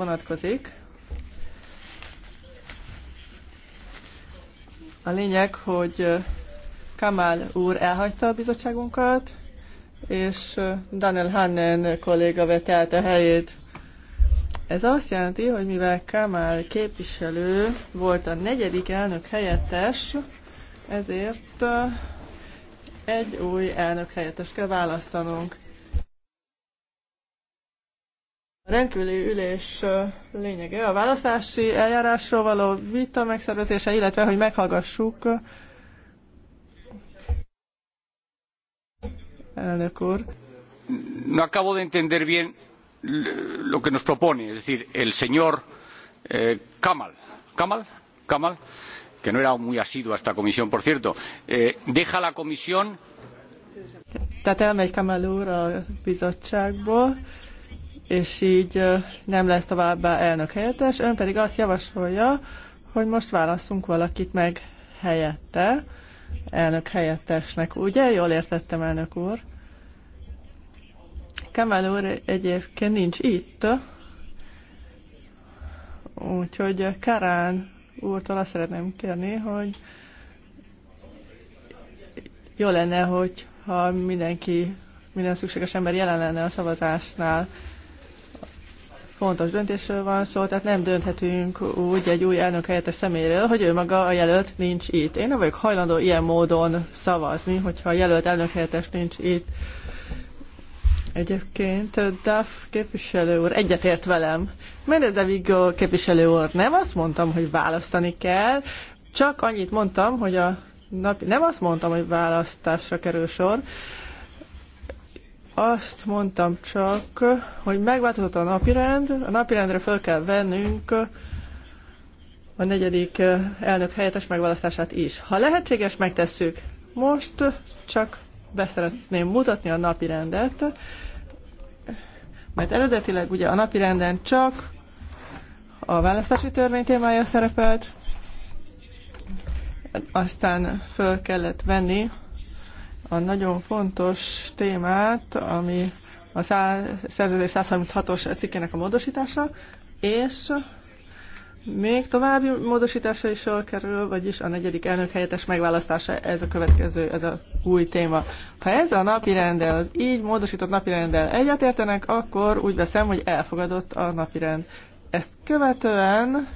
vonatkozik. A lényeg, hogy Kamal úr elhagyta a bizottságunkat, és Daniel Hannen kolléga vette át a helyét. Ez azt jelenti, hogy mivel Kamal képviselő volt a negyedik elnök helyettes, ezért egy új elnök helyettes kell választanunk rendkívüli ülés lényege a választási eljárásról való vita megszervezése, illetve hogy meghallgassuk elnök úr. No acabo de entender bien lo que nos propone, es decir, el señor eh, Kamal, Kamal, Kamal, que no era muy asiduo a esta comisión, por cierto, eh, deja la comisión. Tehát elmegy Kamal úr a bizottságból és így nem lesz továbbá elnök helyettes. Ön pedig azt javasolja, hogy most válasszunk valakit meg helyette, elnök helyettesnek. Ugye? Jól értettem, elnök úr? Kemal úr egyébként nincs itt, úgyhogy Karán úrtól azt szeretném kérni, hogy jó lenne, ha mindenki, minden szükséges ember jelen lenne a szavazásnál fontos döntésről van szó, tehát nem dönthetünk úgy egy új elnök helyettes személyről, hogy ő maga a jelölt nincs itt. Én nem vagyok hajlandó ilyen módon szavazni, hogyha a jelölt elnök helyettes nincs itt. Egyébként eh, Duff képviselő úr egyetért velem. Mert a képviselő úr nem azt mondtam, hogy választani kell, csak annyit mondtam, hogy a napi, nem azt mondtam, hogy választásra kerül sor, azt mondtam csak, hogy megváltozott a napirend, a napirendre föl kell vennünk a negyedik eh, elnök helyettes megválasztását is. Ha lehetséges, megtesszük. Most csak beszeretném mutatni a napirendet, mert eredetileg ugye a napirenden csak a választási törvény témája szerepelt, aztán föl kellett venni a nagyon fontos témát, ami a szerződés 136-os cikkének a módosítása, és még további módosítása is sor kerül, vagyis a negyedik elnök helyettes megválasztása, ez a következő, ez a új téma. Ha ez a rendel, az így módosított rendel egyetértenek, akkor úgy veszem, hogy elfogadott a napirend. Ezt követően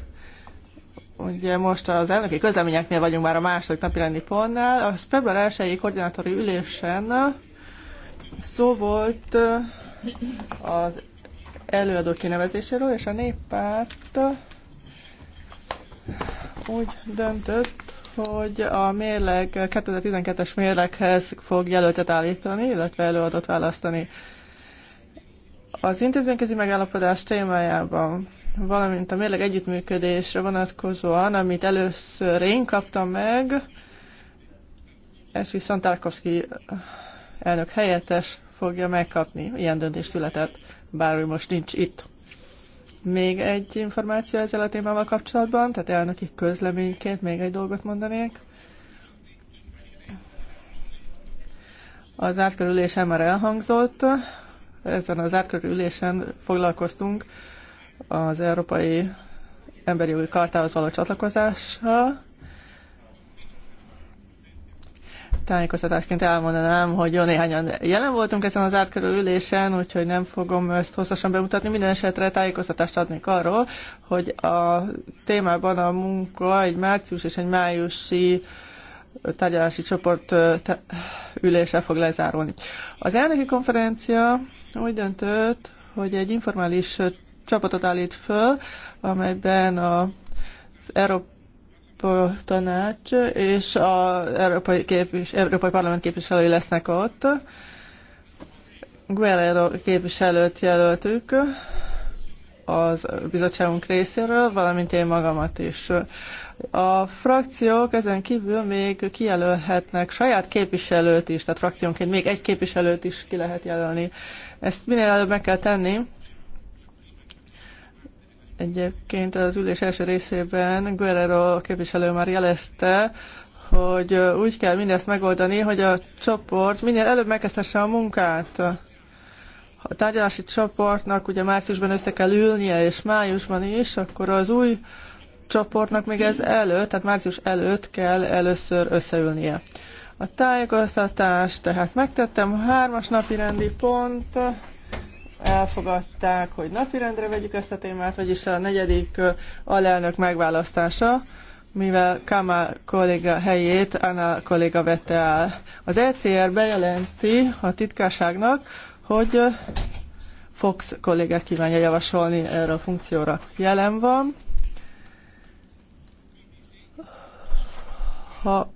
ugye most az elnöki közleményeknél vagyunk már a második rendi pontnál, A február 1-i koordinátori ülésen szó volt az előadó kinevezéséről, és a néppárt úgy döntött, hogy a mérleg, 2012-es mérleghez fog jelöltet állítani, illetve előadót választani. Az intézményközi megállapodás témájában valamint a mérleg együttműködésre vonatkozóan, amit először én kaptam meg, ezt viszont Tarkovsky eh, elnök helyettes fogja megkapni. Ilyen döntés született, bár ő most nincs itt. Még egy információ ezzel a témával kapcsolatban, tehát elnöki közleményként még egy dolgot mondanék. Az átkerülésem már elhangzott, ezen az átkerülésen foglalkoztunk az Európai Emberi Jogi Kartához való csatlakozása. Tájékoztatásként elmondanám, hogy jó néhányan jelen voltunk ezen az átkerülő ülésen, úgyhogy nem fogom ezt hosszasan bemutatni. Minden esetre tájékoztatást adnék arról, hogy a témában a munka egy március és egy májusi tárgyalási csoport ülése fog lezárulni. Az elnöki konferencia úgy döntött, hogy egy informális csapatot állít föl, amelyben a az Európa Tanács és az Európai, képvis, Európai Parlament képviselői lesznek ott. Guerrero képviselőt jelöltük az bizottságunk részéről, valamint én magamat is. A frakciók ezen kívül még kijelölhetnek saját képviselőt is, tehát frakciónként még egy képviselőt is ki lehet jelölni. Ezt minél előbb meg kell tenni, Egyébként az ülés első részében Guerrero képviselő már jelezte, hogy úgy kell mindezt megoldani, hogy a csoport minél előbb megkezdhesse a munkát. A tárgyalási csoportnak ugye márciusban össze kell ülnie, és májusban is, akkor az új csoportnak még ez előtt, tehát március előtt kell először összeülnie. A tájékoztatás, tehát megtettem hármas napi rendi pont elfogadták, hogy napirendre vegyük ezt a témát, vagyis a negyedik alelnök megválasztása, mivel Kamal kolléga helyét Anna kolléga vette el. Az ECR bejelenti a titkárságnak, hogy Fox kolléga kívánja javasolni erre a funkcióra. Jelen van. Ha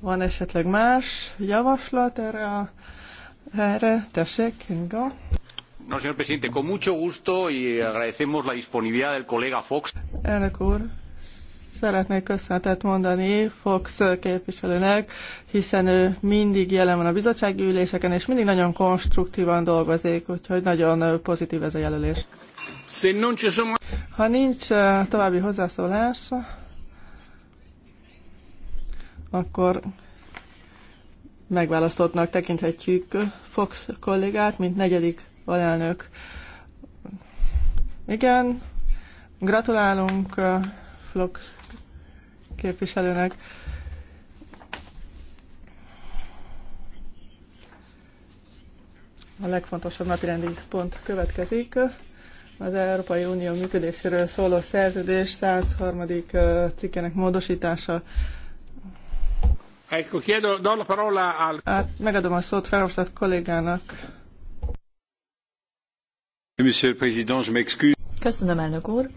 van esetleg más javaslat erre a señor presidente, con mucho gusto y agradecemos la disponibilidad del colega Fox. Elnök úr, szeretnék köszönetet mondani Fox képviselőnek, hiszen ő mindig jelen van a bizottsági üléseken, és mindig nagyon konstruktívan dolgozik, úgyhogy nagyon pozitív ez a jelölés. Ha nincs eh, további hozzászólás, akkor megválasztottnak tekinthetjük Fox kollégát, mint negyedik alelnök. Igen, gratulálunk uh, Fox képviselőnek. A legfontosabb napirendi pont következik. Az Európai Unió működéséről szóló szerződés 103. Uh, cikkenek módosítása Ecco, chiedo, do la parola al... Hát, megadom a szót Verhofstadt kollégának. Monsieur le Président, je m'excuse. Köszönöm, elnök úr.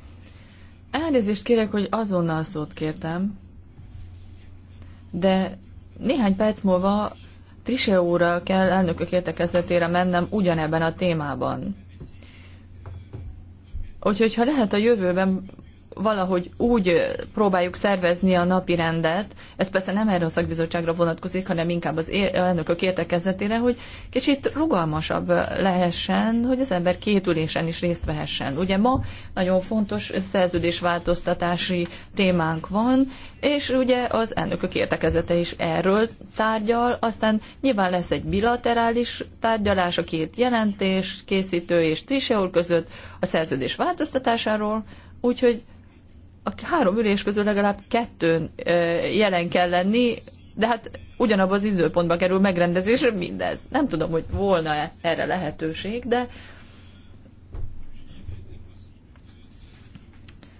Elnézést kérek, hogy azonnal szót kértem, de néhány perc múlva Trise úrral kell elnökök értekezletére mennem ugyanebben a témában. Úgyhogy ha lehet a jövőben valahogy úgy próbáljuk szervezni a napi rendet, ez persze nem erre a szakbizottságra vonatkozik, hanem inkább az elnökök értekezletére, hogy kicsit rugalmasabb lehessen, hogy az ember két ülésen is részt vehessen. Ugye ma nagyon fontos szerződésváltoztatási témánk van, és ugye az elnökök értekezete is erről tárgyal, aztán nyilván lesz egy bilaterális tárgyalás a két jelentés, készítő és Trise úr között a szerződés változtatásáról, úgyhogy a három ülés közül legalább kettőn jelen kell lenni, de hát ugyanabban az időpontban kerül megrendezésre mindez. Nem tudom, hogy volna -e erre lehetőség, de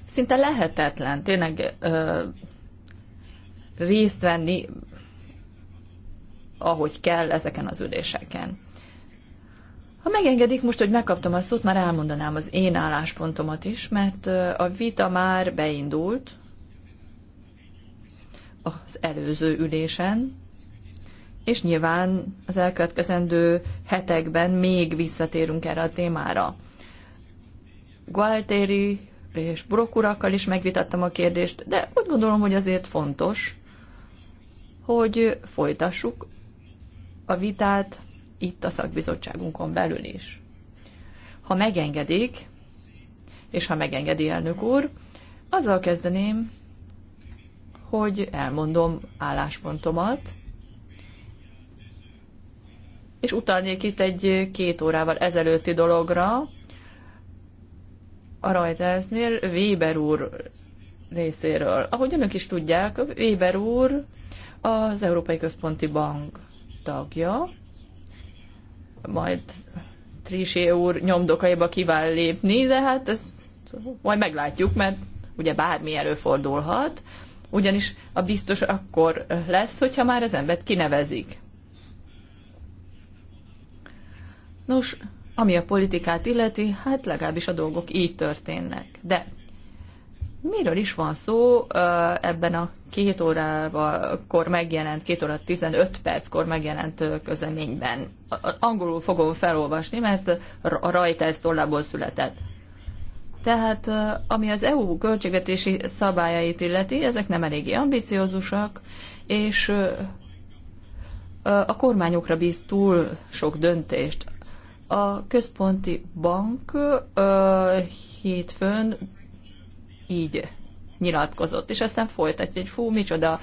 szinte lehetetlen tényleg ö, részt venni, ahogy kell ezeken az üléseken. Ha megengedik most, hogy megkaptam a szót, már elmondanám az én álláspontomat is, mert a vita már beindult az előző ülésen, és nyilván az elkövetkezendő hetekben még visszatérünk erre a témára. Gualtéri és brokurakkal is megvitattam a kérdést, de úgy gondolom, hogy azért fontos, hogy folytassuk a vitát itt a szakbizottságunkon belül is. Ha megengedik, és ha megengedi elnök úr, azzal kezdeném, hogy elmondom álláspontomat, és utalnék itt egy két órával ezelőtti dologra, a Rajtáznél Weber úr részéről. Ahogy önök is tudják, Weber úr az Európai Központi Bank tagja, majd Trisé úr nyomdokaiba kíván lépni, de hát ezt majd meglátjuk, mert ugye bármi előfordulhat, ugyanis a biztos akkor lesz, hogyha már az embert kinevezik. Nos, ami a politikát illeti, hát legalábbis a dolgok így történnek. De miről is van szó ebben a két kor megjelent, két óra 15 perckor megjelent közleményben. Angolul fogom felolvasni, mert a rajta ez tollából született. Tehát ami az EU költségvetési szabályait illeti, ezek nem eléggé ambiciózusak, és a kormányokra bíz túl sok döntést. A központi bank hétfőn így nyilatkozott. És aztán folytatja, hogy fú, micsoda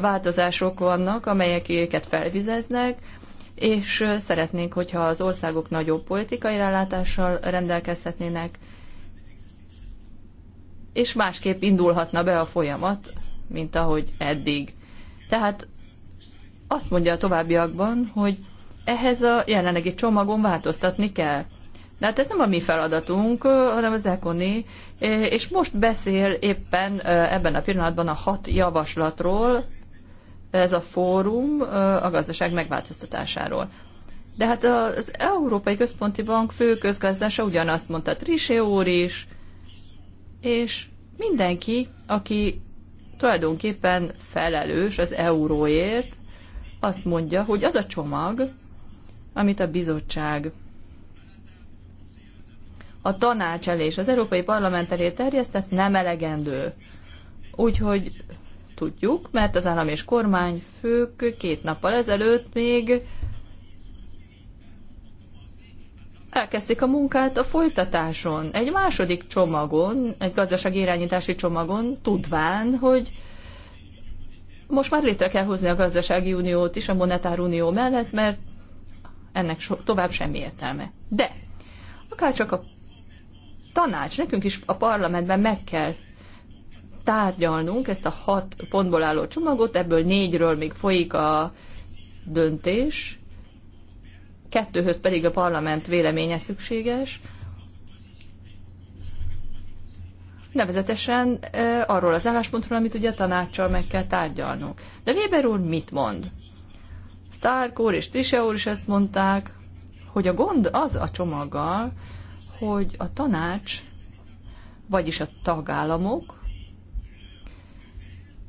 változások vannak, amelyek őket felvizeznek, és szeretnénk, hogyha az országok nagyobb politikai rálátással rendelkezhetnének, és másképp indulhatna be a folyamat, mint ahogy eddig. Tehát azt mondja a továbbiakban, hogy ehhez a jelenlegi csomagon változtatni kell. De hát ez nem a mi feladatunk, hanem az ECONI, és most beszél éppen ebben a pillanatban a hat javaslatról, ez a fórum a gazdaság megváltoztatásáról. De hát az Európai Központi Bank fő közgazdása ugyanazt mondta Trisé úr is, és mindenki, aki tulajdonképpen felelős az euróért, azt mondja, hogy az a csomag, amit a bizottság a tanács elé és az Európai Parlament elé terjesztett nem elegendő. Úgyhogy tudjuk, mert az állam és fők két nappal ezelőtt még elkezdték a munkát a folytatáson, egy második csomagon, egy gazdasági irányítási csomagon, tudván, hogy most már létre kell hozni a gazdasági uniót is a monetár unió mellett, mert ennek so- tovább semmi értelme. De akár csak a tanács, nekünk is a parlamentben meg kell tárgyalnunk ezt a hat pontból álló csomagot, ebből négyről még folyik a döntés, kettőhöz pedig a parlament véleménye szükséges, nevezetesen e, arról az álláspontról, amit ugye a tanácssal meg kell tárgyalnunk. De Weber úr mit mond? Stark úr és Tise úr is ezt mondták, hogy a gond az a csomaggal, hogy a tanács, vagyis a tagállamok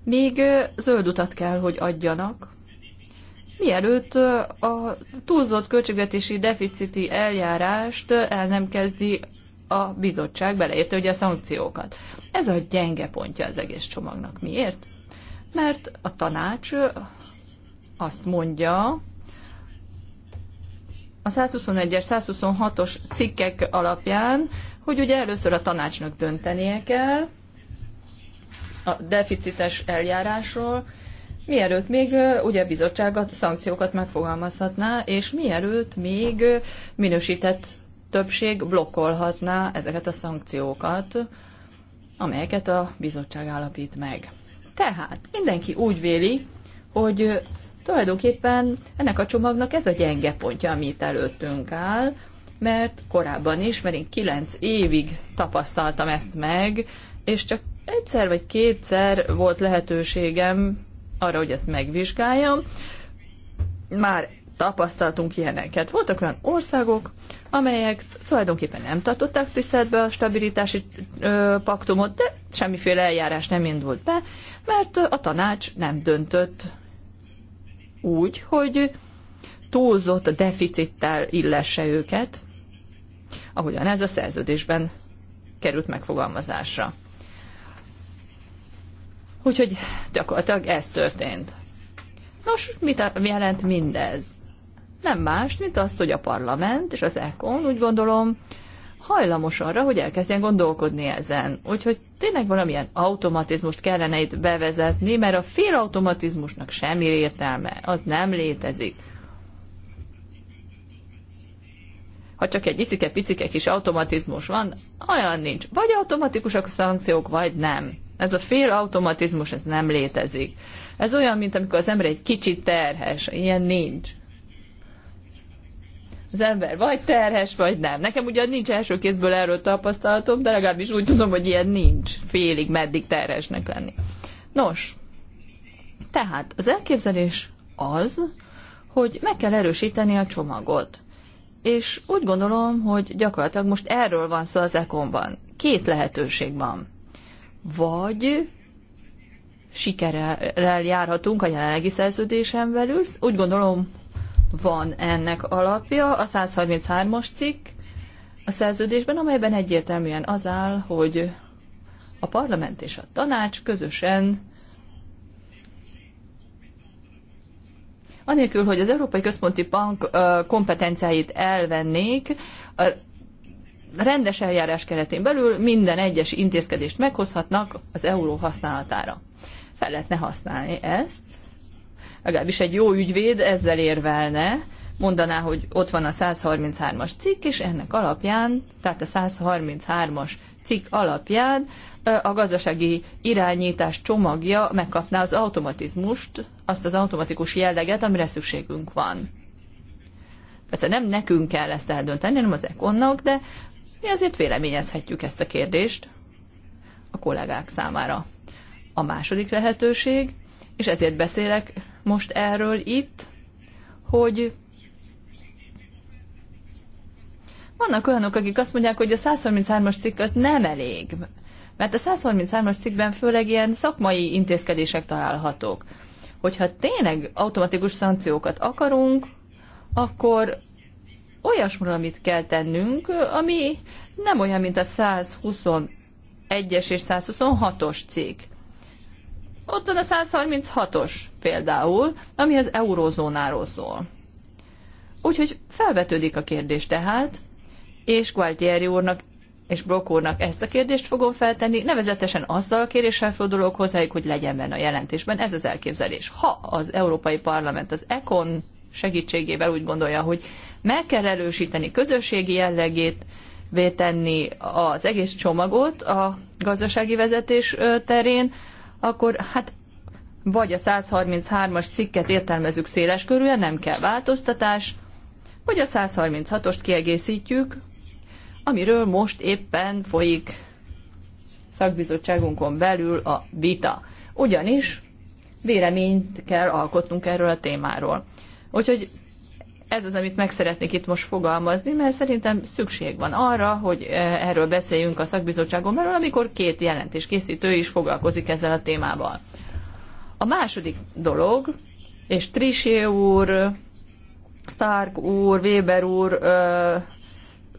még zöld utat kell, hogy adjanak, mielőtt a túlzott költségvetési deficiti eljárást el nem kezdi a bizottság, beleértve ugye a szankciókat. Ez a gyenge pontja az egész csomagnak. Miért? Mert a tanács azt mondja, a 121-es, 126-os cikkek alapján, hogy ugye először a tanácsnak döntenie kell a deficites eljárásról, mielőtt még ugye bizottságot, szankciókat megfogalmazhatná, és mielőtt még minősített többség blokkolhatná ezeket a szankciókat, amelyeket a bizottság állapít meg. Tehát mindenki úgy véli, hogy Tulajdonképpen ennek a csomagnak ez a gyenge pontja, ami előttünk áll, mert korábban is, mert én kilenc évig tapasztaltam ezt meg, és csak egyszer vagy kétszer volt lehetőségem arra, hogy ezt megvizsgáljam. Már tapasztaltunk ilyeneket. Voltak olyan országok, amelyek tulajdonképpen nem tartották tiszteletbe a stabilitási ö, paktumot, de semmiféle eljárás nem indult be, mert a tanács nem döntött úgy, hogy túlzott deficittel illesse őket, ahogyan ez a szerződésben került megfogalmazásra. Úgyhogy gyakorlatilag ez történt. Nos, mit jelent mindez? Nem más, mint azt, hogy a parlament és az ECON úgy gondolom hajlamos arra, hogy elkezdjen gondolkodni ezen. Úgyhogy tényleg valamilyen automatizmust kellene itt bevezetni, mert a félautomatizmusnak semmi értelme, az nem létezik. Ha csak egy icike-picike kis automatizmus van, olyan nincs. Vagy automatikusak a szankciók, vagy nem. Ez a fél automatizmus ez nem létezik. Ez olyan, mint amikor az ember egy kicsit terhes. Ilyen nincs az ember vagy terhes, vagy nem. Nekem ugyan nincs első kézből erről tapasztalatom, de legalábbis úgy tudom, hogy ilyen nincs félig, meddig terhesnek lenni. Nos, tehát az elképzelés az, hogy meg kell erősíteni a csomagot. És úgy gondolom, hogy gyakorlatilag most erről van szó az ekonban. Két lehetőség van. Vagy sikerrel járhatunk a jelenlegi szerződésen belül. Úgy gondolom, van ennek alapja, a 133-as cikk a szerződésben, amelyben egyértelműen az áll, hogy a parlament és a tanács közösen anélkül, hogy az Európai Központi Bank kompetenciáit elvennék, rendes eljárás keretén belül minden egyes intézkedést meghozhatnak az euró használatára. Fel lehetne használni ezt, legalábbis egy jó ügyvéd ezzel érvelne, mondaná, hogy ott van a 133-as cikk, és ennek alapján, tehát a 133-as cikk alapján a gazdasági irányítás csomagja megkapná az automatizmust, azt az automatikus jelleget, amire szükségünk van. Persze nem nekünk kell ezt eldönteni, hanem az ekonnak, de mi azért véleményezhetjük ezt a kérdést a kollégák számára. A második lehetőség, és ezért beszélek most erről itt, hogy vannak olyanok, akik azt mondják, hogy a 133-as cikk az nem elég, mert a 133-as cikkben főleg ilyen szakmai intézkedések találhatók. Hogyha tényleg automatikus szankciókat akarunk, akkor olyasmúl, amit kell tennünk, ami nem olyan, mint a 121-es és 126-os cikk. Ott van a 136-os például, ami az eurózónáról szól. Úgyhogy felvetődik a kérdés tehát, és Gualtieri úrnak és Brock úrnak ezt a kérdést fogom feltenni, nevezetesen azzal a kéréssel fordulok hozzájuk, hogy legyen benne a jelentésben. Ez az elképzelés. Ha az Európai Parlament az ECON segítségével úgy gondolja, hogy meg kell erősíteni közösségi jellegét, vétenni az egész csomagot a gazdasági vezetés terén, akkor hát vagy a 133-as cikket értelmezzük széles körülön, nem kell változtatás, vagy a 136-ost kiegészítjük, amiről most éppen folyik szakbizottságunkon belül a vita. Ugyanis véleményt kell alkotnunk erről a témáról. Úgyhogy ez az, amit meg szeretnék itt most fogalmazni, mert szerintem szükség van arra, hogy eh, erről beszéljünk a szakbizottságon belül, amikor két jelentés készítő is foglalkozik ezzel a témával. A második dolog, és Trisé úr, Stark úr, Weber úr eh,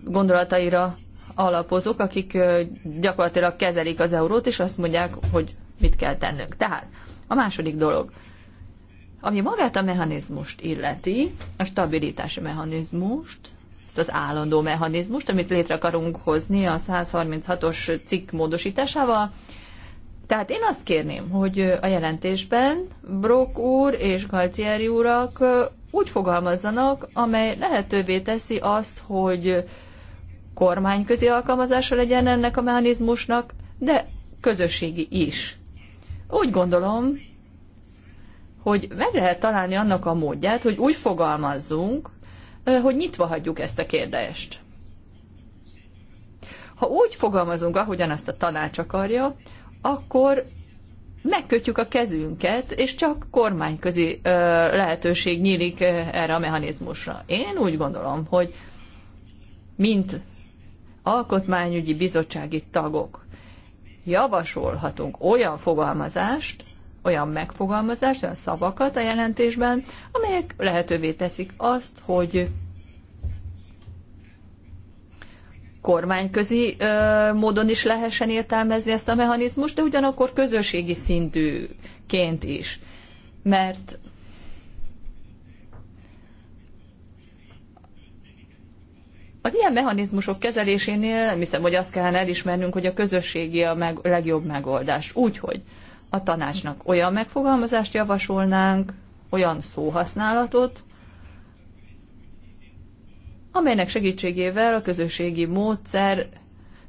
gondolataira alapozok, akik eh, gyakorlatilag kezelik az eurót, és azt mondják, hogy mit kell tennünk. Tehát a második dolog. Ami magát a mechanizmust illeti, a stabilitási mechanizmust, ezt az állandó mechanizmust, amit létre akarunk hozni a 136-os cikk módosításával, tehát én azt kérném, hogy a jelentésben Brock úr és Galtieri úrak úgy fogalmazzanak, amely lehetővé teszi azt, hogy kormányközi alkalmazása legyen ennek a mechanizmusnak, de közösségi is. Úgy gondolom, hogy meg lehet találni annak a módját, hogy úgy fogalmazzunk, hogy nyitva hagyjuk ezt a kérdést. Ha úgy fogalmazunk, ahogyan azt a tanács akarja, akkor megkötjük a kezünket, és csak kormányközi ö, lehetőség nyílik erre a mechanizmusra. Én úgy gondolom, hogy mint alkotmányügyi bizottsági tagok javasolhatunk olyan fogalmazást, olyan megfogalmazás, olyan szavakat a jelentésben, amelyek lehetővé teszik azt, hogy kormányközi ö, módon is lehessen értelmezni ezt a mechanizmust, de ugyanakkor közösségi szintűként is. Mert az ilyen mechanizmusok kezelésénél nem hiszem, hogy azt kellene elismernünk, hogy a közösségi a meg, legjobb megoldás. Úgyhogy a tanácsnak olyan megfogalmazást javasolnánk, olyan szóhasználatot, amelynek segítségével a közösségi módszer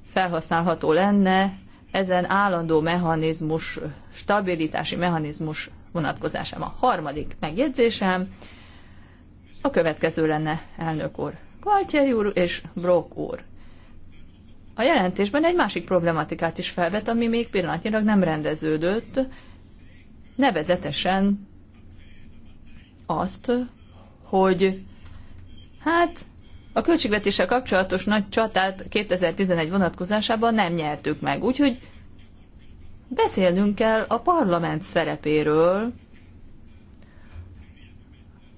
felhasználható lenne ezen állandó mechanizmus, stabilitási mechanizmus vonatkozásában. A harmadik megjegyzésem a következő lenne, elnök úr. Gualtieri úr és Brok úr a jelentésben egy másik problematikát is felvet, ami még pillanatnyilag nem rendeződött, nevezetesen azt, hogy hát a költségvetéssel kapcsolatos nagy csatát 2011 vonatkozásában nem nyertük meg, úgyhogy beszélnünk kell a parlament szerepéről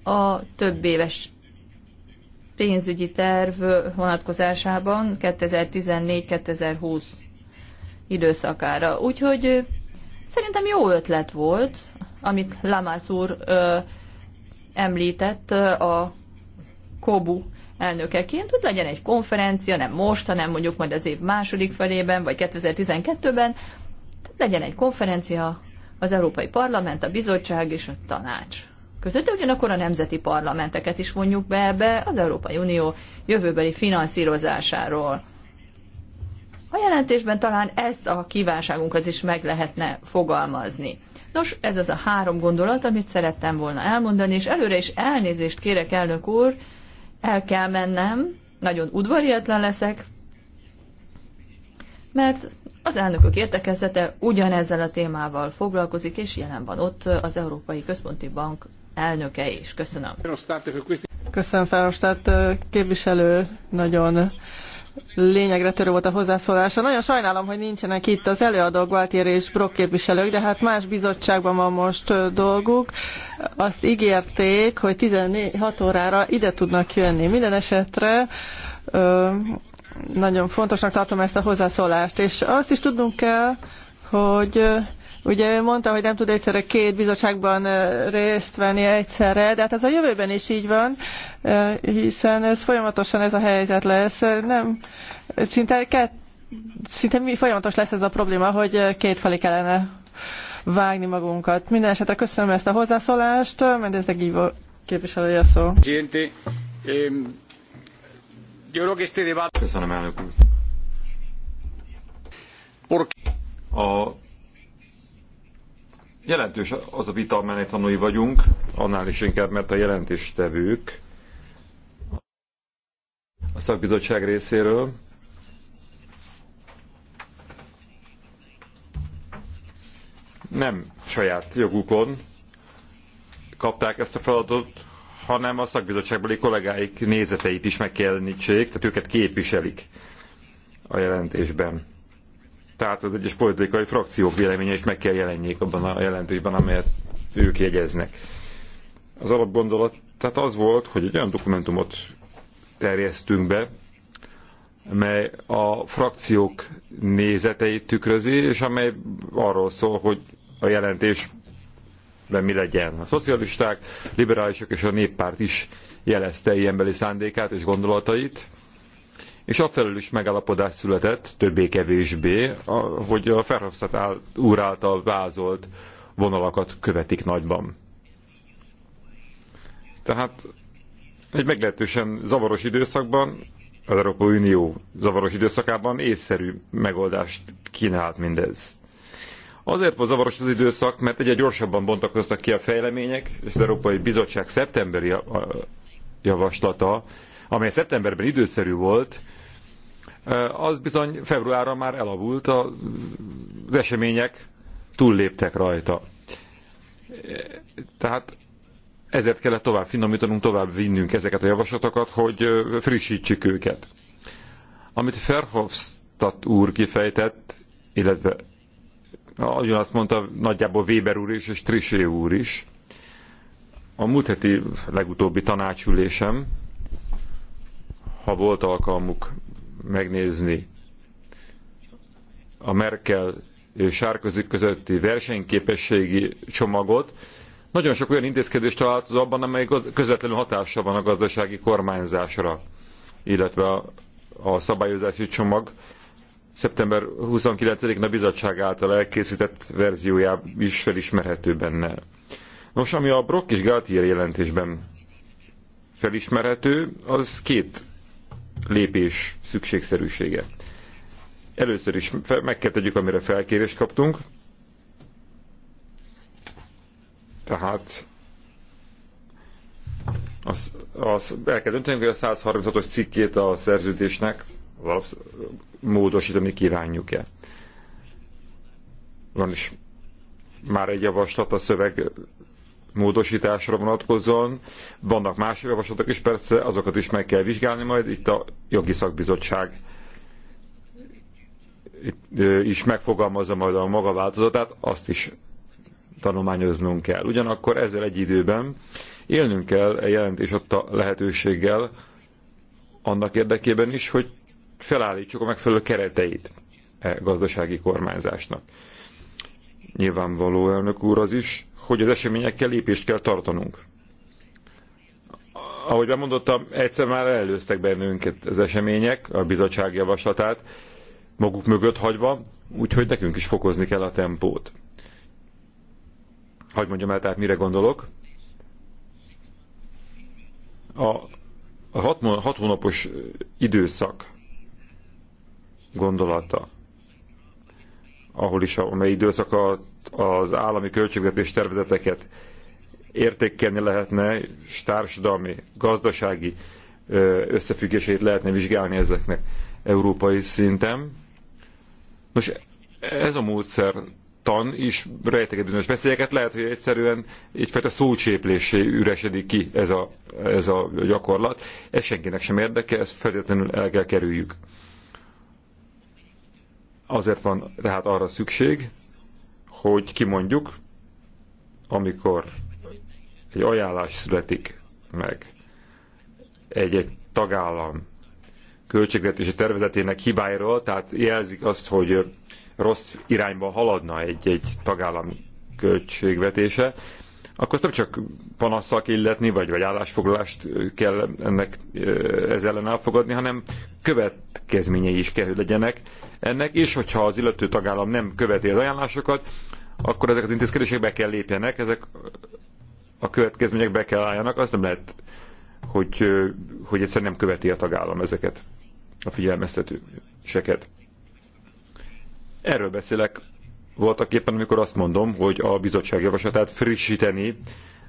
a több éves pénzügyi terv vonatkozásában 2014-2020 időszakára. Úgyhogy szerintem jó ötlet volt, amit Lamász úr ö, említett a Kobu elnökeként, hogy legyen egy konferencia, nem most, hanem mondjuk majd az év második felében, vagy 2012-ben, legyen egy konferencia az Európai Parlament, a Bizottság és a Tanács között, de ugyanakkor a nemzeti parlamenteket is vonjuk be ebbe az Európai Unió jövőbeli finanszírozásáról. A jelentésben talán ezt a kívánságunkat is meg lehetne fogalmazni. Nos, ez az a három gondolat, amit szerettem volna elmondani, és előre is elnézést kérek, elnök úr, el kell mennem, nagyon udvariatlan leszek, mert az elnökök értekezete ugyanezzel a témával foglalkozik, és jelen van ott az Európai Központi Bank elnöke is. Köszönöm. Köszönöm, Ferostát képviselő, nagyon lényegre törő volt a hozzászólása. Nagyon sajnálom, hogy nincsenek itt az előadók, Valtier és Brock képviselők, de hát más bizottságban van most dolguk. Azt ígérték, hogy 16 órára ide tudnak jönni. Minden esetre nagyon fontosnak tartom ezt a hozzászólást, és azt is tudnunk kell, hogy Ugye ő mondta, hogy nem tud egyszerre két bizottságban részt venni egyszerre, de hát ez a jövőben is így van, hiszen ez folyamatosan ez a helyzet lesz. Nem, szinte, kett, szinte mi folyamatos lesz ez a probléma, hogy felé kellene vágni magunkat. Minden esetre köszönöm ezt a hozzászólást, Mendezdeg egy képviselője a szó. Ehm, köszönöm, elnök úr. A Jelentős az a vita, amelynek tanulni vagyunk, annál is inkább, mert a jelentéstevők a szakbizottság részéről nem saját jogukon kapták ezt a feladatot, hanem a szakbizottságbeli kollégáik nézeteit is meg kell tehát őket képviselik a jelentésben tehát az egyes politikai frakciók véleménye is meg kell jelenjék abban a jelentésben, amelyet ők jegyeznek. Az alapgondolat tehát az volt, hogy egy olyan dokumentumot terjesztünk be, mely a frakciók nézeteit tükrözi, és amely arról szól, hogy a jelentésben mi legyen. A szocialisták, liberálisok és a néppárt is jelezte ilyenbeli szándékát és gondolatait, és afelől is megállapodás született, többé-kevésbé, hogy a Ferhofstadt úr által vázolt vonalakat követik nagyban. Tehát egy meglehetősen zavaros időszakban, az Európai Unió zavaros időszakában észszerű megoldást kínált mindez. Azért volt zavaros az időszak, mert egyre gyorsabban bontakoztak ki a fejlemények, és az Európai Bizottság szeptemberi javaslata, amely szeptemberben időszerű volt, az bizony februárra már elavult, az események túlléptek rajta. Tehát ezért kellett tovább finomítanunk, tovább vinnünk ezeket a javaslatokat, hogy frissítsük őket. Amit Ferhofstadt úr kifejtett, illetve azt mondta nagyjából Weber úr is, és Trisé úr is, a múlt heti legutóbbi tanácsülésem, ha volt alkalmuk megnézni a Merkel és sárközik közötti versenyképességi csomagot, nagyon sok olyan intézkedést talált az abban, amely közvetlenül hatással van a gazdasági kormányzásra, illetve a, a szabályozási csomag szeptember 29-én a bizottság által elkészített verziójában is felismerhető benne. Nos, ami a Brock és Galtier jelentésben felismerhető, az két lépés szükségszerűsége. Először is meg kell tegyük, amire felkérést kaptunk. Tehát az, az, el kell döntenünk, hogy a 136-os cikkét a szerződésnek módosítani kívánjuk-e. Van is már egy javaslat a szöveg módosításra vonatkozóan. Vannak más javaslatok is, persze azokat is meg kell vizsgálni majd. Itt a jogi szakbizottság is megfogalmazza majd a maga változatát, azt is tanulmányoznunk kell. Ugyanakkor ezzel egy időben élnünk kell a e jelentés ott a lehetőséggel annak érdekében is, hogy felállítsuk a megfelelő kereteit a e gazdasági kormányzásnak. Nyilvánvaló elnök úr az is, hogy az eseményekkel lépést kell tartanunk. Ahogy bemondottam, egyszer már előztek bennünket az események, a bizottság javaslatát, maguk mögött hagyva, úgyhogy nekünk is fokozni kell a tempót. Hogy mondjam el, tehát mire gondolok? A, a hat, hat hónapos időszak gondolata, ahol is, amely időszak a az állami költségvetés tervezeteket értékelni lehetne, és társadalmi, gazdasági összefüggéseit lehetne vizsgálni ezeknek európai szinten. Nos, ez a módszer tan is rejteget bizonyos veszélyeket, lehet, hogy egyszerűen egyfajta szócséplésé üresedik ki ez a, ez a gyakorlat. Ez senkinek sem érdeke, ezt feltétlenül el kell kerüljük. Azért van tehát arra szükség, hogy kimondjuk, amikor egy ajánlás születik meg egy-egy tagállam költségvetési tervezetének hibáiról, tehát jelzik azt, hogy rossz irányba haladna egy-egy tagállam költségvetése, akkor azt nem csak panasszal kell illetni, vagy, vagy állásfoglalást kell ennek ez ellen elfogadni, hanem következményei is kell, hogy legyenek ennek, és hogyha az illető tagállam nem követi az ajánlásokat, akkor ezek az intézkedések be kell lépjenek, ezek a következmények be kell álljanak, azt nem lehet, hogy, hogy egyszer nem követi a tagállam ezeket, a figyelmeztetőseket. Erről beszélek voltak éppen, amikor azt mondom, hogy a bizottság javaslatát frissíteni,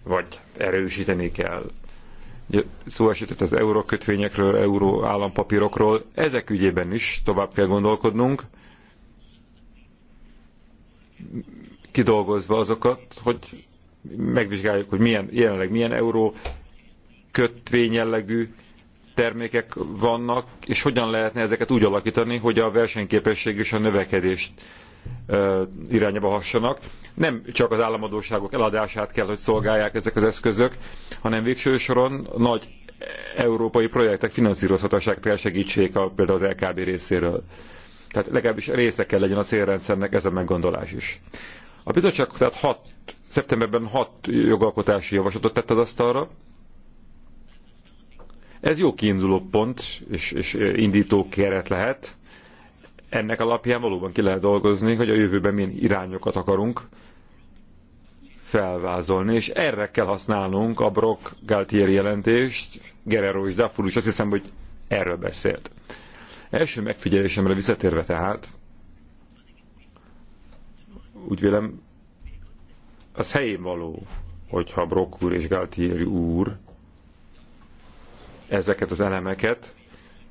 vagy erősíteni kell. Ugye, szó esetett az eurókötvényekről, euró állampapírokról, ezek ügyében is tovább kell gondolkodnunk, kidolgozva azokat, hogy megvizsgáljuk, hogy milyen, jelenleg milyen euró kötvény jellegű termékek vannak, és hogyan lehetne ezeket úgy alakítani, hogy a versenyképesség és a növekedést irányába hassanak. Nem csak az államadóságok eladását kell, hogy szolgálják ezek az eszközök, hanem végső soron nagy európai projektek finanszírozhatóságát kell segítsék a, például az LKB részéről. Tehát legalábbis része kell legyen a célrendszernek ez a meggondolás is. A bizottság tehát hat, szeptemberben hat jogalkotási javaslatot tett az asztalra. Ez jó kiinduló pont és, és indító keret lehet ennek alapján valóban ki lehet dolgozni, hogy a jövőben milyen irányokat akarunk felvázolni, és erre kell használnunk a Brock Galtieri jelentést, Guerrero és Daffur is azt hiszem, hogy erről beszélt. Első megfigyelésemre visszatérve tehát, úgy vélem, az helyén való, hogyha Brock úr és Galtieri úr ezeket az elemeket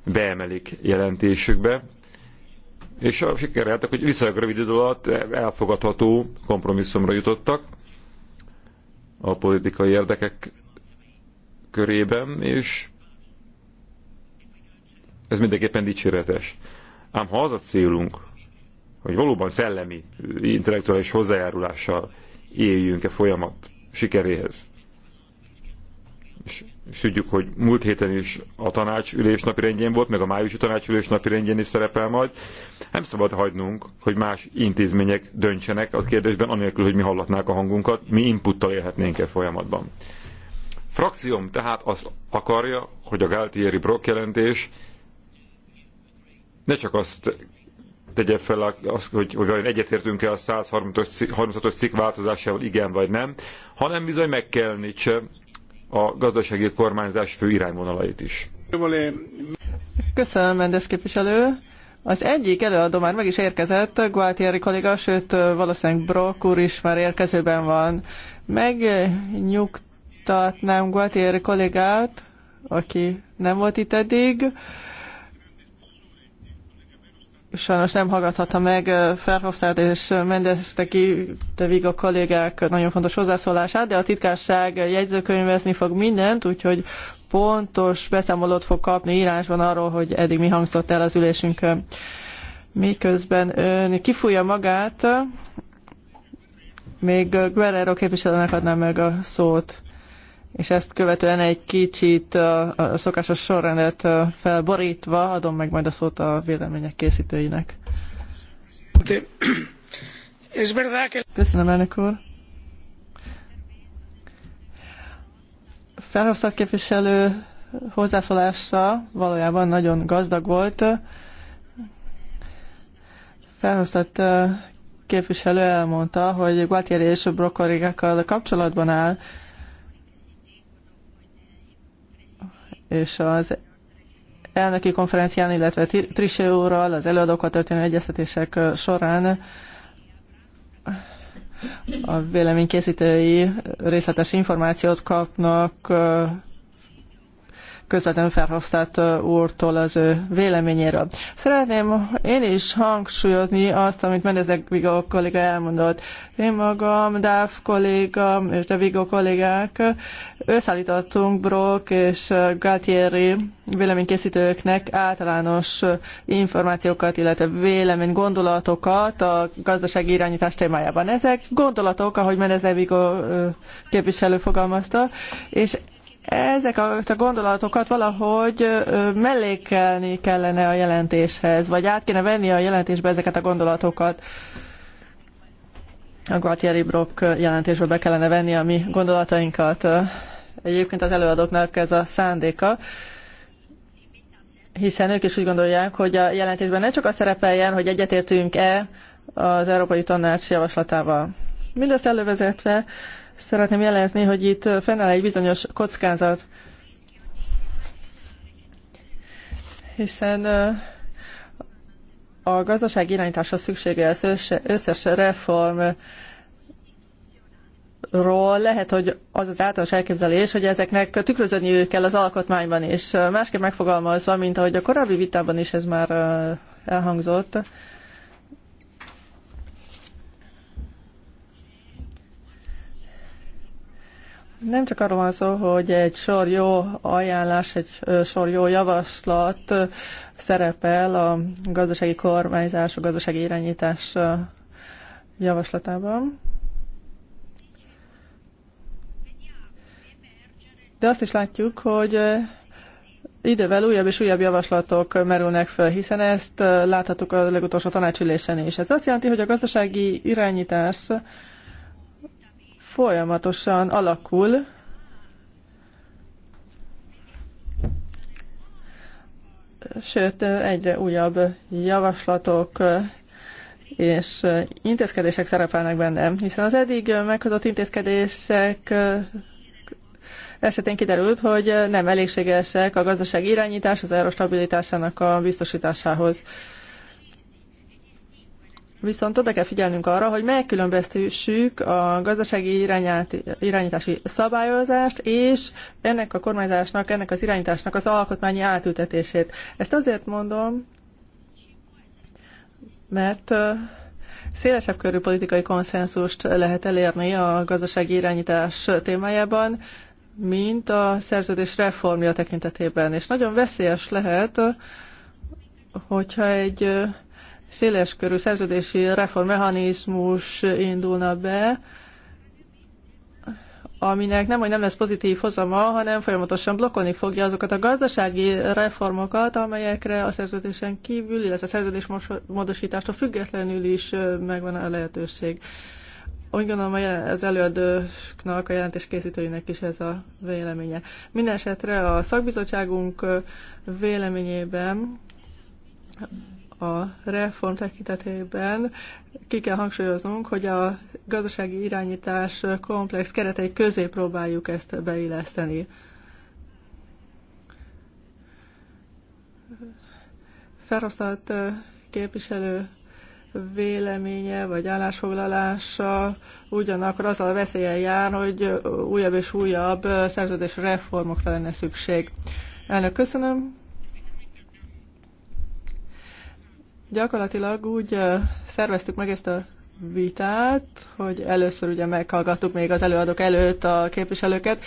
beemelik jelentésükbe, és a sikereltek, hogy viszonylag rövid idő alatt elfogadható kompromisszumra jutottak a politikai érdekek körében, és ez mindenképpen dicséretes. Ám ha az a célunk, hogy valóban szellemi, intellektuális hozzájárulással éljünk-e folyamat sikeréhez, és tudjuk, hogy múlt héten is a tanácsülés napirendjén volt, meg a májusi tanácsülés napirendjén is szerepel majd. Nem szabad hagynunk, hogy más intézmények döntsenek a kérdésben, anélkül, hogy mi hallatnák a hangunkat, mi inputtal élhetnénk e folyamatban. Frakcióm tehát azt akarja, hogy a Galtieri Brock jelentés ne csak azt tegye fel, azt, hogy, hogy vajon egyetértünk-e a 136-os cikk változásával, igen vagy nem, hanem bizony meg kell nyitse a gazdasági kormányzás fő irányvonalait is. Köszönöm, Mendes képviselő. Az egyik előadó már meg is érkezett, Gualtieri kolléga, sőt valószínűleg Brock úr is már érkezőben van. Megnyugtatnám Gualtieri kollégát, aki nem volt itt eddig, sajnos nem hallgathatta meg Ferhofszát és Mendeszteki de Viga kollégák nagyon fontos hozzászólását, de a titkárság jegyzőkönyvezni fog mindent, úgyhogy pontos beszámolót fog kapni írásban arról, hogy eddig mi hangzott el az ülésünkön. Miközben ön kifújja magát, még Guerrero képviselőnek adnám meg a szót és ezt követően egy kicsit a szokásos sorrendet felborítva adom meg majd a szót a vélemények készítőinek. Köszönöm, elnök úr. Felhoztat képviselő hozzászólása valójában nagyon gazdag volt. Felhoztat képviselő elmondta, hogy Gualtieri és a kapcsolatban áll, és az elnöki konferencián, illetve Trisé úrral, az előadókkal történő egyeztetések során a véleménykészítői részletes információt kapnak közvetlenül Ferhofstadt úrtól az ő véleményéről. Szeretném én is hangsúlyozni azt, amit Mendezek Vigo kolléga elmondott. Én magam, Dáv kolléga és De Vigo kollégák összeállítottunk Brock és Galtieri véleménykészítőknek általános információkat, illetve vélemény gondolatokat a gazdasági irányítás témájában. Ezek gondolatok, ahogy Mendezek Vigo képviselő fogalmazta, és ezek a, a gondolatokat valahogy mellékelni kellene a jelentéshez, vagy át kéne venni a jelentésbe ezeket a gondolatokat. A Gualtieri Brock jelentésbe be kellene venni a mi gondolatainkat. Egyébként az előadóknak ez a szándéka hiszen ők is úgy gondolják, hogy a jelentésben ne csak az szerepeljen, hogy egyetértünk-e az Európai Tanács javaslatával. Mindezt elővezetve Szeretném jelezni, hogy itt fennáll egy bizonyos kockázat, hiszen a gazdaság irányításhoz szükséges összes reform ról lehet, hogy az az általános elképzelés, hogy ezeknek tükröződniük kell az alkotmányban is. Másképp megfogalmazva, mint ahogy a korábbi vitában is ez már elhangzott, Nem csak arról van szó, hogy egy sor jó ajánlás, egy sor jó javaslat szerepel a gazdasági kormányzás, a gazdasági irányítás javaslatában. De azt is látjuk, hogy idővel újabb és újabb javaslatok merülnek föl, hiszen ezt láthatjuk a legutolsó tanácsülésen is. Ez azt jelenti, hogy a gazdasági irányítás folyamatosan alakul. Sőt, egyre újabb javaslatok és intézkedések szerepelnek benne, hiszen az eddig meghozott intézkedések esetén kiderült, hogy nem elégségesek a gazdaság irányítás az stabilitásának a biztosításához. Viszont oda kell figyelnünk arra, hogy megkülönböztessük a gazdasági irányát, irányítási szabályozást és ennek a kormányzásnak, ennek az irányításnak az alkotmányi átültetését. Ezt azért mondom, mert szélesebb körű politikai konszenzust lehet elérni a gazdasági irányítás témájában, mint a szerződés reformja tekintetében. És nagyon veszélyes lehet, hogyha egy széleskörű szerződési reformmechanizmus indulna be, aminek nem, hogy nem lesz pozitív hozama, hanem folyamatosan blokkolni fogja azokat a gazdasági reformokat, amelyekre a szerződésen kívül, illetve a szerződés módosítástól függetlenül is megvan a lehetőség. Úgy gondolom, hogy az előadóknak, a jelentés készítőinek is ez a véleménye. Mindenesetre a szakbizottságunk véleményében a reform tekintetében ki kell hangsúlyoznunk, hogy a gazdasági irányítás komplex keretei közé próbáljuk ezt beilleszteni. Felosztott képviselő véleménye vagy állásfoglalása ugyanakkor azzal a veszélyen jár, hogy újabb és újabb szerződés reformokra lenne szükség. Elnök, köszönöm. Gyakorlatilag úgy szerveztük meg ezt a vitát, hogy először ugye meghallgattuk még az előadók előtt a képviselőket.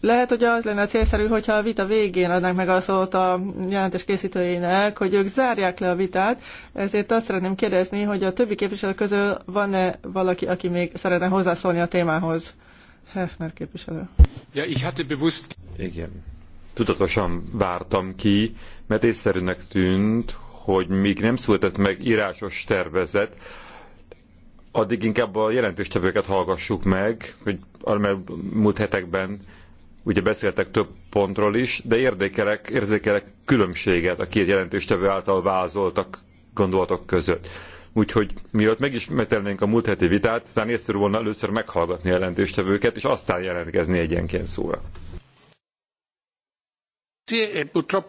Lehet, hogy az lenne célszerű, hogyha a vita végén adnák meg a szót a jelentés készítőjének, hogy ők zárják le a vitát, ezért azt szeretném kérdezni, hogy a többi képviselő közül van-e valaki, aki még szeretne hozzászólni a témához? Hefner képviselő. Ja, ich hatte bewusst... Igen. Tudatosan vártam ki, mert észszerűnek tűnt, hogy még nem született meg írásos tervezet, addig inkább a jelentéstevőket hallgassuk meg, hogy mert múlt hetekben ugye beszéltek több pontról is, de érdekelek, érzékelek különbséget a két jelentéstevő által vázoltak gondolatok között. Úgyhogy mielőtt megismételnénk a múlt heti vitát, aztán észre volna először meghallgatni a jelentéstevőket, és aztán jelentkezni egyenként szóra. E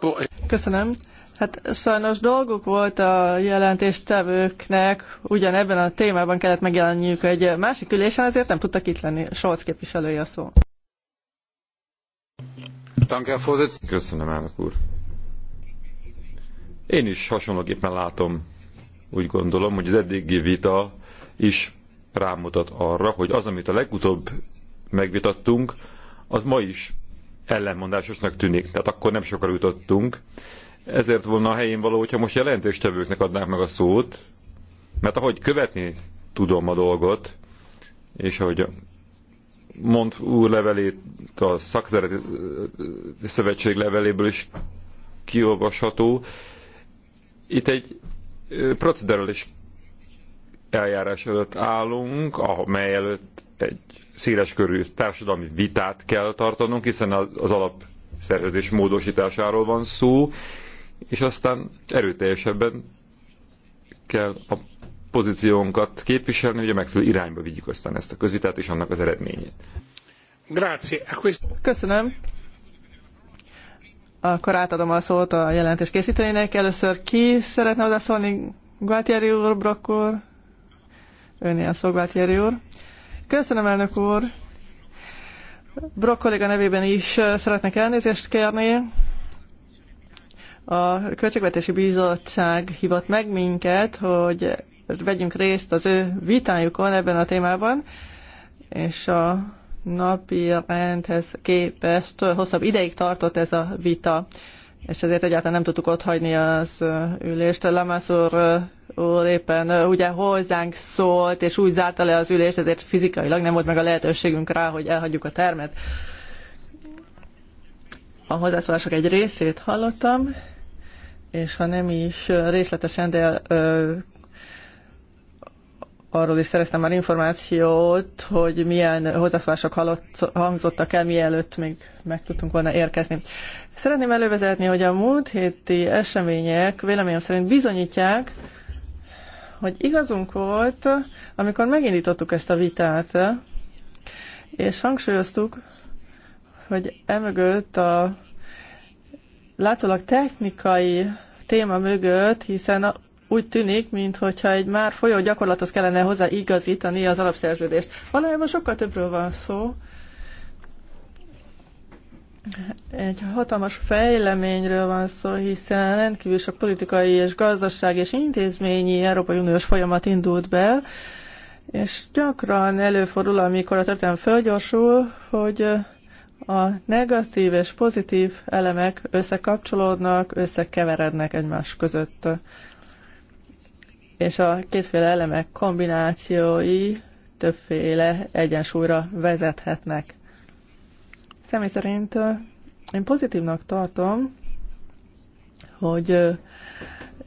Köszönöm. Hát sajnos dolguk volt a jelentéstevőknek, ugyanebben a témában kellett megjelenniük egy másik ülésen, ezért nem tudtak itt lenni. Solc képviselője a szó. Köszönöm, elnök úr. Én is hasonlóképpen látom, úgy gondolom, hogy az eddigi vita is rámutat arra, hogy az, amit a legutóbb megvitattunk, az ma is ellenmondásosnak tűnik. Tehát akkor nem sokkal jutottunk, ezért volna a helyén való, hogyha most jelentéstevőknek adnák meg a szót, mert ahogy követni tudom a dolgot, és ahogy mond úr levelét a szakszereti szövetség leveléből is kiolvasható, itt egy procedurális eljárás előtt állunk, amely előtt egy széleskörű társadalmi vitát kell tartanunk, hiszen az alap szerződés módosításáról van szó, és aztán erőteljesebben kell a pozíciónkat képviselni, hogy a megfelelő irányba vigyük aztán ezt a közvitát és annak az eredményét. Grazie. Köszönöm. Akkor átadom a szót a jelentés készítőjének. Először ki szeretne hozzászólni? Gualtieri úr, Brokkor? Önnél szó, Gualtieri úr. Köszönöm, elnök úr. Brock kolléga nevében is szeretnék elnézést kérni a Költségvetési Bizottság hívott meg minket, hogy vegyünk részt az ő vitájukon ebben a témában, és a napi rendhez képest hosszabb ideig tartott ez a vita, és ezért egyáltalán nem tudtuk hagyni az ülést. Lamász úr, úr éppen ugye hozzánk szólt, és úgy zárta le az ülést, ezért fizikailag nem volt meg a lehetőségünk rá, hogy elhagyjuk a termet. A hozzászólások egy részét hallottam, és ha nem is részletesen, de ö, arról is szereztem már információt, hogy milyen hozzászólások hangzottak el, mielőtt még meg tudtunk volna érkezni. Szeretném elővezetni, hogy a múlt héti események véleményem szerint bizonyítják, hogy igazunk volt, amikor megindítottuk ezt a vitát, és hangsúlyoztuk, hogy emögött a látszólag technikai téma mögött, hiszen úgy tűnik, mintha egy már folyó gyakorlathoz kellene hozzá igazítani az alapszerződést. Valójában sokkal többről van szó. Egy hatalmas fejleményről van szó, hiszen rendkívül sok politikai és gazdasági és intézményi Európai Uniós folyamat indult be, és gyakran előfordul, amikor a történelem fölgyorsul, hogy a negatív és pozitív elemek összekapcsolódnak, összekeverednek egymás között. És a kétféle elemek kombinációi többféle egyensúlyra vezethetnek. Személy szerint én pozitívnak tartom, hogy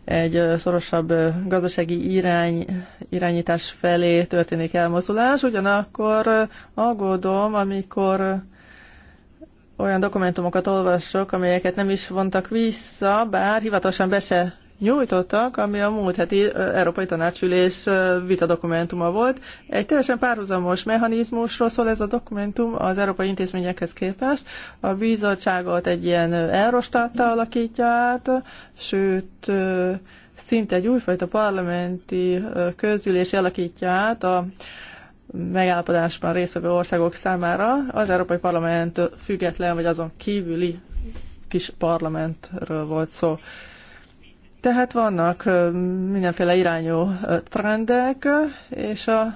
egy szorosabb gazdasági irány, irányítás felé történik elmozdulás, ugyanakkor aggódom, amikor olyan dokumentumokat olvasok, amelyeket nem is vontak vissza, bár hivatalosan be se nyújtottak, ami a múlt heti Európai Tanácsülés vita dokumentuma volt. Egy teljesen párhuzamos mechanizmusról szól ez a dokumentum az európai intézményekhez képest. A bizottságot egy ilyen elrostatta alakítja át, sőt szinte egy újfajta parlamenti közgyűlés alakítja át a megállapodásban résztvevő országok számára az Európai Parlament független vagy azon kívüli kis parlamentről volt szó. Tehát vannak mindenféle irányú trendek, és a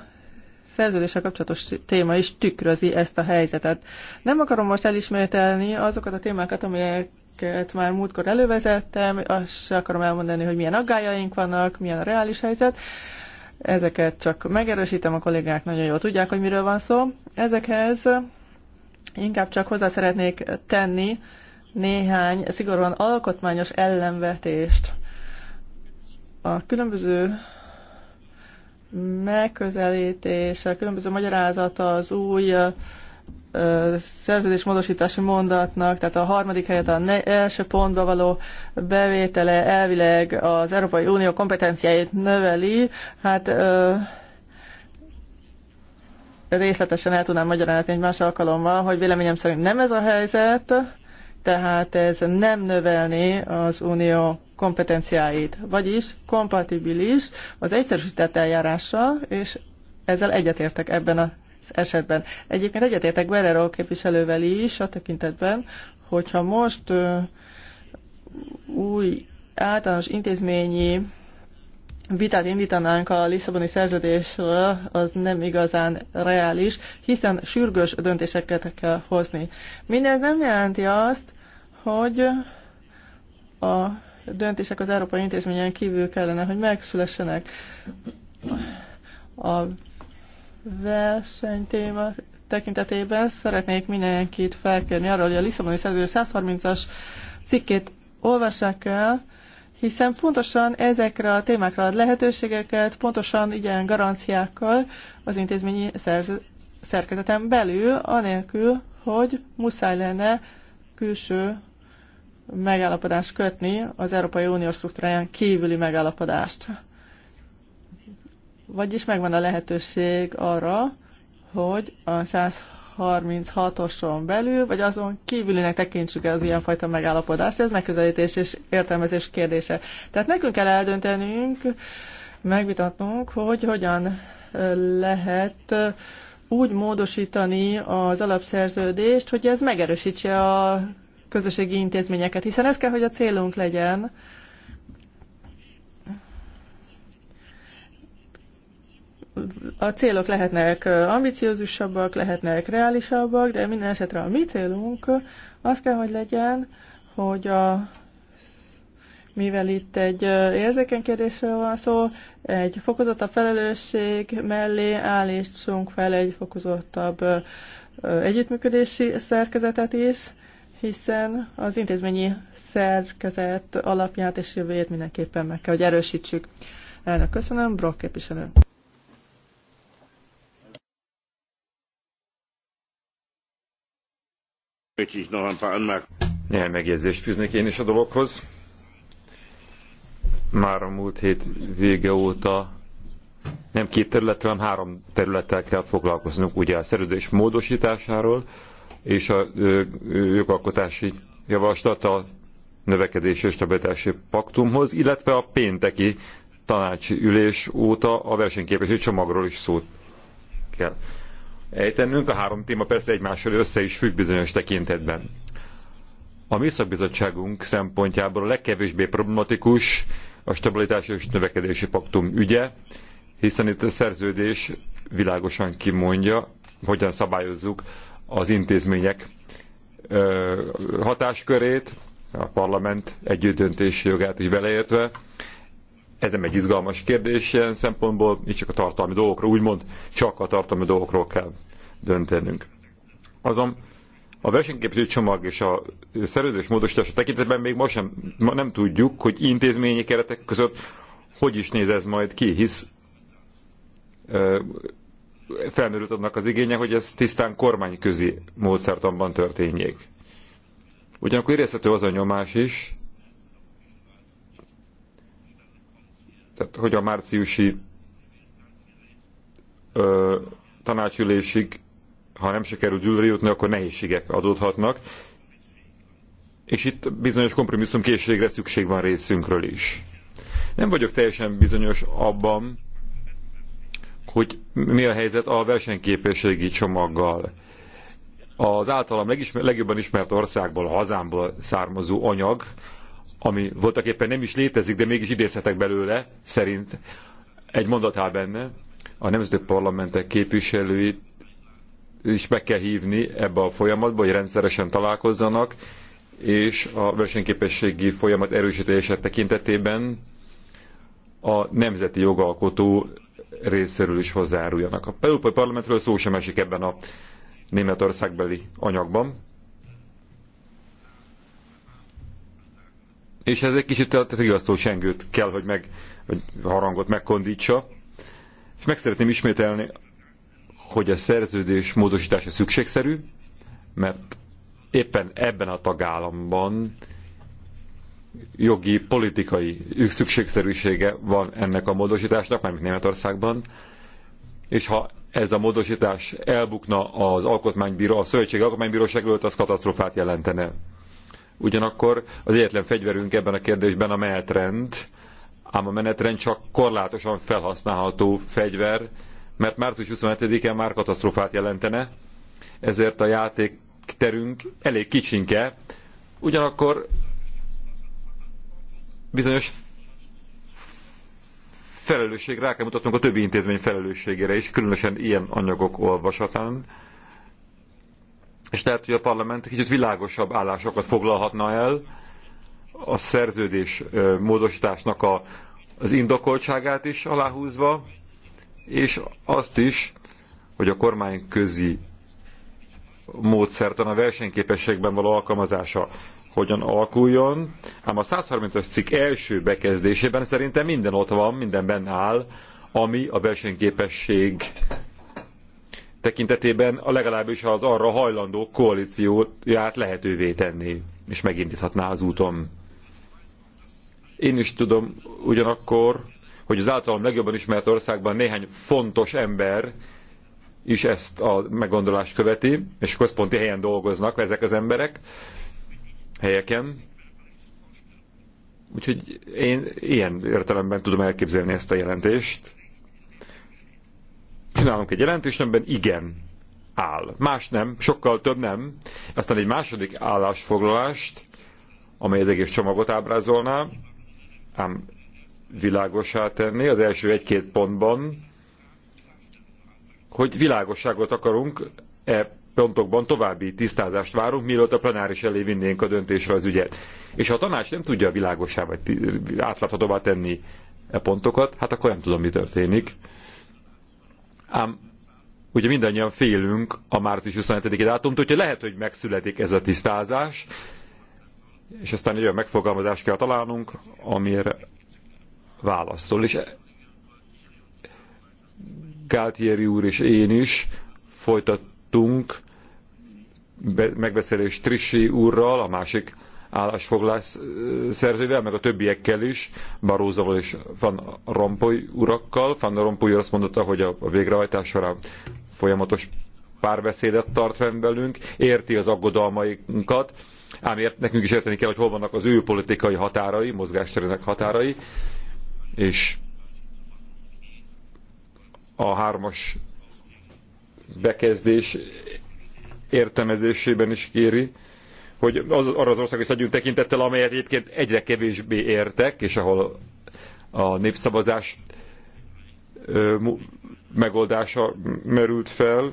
szerződéssel kapcsolatos téma is tükrözi ezt a helyzetet. Nem akarom most elismételni azokat a témákat, amelyeket már múltkor elővezettem, azt akarom elmondani, hogy milyen aggájaink vannak, milyen a reális helyzet, Ezeket csak megerősítem, a kollégák nagyon jól tudják, hogy miről van szó. Ezekhez inkább csak hozzá szeretnék tenni néhány szigorúan alkotmányos ellenvetést. A különböző megközelítés, a különböző magyarázata az új szerződésmódosítási mondatnak, tehát a harmadik helyet a ne- első pontba való bevétele elvileg az Európai Unió kompetenciáit növeli, hát ö, részletesen el tudnám magyarázni egy más alkalommal, hogy véleményem szerint nem ez a helyzet, tehát ez nem növelni az unió kompetenciáit, vagyis kompatibilis az egyszerűsített eljárással, és ezzel egyetértek ebben a esetben. Egyébként egyetértek Guerrero képviselővel is a tekintetben, hogyha most új általános intézményi vitát indítanánk a Lisszaboni szerződésről, az nem igazán reális, hiszen sürgős döntéseket kell hozni. Mindez nem jelenti azt, hogy a döntések az Európai Intézményen kívül kellene, hogy megszülessenek. A versenytéma tekintetében szeretnék mindenkit felkérni arra, hogy a Lisszaboni Szerződő 130-as cikkét olvassák el, hiszen pontosan ezekre a témákra ad lehetőségeket, pontosan ilyen garanciákkal az intézményi szerz- szerkezeten belül, anélkül, hogy muszáj lenne külső megállapodást kötni, az Európai Unió struktúráján kívüli megállapodást. Vagyis megvan a lehetőség arra, hogy a 136-oson belül, vagy azon kívülinek tekintsük az ilyenfajta megállapodást, ez megközelítés és értelmezés kérdése. Tehát nekünk kell eldöntenünk, megvitatnunk, hogy hogyan lehet úgy módosítani az alapszerződést, hogy ez megerősítse a közösségi intézményeket, hiszen ez kell, hogy a célunk legyen, a célok lehetnek ambiciózusabbak, lehetnek reálisabbak, de minden esetre a mi célunk az kell, hogy legyen, hogy a, mivel itt egy érzéken kérdésről van szó, egy fokozottabb felelősség mellé állítsunk fel egy fokozottabb együttműködési szerkezetet is, hiszen az intézményi szerkezet alapját és jövőjét mindenképpen meg kell, hogy erősítsük. Elnök köszönöm, Brock képviselő. Néhány megjegyzést fűznék én is a dologhoz. Már a múlt hét vége óta nem két területtel, hanem három területtel kell foglalkoznunk, ugye a szerződés módosításáról és a jogalkotási javaslat a növekedés és stabilitási paktumhoz, illetve a pénteki tanácsi ülés óta a versenyképesi csomagról is szót kell ejtenünk. A három téma persze egymással össze is függ bizonyos tekintetben. A mi szakbizottságunk szempontjából a legkevésbé problematikus a stabilitás és növekedési paktum ügye, hiszen itt a szerződés világosan kimondja, hogyan szabályozzuk az intézmények hatáskörét, a parlament együttdöntési jogát is beleértve, ez nem egy izgalmas kérdés ilyen szempontból, itt csak a tartalmi dolgokról, úgymond csak a tartalmi dolgokról kell döntenünk. Azon a versenyképző csomag és a szerződés módosítása tekintetben még most sem, ma nem tudjuk, hogy intézményi keretek között hogy is néz ez majd ki, hisz ö, felmerült annak az igénye, hogy ez tisztán kormányközi módszertanban történjék. Ugyanakkor érezhető az a nyomás is, tehát hogy a márciusi ö, tanácsülésig, ha nem sikerült gyűlölre jutni, akkor nehézségek adódhatnak. És itt bizonyos kompromisszum készségre szükség van részünkről is. Nem vagyok teljesen bizonyos abban, hogy mi a helyzet a versenyképességi csomaggal. Az általam legismer, legjobban ismert országból, a hazámból származó anyag, ami voltak éppen nem is létezik, de mégis idézhetek belőle, szerint egy mondat áll benne, a nemzeti parlamentek képviselőit is meg kell hívni ebbe a folyamatba, hogy rendszeresen találkozzanak, és a versenyképességi folyamat erősítése tekintetében a nemzeti jogalkotó részéről is hozzáruljanak. A Európai Parlamentről szó sem esik ebben a Németországbeli anyagban, és ez egy kicsit a riasztó sengőt kell, hogy meg hogy harangot megkondítsa. És meg szeretném ismételni, hogy a szerződés módosítása szükségszerű, mert éppen ebben a tagállamban jogi, politikai szükségszerűsége van ennek a módosításnak, mármint Németországban, és ha ez a módosítás elbukna az alkotmánybíró, a Szövetségi Alkotmánybíróság előtt, az katasztrófát jelentene Ugyanakkor az egyetlen fegyverünk ebben a kérdésben a menetrend, ám a menetrend csak korlátosan felhasználható fegyver, mert március 27-en már katasztrofát jelentene, ezért a játékterünk elég kicsinke, ugyanakkor bizonyos felelősség, rá kell mutatnunk a többi intézmény felelősségére is, különösen ilyen anyagok olvasatán és lehet, hogy a parlament kicsit világosabb állásokat foglalhatna el a szerződés módosításnak a, az indokoltságát is aláhúzva, és azt is, hogy a kormány közi módszertan a versenyképességben való alkalmazása hogyan alakuljon, ám a 135-ös cikk első bekezdésében szerintem minden ott van, minden benne áll, ami a versenyképesség tekintetében a legalábbis az arra hajlandó koalícióját lehetővé tenni, és megindíthatná az úton. Én is tudom ugyanakkor, hogy az általam legjobban ismert országban néhány fontos ember is ezt a meggondolást követi, és központi helyen dolgoznak ezek az emberek, helyeken. Úgyhogy én ilyen értelemben tudom elképzelni ezt a jelentést Csinálunk egy jelentést, amiben igen áll. Más nem, sokkal több nem. Aztán egy második állásfoglalást, amely az egész csomagot ábrázolná, ám világosá tenni az első egy-két pontban, hogy világosságot akarunk e pontokban további tisztázást várunk, mielőtt a plenáris elé vinnénk a döntésre az ügyet. És ha a tanács nem tudja világosá vagy átláthatóvá tenni e pontokat, hát akkor nem tudom, mi történik. Ám ugye mindannyian félünk a március 27-i dátumtól, hogy lehet, hogy megszületik ez a tisztázás, és aztán egy olyan megfogalmazást kell találnunk, amire válaszol. És Gáltieri úr és én is folytattunk megbeszélést Trissi úrral, a másik állásfoglás szerzővel, meg a többiekkel is, Barózóval és Van Rompuy urakkal. Van Rompuy azt mondotta, hogy a, a végrehajtás során folyamatos párbeszédet tart fenn velünk, érti az aggodalmainkat, ám ért, nekünk is érteni kell, hogy hol vannak az ő politikai határai, mozgásterének határai, és a hármas bekezdés értelmezésében is kéri, hogy az, arra az ország is legyünk tekintettel, amelyet egyébként egyre kevésbé értek, és ahol a népszavazás ö, megoldása merült fel.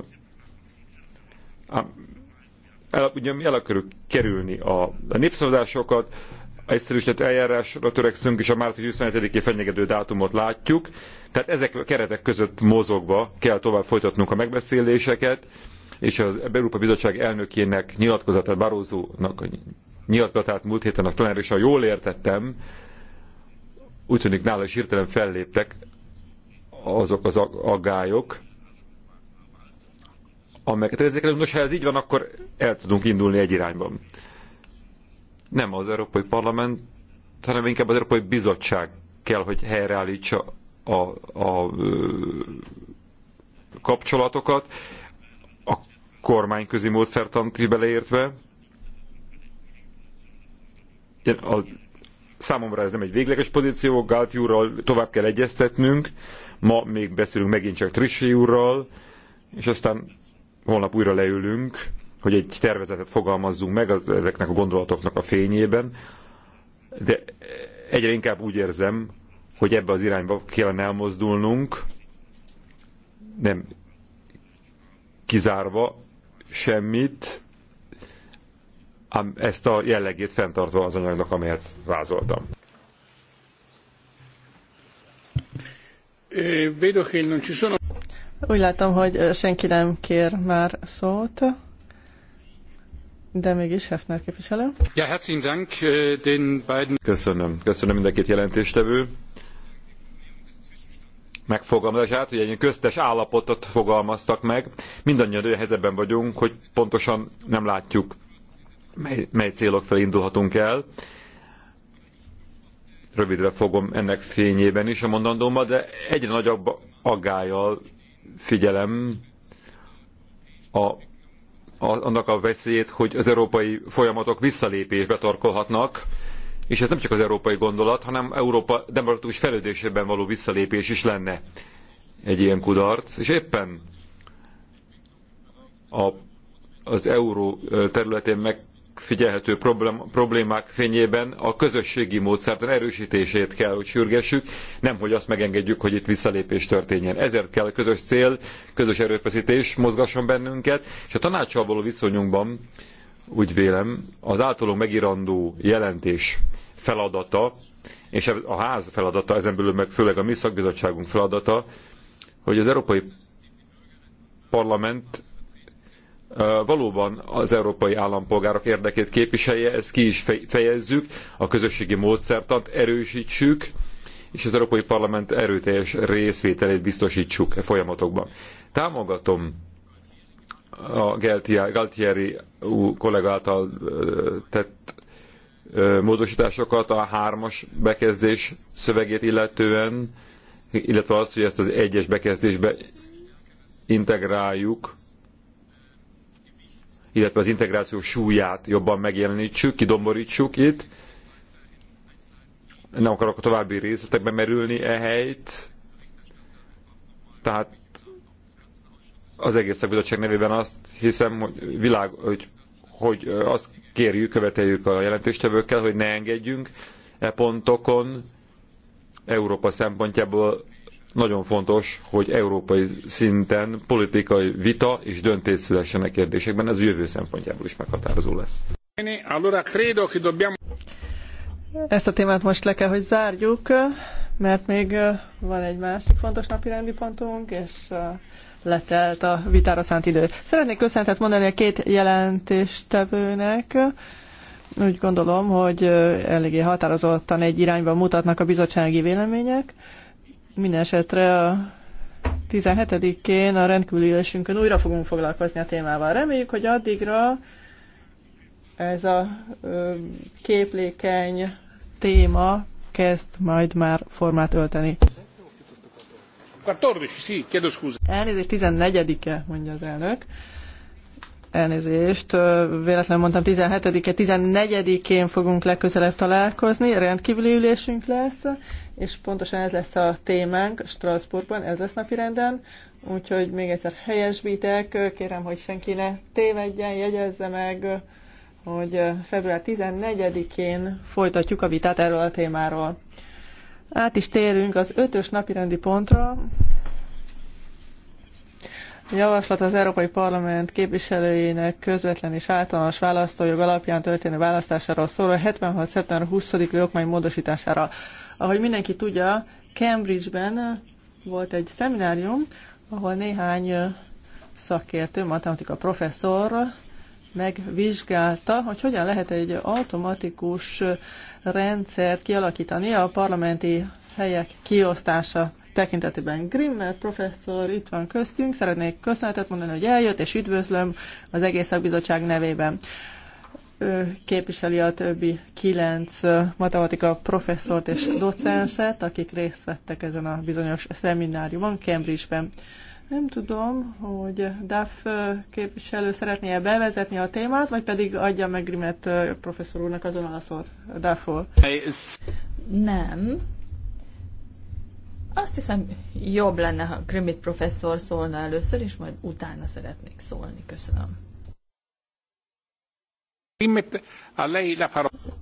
el, ugye mi el akarjuk kerülni a, a népszavazásokat, egyszerűsített eljárásra törekszünk, és a március 27-i fenyegető dátumot látjuk. Tehát ezek a keretek között mozogva kell tovább folytatnunk a megbeszéléseket és az Európa Bizottság elnökének nyilatkozatát, Barózónak nyilatkozatát múlt héten a plenárisan jól értettem, úgy tűnik nála is hirtelen felléptek azok az aggályok, amelyeket érzékelünk. Nos, ha ez így van, akkor el tudunk indulni egy irányban. Nem az Európai Parlament, hanem inkább az Európai Bizottság kell, hogy helyreállítsa a, a, a kapcsolatokat, kormányközi módszertant is beleértve. A, számomra ez nem egy végleges pozíció, Gált úrral tovább kell egyeztetnünk, ma még beszélünk megint csak Trissi úrral, és aztán holnap újra leülünk, hogy egy tervezetet fogalmazzunk meg az, ezeknek a gondolatoknak a fényében, de egyre inkább úgy érzem, hogy ebbe az irányba kellene elmozdulnunk, nem kizárva semmit, ám ezt a jellegét fenntartva az anyagnak, amelyet vázoltam. Úgy látom, hogy senki nem kér már szót, de mégis Hefner képviselő. Ja, herzlichen Dank äh, den beiden. Köszönöm. Köszönöm mind a két jelentéstevő megfogalmazását, hogy egy köztes állapotot fogalmaztak meg. Mindannyian olyan helyzetben vagyunk, hogy pontosan nem látjuk, mely, mely célok felé indulhatunk el. Rövidre fogom ennek fényében is a mondandómat, de egyre nagyobb aggájjal figyelem a, a, annak a veszélyét, hogy az európai folyamatok visszalépésbe torkolhatnak, és ez nem csak az európai gondolat, hanem Európa demokratikus fejlődésében való visszalépés is lenne egy ilyen kudarc, és éppen a, az euró területén megfigyelhető problémák fényében a közösségi módszertan erősítését kell, hogy sürgessük, hogy azt megengedjük, hogy itt visszalépés történjen. Ezért kell a közös cél, közös erőfeszítés mozgasson bennünket, és a tanácsal való viszonyunkban úgy vélem, az általunk megírandó jelentés feladata, és a ház feladata, ezen belül meg főleg a mi szakbizottságunk feladata, hogy az Európai Parlament valóban az európai állampolgárok érdekét képviselje, ezt ki is fejezzük, a közösségi módszertant erősítsük, és az Európai Parlament erőteljes részvételét biztosítsuk e folyamatokban. Támogatom a Galtieri kollega által tett módosításokat a hármas bekezdés szövegét illetően, illetve az, hogy ezt az egyes bekezdésbe integráljuk, illetve az integráció súlyát jobban megjelenítsük, kidomborítsuk itt. Nem akarok a további részletekbe merülni e helyt, tehát az egész szakbizottság nevében azt hiszem, hogy, világ, hogy, hogy azt kérjük, követeljük a jelentéstevőkkel, hogy ne engedjünk e pontokon Európa szempontjából nagyon fontos, hogy európai szinten politikai vita és döntés szülessen a kérdésekben, ez a jövő szempontjából is meghatározó lesz. Ezt a témát most le kell, hogy zárjuk, mert még van egy másik fontos napirendi pontunk, és letelt a vitára szánt idő. Szeretnék köszönetet mondani a két jelentéstevőnek. Úgy gondolom, hogy eléggé határozottan egy irányba mutatnak a bizottsági vélemények. Mindenesetre a 17-én a rendkívüli ülésünkön újra fogunk foglalkozni a témával. Reméljük, hogy addigra ez a képlékeny téma kezd majd már formát ölteni. 14, sì, chiedo scusa. Elnézést, 14-e, mondja az elnök. Elnézést, véletlenül mondtam 17-e, 14-én fogunk legközelebb találkozni, rendkívüli ülésünk lesz, és pontosan ez lesz a témánk Strasbourgban, ez lesz napirenden, úgyhogy még egyszer helyesbítek, kérem, hogy senki ne tévedjen, jegyezze meg, hogy február 14-én folytatjuk a vitát erről a témáról. Át is térünk az ötös napirendi pontra. A javaslat az Európai Parlament képviselőjének közvetlen és általános választójog alapján történő választásáról szóló 76. szeptember 20. okmány módosítására. Ahogy mindenki tudja, Cambridge-ben volt egy szeminárium, ahol néhány szakértő, matematika professzor megvizsgálta, hogy hogyan lehet egy automatikus rendszert kialakítani a parlamenti helyek kiosztása tekintetében. Grimmer professzor itt van köztünk, szeretnék köszönetet mondani, hogy eljött, és üdvözlöm az egész szakbizottság nevében. Ő képviseli a többi kilenc matematika professzort és docenset, akik részt vettek ezen a bizonyos szemináriumon Cambridgeben. ben nem tudom, hogy DAF képviselő szeretné -e bevezetni a témát, vagy pedig adja meg Grimet professzor úrnak azon a szót. daf Nem. Azt hiszem, jobb lenne, ha Grimit professzor szólna először, és majd utána szeretnék szólni. Köszönöm.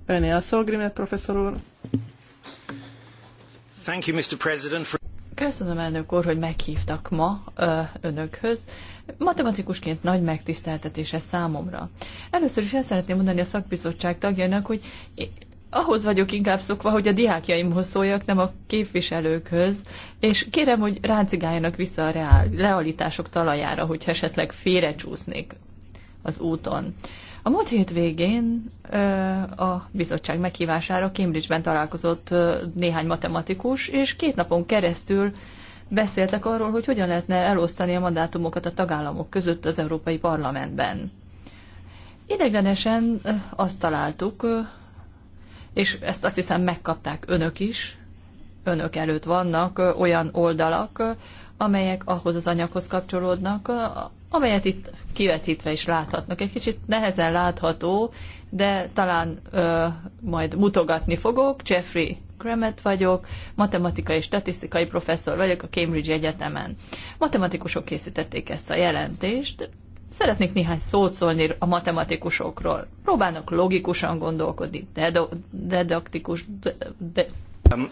Öné a szó, Grimet professzor úr. Thank you, Mr. President. For... Köszönöm, elnök úr, hogy meghívtak ma ö, önökhöz. Matematikusként nagy megtiszteltetése számomra. Először is el szeretném mondani a szakbizottság tagjának, hogy ahhoz vagyok inkább szokva, hogy a diákjaimhoz szóljak, nem a képviselőkhöz, és kérem, hogy ráncigáljanak vissza a reál, realitások talajára, hogyha esetleg félrecsúsznék az úton. Ö, a múlt hét végén a bizottság meghívására Cambridge-ben találkozott néhány matematikus, és két napon keresztül beszéltek arról, hogy hogyan lehetne elosztani a mandátumokat a tagállamok között az Európai Parlamentben. Ideglenesen azt találtuk, és ezt azt hiszem megkapták önök is, önök előtt vannak olyan oldalak, amelyek ahhoz az anyaghoz kapcsolódnak, amelyet itt kivetítve is láthatnak. Egy kicsit nehezen látható, de talán ö, majd mutogatni fogok. Jeffrey Kremet vagyok, matematikai és statisztikai professzor vagyok a Cambridge Egyetemen. Matematikusok készítették ezt a jelentést. Szeretnék néhány szót szólni a matematikusokról. Próbálnak logikusan gondolkodni, dedo- dedaktikus... De- de- um,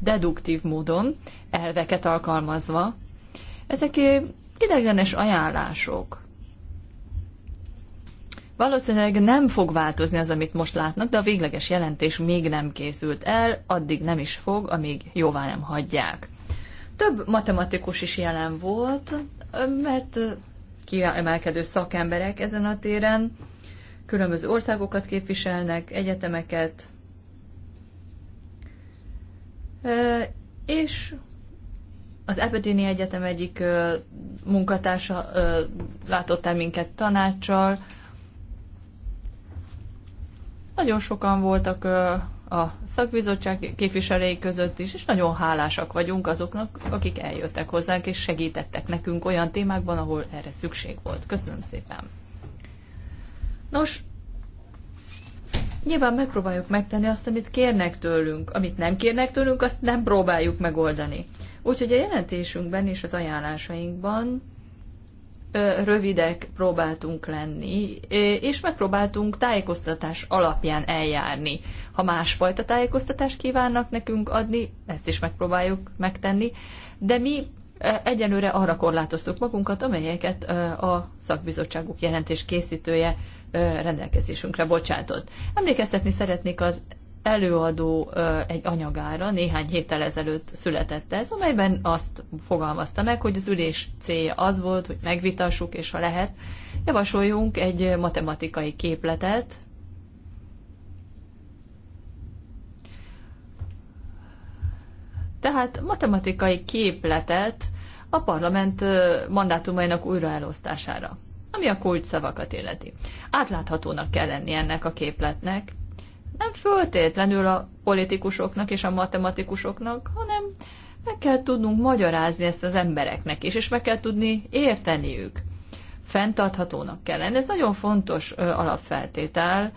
deduktív módon, elveket alkalmazva. Ezek ideglenes ajánlások. Valószínűleg nem fog változni az, amit most látnak, de a végleges jelentés még nem készült el, addig nem is fog, amíg jóvá nem hagyják. Több matematikus is jelen volt, mert kiemelkedő szakemberek ezen a téren különböző országokat képviselnek, egyetemeket, és az Ebedeeni Egyetem egyik munkatársa látott el minket tanácssal. Nagyon sokan voltak a szakbizottság képviselői között is, és nagyon hálásak vagyunk azoknak, akik eljöttek hozzánk, és segítettek nekünk olyan témákban, ahol erre szükség volt. Köszönöm szépen! Nos, Nyilván megpróbáljuk megtenni azt, amit kérnek tőlünk. Amit nem kérnek tőlünk, azt nem próbáljuk megoldani. Úgyhogy a jelentésünkben és az ajánlásainkban rövidek próbáltunk lenni, és megpróbáltunk tájékoztatás alapján eljárni. Ha másfajta tájékoztatást kívánnak nekünk adni, ezt is megpróbáljuk megtenni, de mi egyenőre arra korlátoztuk magunkat, amelyeket a szakbizottságuk jelentés készítője rendelkezésünkre bocsátott. Emlékeztetni szeretnék az előadó egy anyagára, néhány héttel ezelőtt született ez, amelyben azt fogalmazta meg, hogy az ülés célja az volt, hogy megvitassuk, és ha lehet, javasoljunk egy matematikai képletet, tehát matematikai képletet a parlament mandátumainak újraelosztására, ami a kulcs szavakat illeti. Átláthatónak kell lenni ennek a képletnek, nem föltétlenül a politikusoknak és a matematikusoknak, hanem meg kell tudnunk magyarázni ezt az embereknek is, és meg kell tudni érteniük. Fentarthatónak kell lenni. Ez nagyon fontos alapfeltétel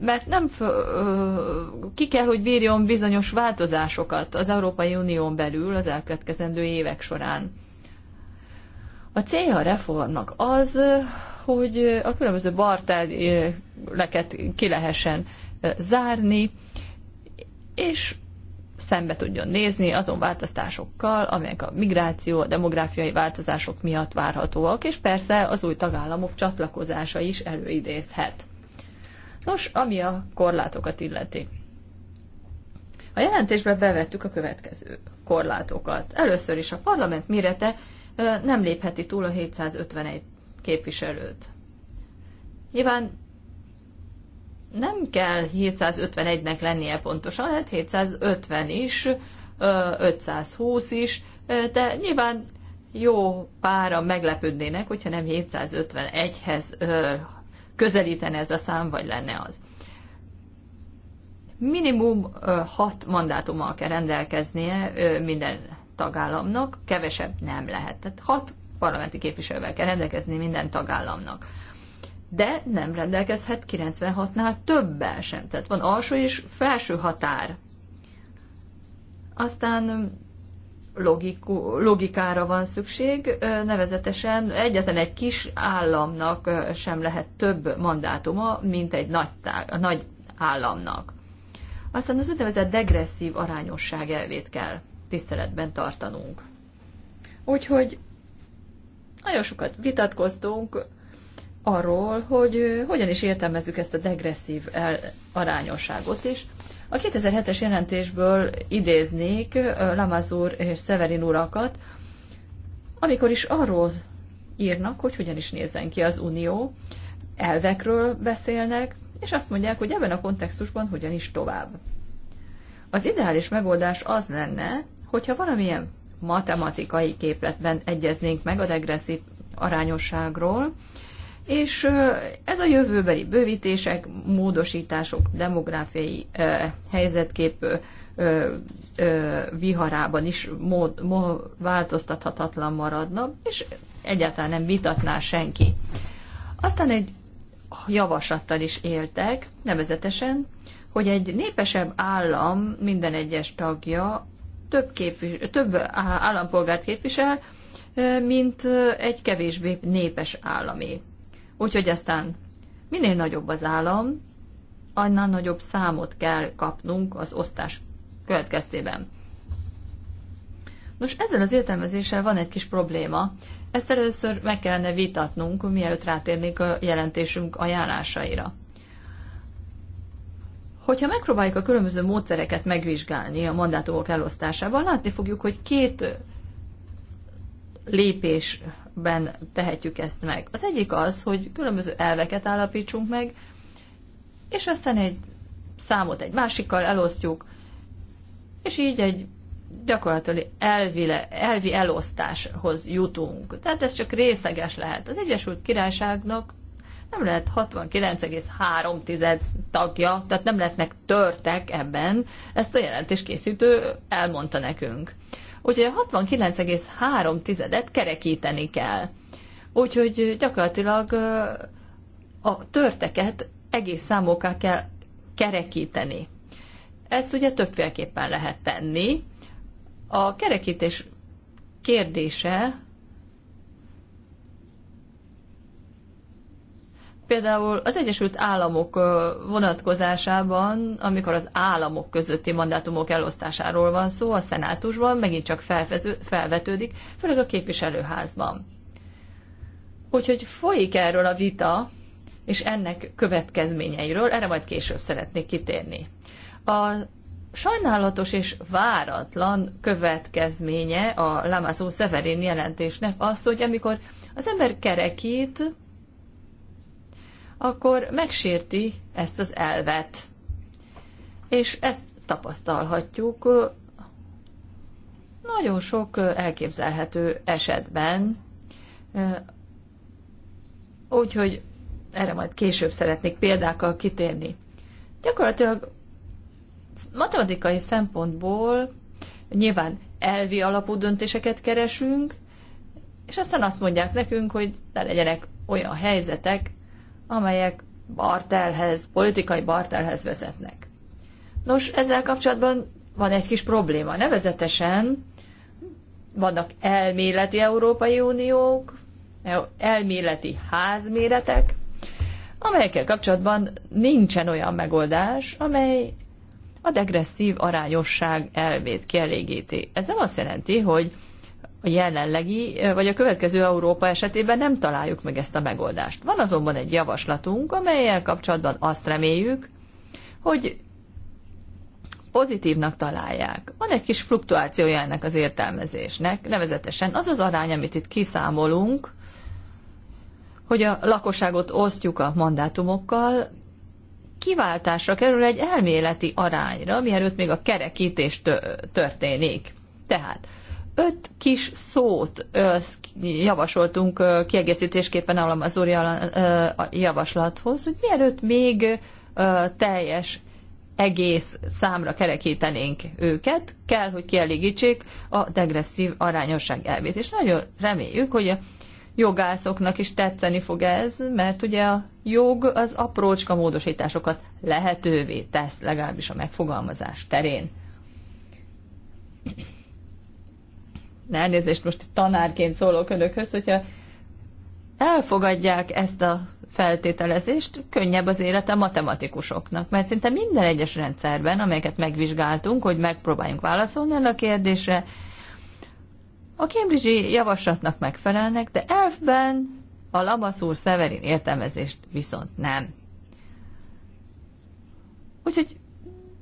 mert nem ki kell, hogy bírjon bizonyos változásokat az Európai Unión belül az elkövetkezendő évek során. A célja a reformnak az, hogy a különböző barteleket ki lehessen zárni, és szembe tudjon nézni azon változtásokkal, amelyek a migráció, a demográfiai változások miatt várhatóak, és persze az új tagállamok csatlakozása is előidézhet. Nos, ami a korlátokat illeti. A jelentésbe bevettük a következő korlátokat. Először is a parlament mérete nem lépheti túl a 751 képviselőt. Nyilván nem kell 751-nek lennie pontosan, lehet 750 is, 520 is, de nyilván jó pára meglepődnének, hogyha nem 751-hez közelítene ez a szám, vagy lenne az. Minimum hat mandátummal kell rendelkeznie minden tagállamnak, kevesebb nem lehet. Tehát hat parlamenti képviselővel kell rendelkezni minden tagállamnak. De nem rendelkezhet 96-nál többel sem. Tehát van alsó és felső határ. Aztán logiku, logikára van szükség, nevezetesen egyetlen egy kis államnak sem lehet több mandátuma, mint egy nagy, tár, nagy államnak. Aztán az úgynevezett degresszív arányosság elvét kell tiszteletben tartanunk. Úgyhogy nagyon sokat vitatkoztunk arról, hogy hogyan is értelmezzük ezt a degresszív arányosságot, is. A 2007-es jelentésből idéznék Lamazur és Severin urakat, amikor is arról írnak, hogy hogyan is nézzen ki az unió, elvekről beszélnek, és azt mondják, hogy ebben a kontextusban hogyan is tovább. Az ideális megoldás az lenne, hogyha valamilyen matematikai képletben egyeznénk meg a degresszív arányosságról, és ez a jövőbeli bővítések, módosítások, demográfiai helyzetkép viharában is mód, mód, változtathatatlan maradna, és egyáltalán nem vitatná senki. Aztán egy javaslattal is éltek, nevezetesen, hogy egy népesebb állam minden egyes tagja több, képvis, több állampolgárt képvisel, mint egy kevésbé népes államé. Úgyhogy aztán minél nagyobb az állam, annál nagyobb számot kell kapnunk az osztás következtében. Nos, ezzel az értelmezéssel van egy kis probléma. Ezt először meg kellene vitatnunk, mielőtt rátérnék a jelentésünk ajánlásaira. Hogyha megpróbáljuk a különböző módszereket megvizsgálni a mandátumok elosztásával, látni fogjuk, hogy két lépés ben tehetjük ezt meg. Az egyik az, hogy különböző elveket állapítsunk meg, és aztán egy számot egy másikkal elosztjuk, és így egy gyakorlatilag elvile, elvi elosztáshoz jutunk. Tehát ez csak részleges lehet. Az Egyesült Királyságnak nem lehet 69,3 tagja, tehát nem lehetnek törtek ebben, ezt a jelentéskészítő elmondta nekünk. Úgyhogy a 69,3-et kerekíteni kell. Úgyhogy gyakorlatilag a törteket egész számokkal kell kerekíteni. Ezt ugye többféleképpen lehet tenni. A kerekítés kérdése Például az Egyesült Államok vonatkozásában, amikor az államok közötti mandátumok elosztásáról van szó, a szenátusban megint csak felfező, felvetődik, főleg a képviselőházban. Úgyhogy folyik erről a vita, és ennek következményeiről, erre majd később szeretnék kitérni. A sajnálatos és váratlan következménye a Lamazó Severin jelentésnek az, hogy amikor az ember kerekít, akkor megsérti ezt az elvet. És ezt tapasztalhatjuk nagyon sok elképzelhető esetben. Úgyhogy erre majd később szeretnék példákkal kitérni. Gyakorlatilag matematikai szempontból nyilván elvi alapú döntéseket keresünk, és aztán azt mondják nekünk, hogy ne legyenek olyan helyzetek, amelyek bartelhez, politikai bartelhez vezetnek. Nos, ezzel kapcsolatban van egy kis probléma. Nevezetesen vannak elméleti Európai Uniók, elméleti házméretek, amelyekkel kapcsolatban nincsen olyan megoldás, amely a degresszív arányosság elvét kielégíti. Ez nem azt jelenti, hogy a jelenlegi vagy a következő Európa esetében nem találjuk meg ezt a megoldást. Van azonban egy javaslatunk, amelyel kapcsolatban azt reméljük, hogy pozitívnak találják. Van egy kis fluktuációja ennek az értelmezésnek, nevezetesen az az arány, amit itt kiszámolunk, hogy a lakosságot osztjuk a mandátumokkal, kiváltásra kerül egy elméleti arányra, mielőtt még a kerekítés történik. Tehát öt kis szót javasoltunk kiegészítésképpen az úr javaslathoz, hogy mielőtt még teljes egész számra kerekítenénk őket, kell, hogy kielégítsék a degresszív arányosság elvét. És nagyon reméljük, hogy a jogászoknak is tetszeni fog ez, mert ugye a jog az aprócska módosításokat lehetővé tesz, legalábbis a megfogalmazás terén elnézést most tanárként szólok önökhöz, hogyha elfogadják ezt a feltételezést, könnyebb az élet a matematikusoknak, mert szinte minden egyes rendszerben, amelyeket megvizsgáltunk, hogy megpróbáljunk válaszolni a kérdésre, a Cambridge-i javaslatnak megfelelnek, de elfben a Lamaszúr Severin értelmezést viszont nem. Úgyhogy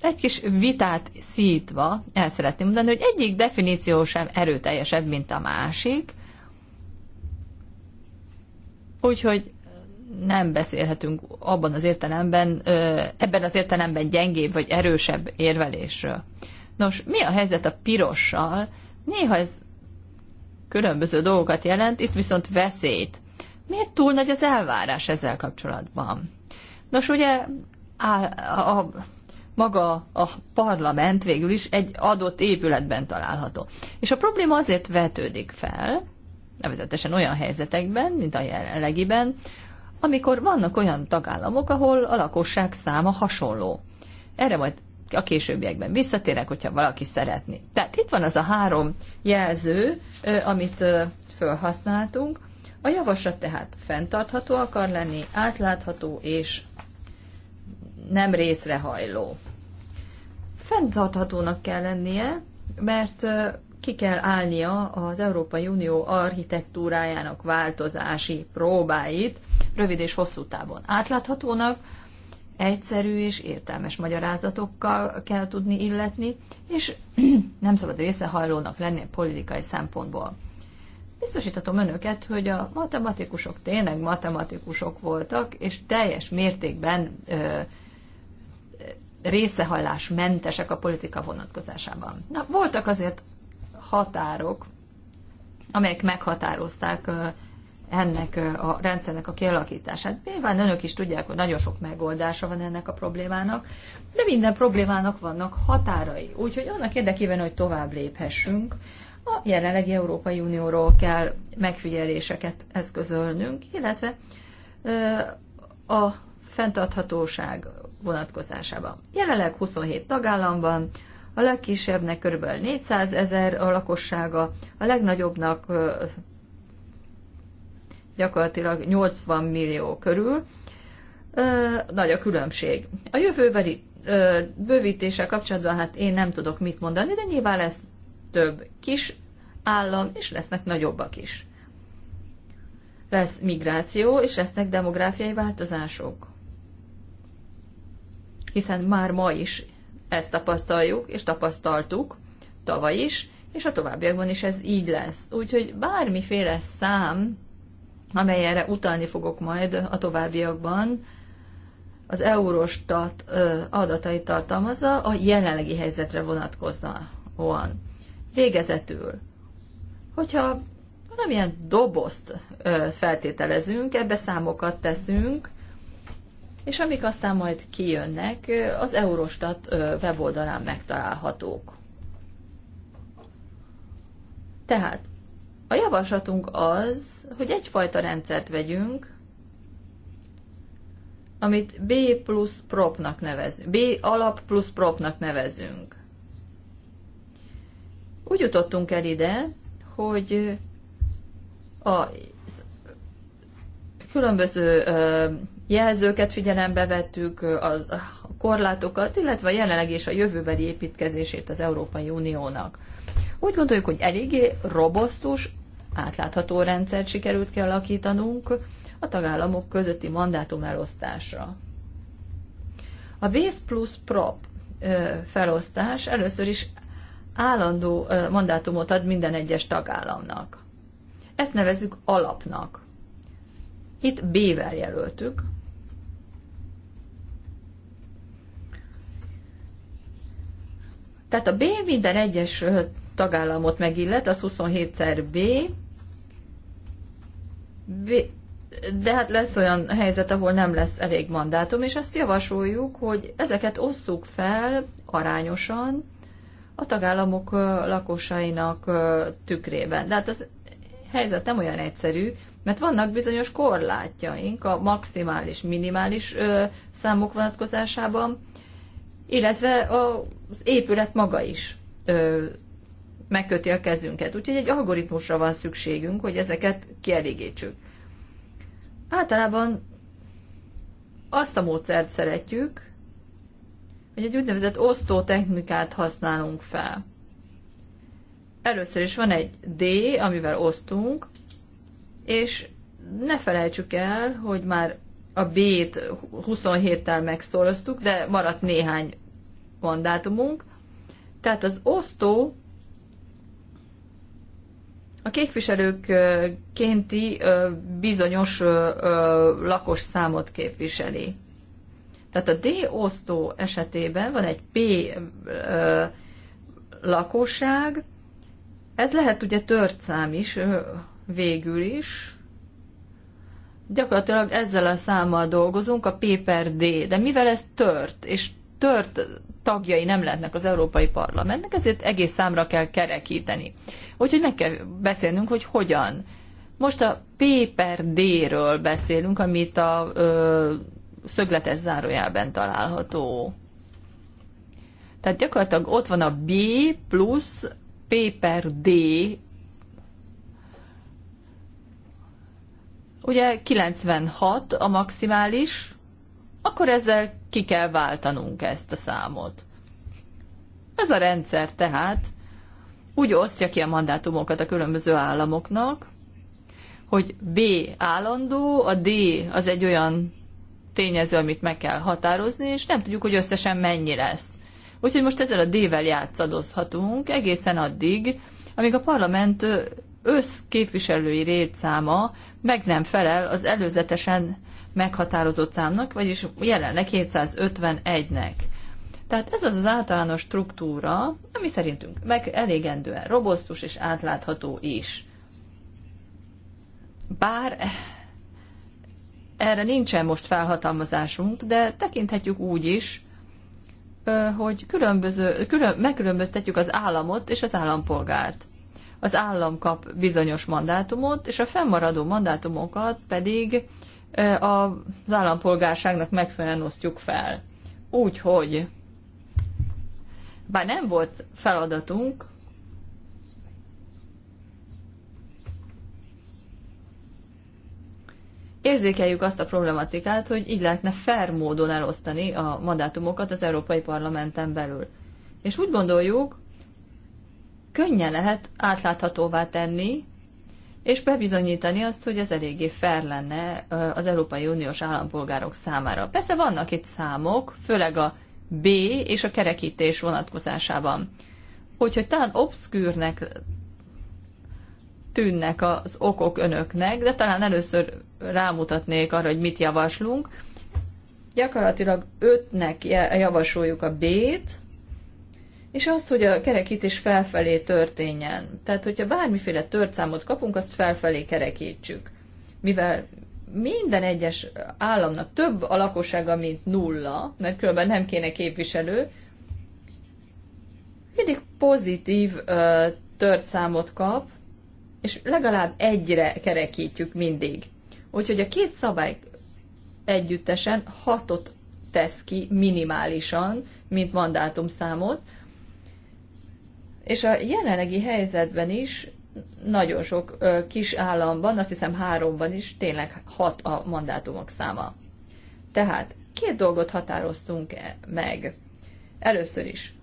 egy kis vitát szítva el szeretném mondani, hogy egyik definíció sem erőteljesebb, mint a másik, úgyhogy nem beszélhetünk abban az értelemben, ebben az értelemben gyengébb vagy erősebb érvelésről. Nos, mi a helyzet a pirossal? Néha ez különböző dolgokat jelent, itt viszont veszélyt. Miért túl nagy az elvárás ezzel kapcsolatban? Nos, ugye a, a, a maga a parlament végül is egy adott épületben található. És a probléma azért vetődik fel, nevezetesen olyan helyzetekben, mint a jelenlegiben, amikor vannak olyan tagállamok, ahol a lakosság száma hasonló. Erre majd a későbbiekben visszatérek, hogyha valaki szeretné. Tehát itt van az a három jelző, amit felhasználtunk. A javaslat tehát fenntartható akar lenni, átlátható és nem részrehajló fenntarthatónak kell lennie, mert ki kell állnia az Európai Unió architektúrájának változási próbáit rövid és hosszú távon. Átláthatónak, egyszerű és értelmes magyarázatokkal kell tudni illetni, és nem szabad részehajlónak lenni a politikai szempontból. Biztosítatom önöket, hogy a matematikusok tényleg matematikusok voltak, és teljes mértékben ö, részehallás mentesek a politika vonatkozásában. Na, voltak azért határok, amelyek meghatározták ennek a rendszernek a kialakítását. Nyilván önök is tudják, hogy nagyon sok megoldása van ennek a problémának, de minden problémának vannak határai. Úgyhogy annak érdekében, hogy tovább léphessünk, a jelenlegi Európai Unióról kell megfigyeléseket eszközölnünk, illetve a fenntarthatóság vonatkozásában. Jelenleg 27 tagállamban, a legkisebbnek kb. 400 ezer a lakossága, a legnagyobbnak gyakorlatilag 80 millió körül. Nagy a különbség. A jövőbeli bővítése kapcsolatban hát én nem tudok mit mondani, de nyilván lesz több kis állam, és lesznek nagyobbak is. Lesz migráció, és lesznek demográfiai változások hiszen már ma is ezt tapasztaljuk, és tapasztaltuk tavaly is, és a továbbiakban is ez így lesz. Úgyhogy bármiféle szám, amelyre utalni fogok majd a továbbiakban, az Eurostat adatait tartalmazza a jelenlegi helyzetre vonatkozóan. Végezetül, hogyha valamilyen dobozt feltételezünk, ebbe számokat teszünk, és amik aztán majd kijönnek, az Eurostat weboldalán megtalálhatók. Tehát a javaslatunk az, hogy egyfajta rendszert vegyünk, amit B plusz propnak nevezünk, B alap plusz propnak nevezünk. Úgy jutottunk el ide, hogy a különböző jelzőket figyelembe vettük, a korlátokat, illetve a jelenleg és a jövőbeli építkezését az Európai Uniónak. Úgy gondoljuk, hogy eléggé robosztus, átlátható rendszert sikerült kialakítanunk a tagállamok közötti mandátum elosztásra. A Vész plus Prop felosztás először is állandó mandátumot ad minden egyes tagállamnak. Ezt nevezzük alapnak. Itt B-vel jelöltük, Tehát a B minden egyes tagállamot megillet, az 27-szer B, B, de hát lesz olyan helyzet, ahol nem lesz elég mandátum, és azt javasoljuk, hogy ezeket osszuk fel arányosan a tagállamok lakosainak tükrében. De hát az helyzet nem olyan egyszerű, mert vannak bizonyos korlátjaink a maximális, minimális számok vonatkozásában, illetve az épület maga is ö, megköti a kezünket. Úgyhogy egy algoritmusra van szükségünk, hogy ezeket kielégítsük. Általában azt a módszert szeretjük, hogy egy úgynevezett osztó technikát használunk fel. Először is van egy D, amivel osztunk, és ne felejtsük el, hogy már a B-t 27-tel megszoroztuk, de maradt néhány mandátumunk. Tehát az osztó a képviselőkkénti bizonyos lakos számot képviseli. Tehát a D osztó esetében van egy P lakosság, ez lehet ugye tört szám is végül is, Gyakorlatilag ezzel a számmal dolgozunk, a P per D, de mivel ez tört, és tört tagjai nem lehetnek az Európai Parlamentnek, ezért egész számra kell kerekíteni. Úgyhogy meg kell beszélnünk, hogy hogyan. Most a P per D-ről beszélünk, amit a ö, szögletes zárójában található. Tehát gyakorlatilag ott van a B plusz P per D Ugye 96 a maximális, akkor ezzel ki kell váltanunk ezt a számot. Ez a rendszer tehát úgy osztja ki a mandátumokat a különböző államoknak, hogy B állandó, a D az egy olyan tényező, amit meg kell határozni, és nem tudjuk, hogy összesen mennyi lesz. Úgyhogy most ezzel a D-vel játszadozhatunk egészen addig, amíg a parlament összképviselői rétszáma meg nem felel az előzetesen meghatározott számnak, vagyis jelenleg 751-nek. Tehát ez az az általános struktúra, ami szerintünk meg elégendően robosztus és átlátható is. Bár erre nincsen most felhatalmazásunk, de tekinthetjük úgy is, hogy különböző, külön, megkülönböztetjük az államot és az állampolgárt az állam kap bizonyos mandátumot, és a fennmaradó mandátumokat pedig az állampolgárságnak megfelelően osztjuk fel. Úgyhogy, bár nem volt feladatunk, érzékeljük azt a problematikát, hogy így lehetne fair módon elosztani a mandátumokat az Európai Parlamenten belül. És úgy gondoljuk, könnyen lehet átláthatóvá tenni, és bebizonyítani azt, hogy ez eléggé fair lenne az Európai Uniós állampolgárok számára. Persze vannak itt számok, főleg a B és a kerekítés vonatkozásában. Úgyhogy talán obszkűrnek tűnnek az okok önöknek, de talán először rámutatnék arra, hogy mit javaslunk. Gyakorlatilag ötnek javasoljuk a B-t, és azt, hogy a kerekítés felfelé történjen. Tehát, hogyha bármiféle törtszámot kapunk, azt felfelé kerekítsük. Mivel minden egyes államnak több a lakossága, mint nulla, mert különben nem kéne képviselő, mindig pozitív ö, törtszámot kap, és legalább egyre kerekítjük mindig. Úgyhogy a két szabály együttesen hatot tesz ki minimálisan, mint mandátumszámot, és a jelenlegi helyzetben is nagyon sok ö, kis államban, azt hiszem háromban is tényleg hat a mandátumok száma. Tehát két dolgot határoztunk e meg. Először is,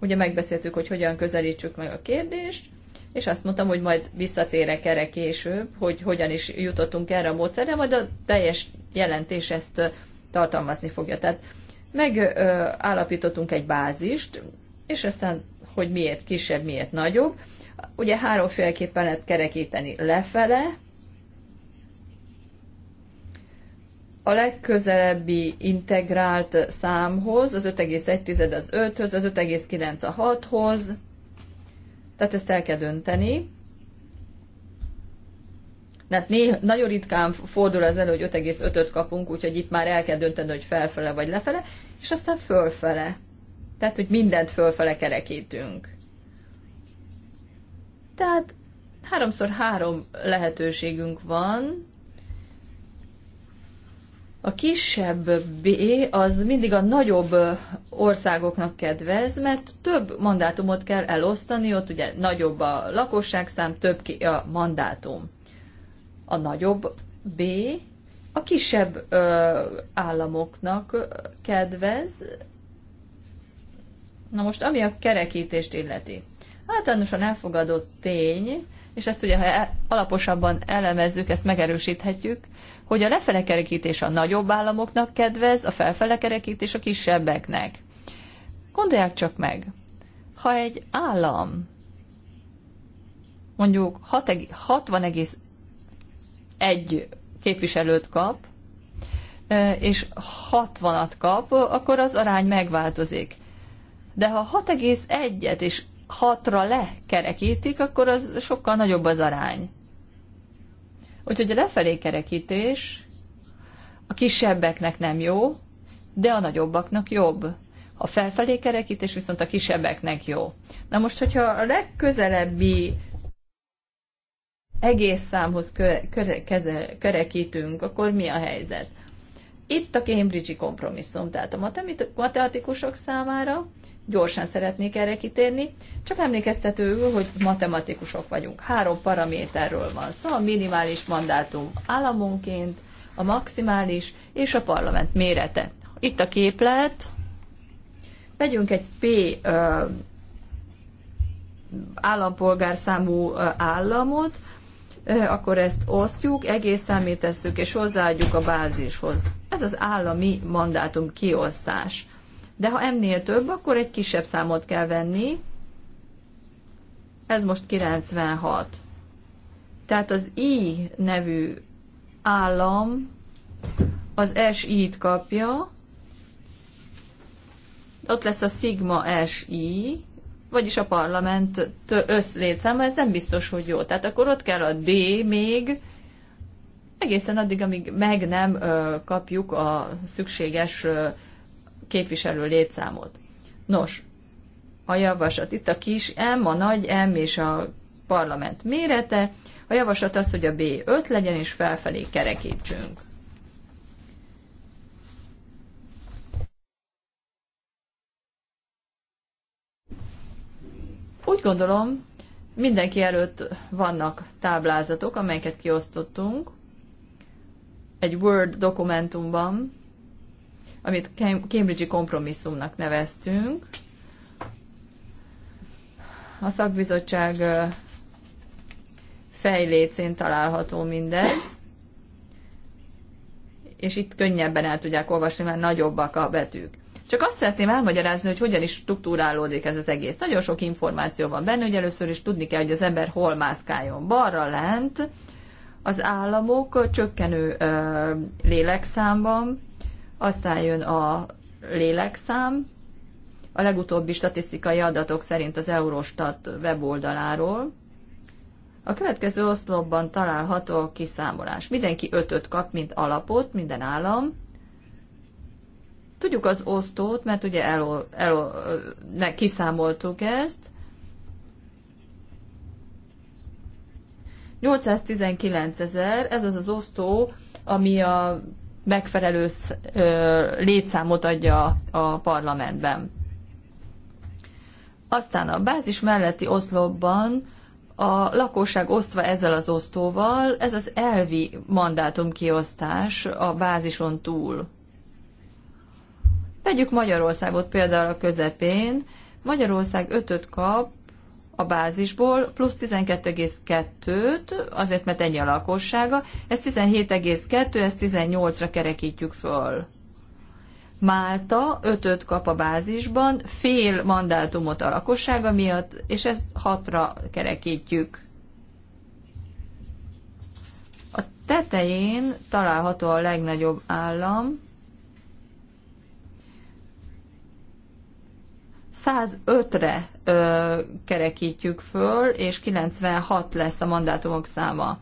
ugye megbeszéltük, hogy hogyan közelítsük meg a kérdést, és azt mondtam, hogy majd visszatérek erre később, hogy hogyan is jutottunk erre a módszerre, majd a teljes jelentés ezt tartalmazni fogja. Tehát megállapítottunk egy bázist, és aztán hogy miért kisebb, miért nagyobb. Ugye háromféleképpen lehet kerekíteni lefele, a legközelebbi integrált számhoz, az 5,1 az 5-höz, az 5,9 a 6-hoz, tehát ezt el kell dönteni. Tehát néha, nagyon ritkán fordul ez elő, hogy 5,5-öt kapunk, úgyhogy itt már el kell dönteni, hogy felfele vagy lefele, és aztán fölfele tehát hogy mindent fölfele kerekítünk. Tehát háromszor három lehetőségünk van. A kisebb B az mindig a nagyobb országoknak kedvez, mert több mandátumot kell elosztani, ott ugye nagyobb a lakosságszám, több ki a mandátum. A nagyobb B a kisebb ö, államoknak kedvez, Na most, ami a kerekítést illeti. Általánosan elfogadott tény, és ezt ugye, ha e- alaposabban elemezzük, ezt megerősíthetjük, hogy a lefele kerekítés a nagyobb államoknak kedvez, a felfele kerekítés a kisebbeknek. Gondolják csak meg, ha egy állam mondjuk 60,1 képviselőt kap, és 60-at kap, akkor az arány megváltozik de ha 6,1-et és 6-ra lekerekítik, akkor az sokkal nagyobb az arány. Úgyhogy a lefelé kerekítés a kisebbeknek nem jó, de a nagyobbaknak jobb. A felfelé kerekítés viszont a kisebbeknek jó. Na most, hogyha a legközelebbi egész számhoz köre, köre, keze, kerekítünk, akkor mi a helyzet? Itt a Cambridge-i kompromisszum, tehát a matematikusok számára gyorsan szeretnék erre kitérni. Csak emlékeztető, hogy matematikusok vagyunk. Három paraméterről van szó, a minimális mandátum államonként, a maximális és a parlament mérete. Itt a képlet, vegyünk egy P ö, állampolgárszámú államot, ö, akkor ezt osztjuk, egész számítesszük és hozzáadjuk a bázishoz. Ez az állami mandátum kiosztás de ha M-nél több, akkor egy kisebb számot kell venni. Ez most 96. Tehát az I nevű állam az SI-t kapja, ott lesz a szigma SI, vagyis a parlament összlétszáma, ez nem biztos, hogy jó. Tehát akkor ott kell a D még, egészen addig, amíg meg nem ö, kapjuk a szükséges ö, képviselő létszámot. Nos, a javaslat itt a kis M, a nagy M és a parlament mérete. A javaslat az, hogy a B5 legyen és felfelé kerekítsünk. Úgy gondolom, mindenki előtt vannak táblázatok, amelyeket kiosztottunk egy Word dokumentumban, amit Cambridge-i kompromisszumnak neveztünk. A szakbizottság fejlécén található mindez, és itt könnyebben el tudják olvasni, mert nagyobbak a betűk. Csak azt szeretném elmagyarázni, hogy hogyan is struktúrálódik ez az egész. Nagyon sok információ van benne, hogy először is tudni kell, hogy az ember hol mászkáljon. Balra lent az államok csökkenő ö, lélekszámban aztán jön a lélekszám, a legutóbbi statisztikai adatok szerint az Eurostat weboldaláról. A következő oszlopban található a kiszámolás. Mindenki ötöt kap, mint alapot, minden állam. Tudjuk az osztót, mert ugye el, el, ne, kiszámoltuk ezt. 819 ezer, ez az az osztó, ami a megfelelő létszámot adja a parlamentben. Aztán a bázis melletti oszlopban a lakosság osztva ezzel az osztóval, ez az elvi mandátumkiosztás a bázison túl. Tegyük Magyarországot például a közepén. Magyarország ötöt kap a bázisból, plusz 12,2-t, azért mert ennyi a lakossága, ez 17,2, ez 18-ra kerekítjük föl. Málta 5 kap a bázisban, fél mandátumot a lakossága miatt, és ezt 6-ra kerekítjük. A tetején található a legnagyobb állam, 105-re kerekítjük föl, és 96 lesz a mandátumok száma.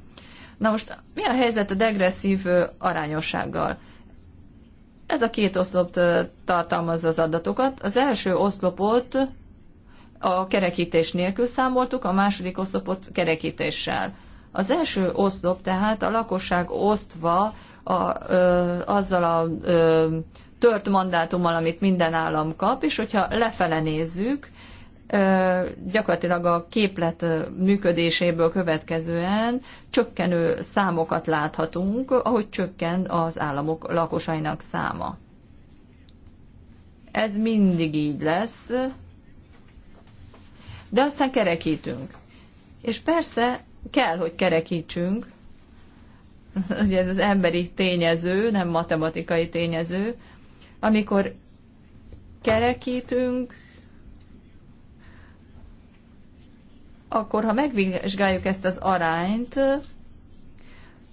Na most mi a helyzet a degresszív arányossággal? Ez a két oszlop tartalmazza az adatokat. Az első oszlopot a kerekítés nélkül számoltuk, a második oszlopot kerekítéssel. Az első oszlop tehát a lakosság osztva a, ö, azzal a ö, tört mandátummal, amit minden állam kap, és hogyha lefele nézzük, gyakorlatilag a képlet működéséből következően csökkenő számokat láthatunk, ahogy csökken az államok lakosainak száma. Ez mindig így lesz, de aztán kerekítünk. És persze kell, hogy kerekítsünk, ugye ez az emberi tényező, nem matematikai tényező, amikor kerekítünk, akkor ha megvizsgáljuk ezt az arányt,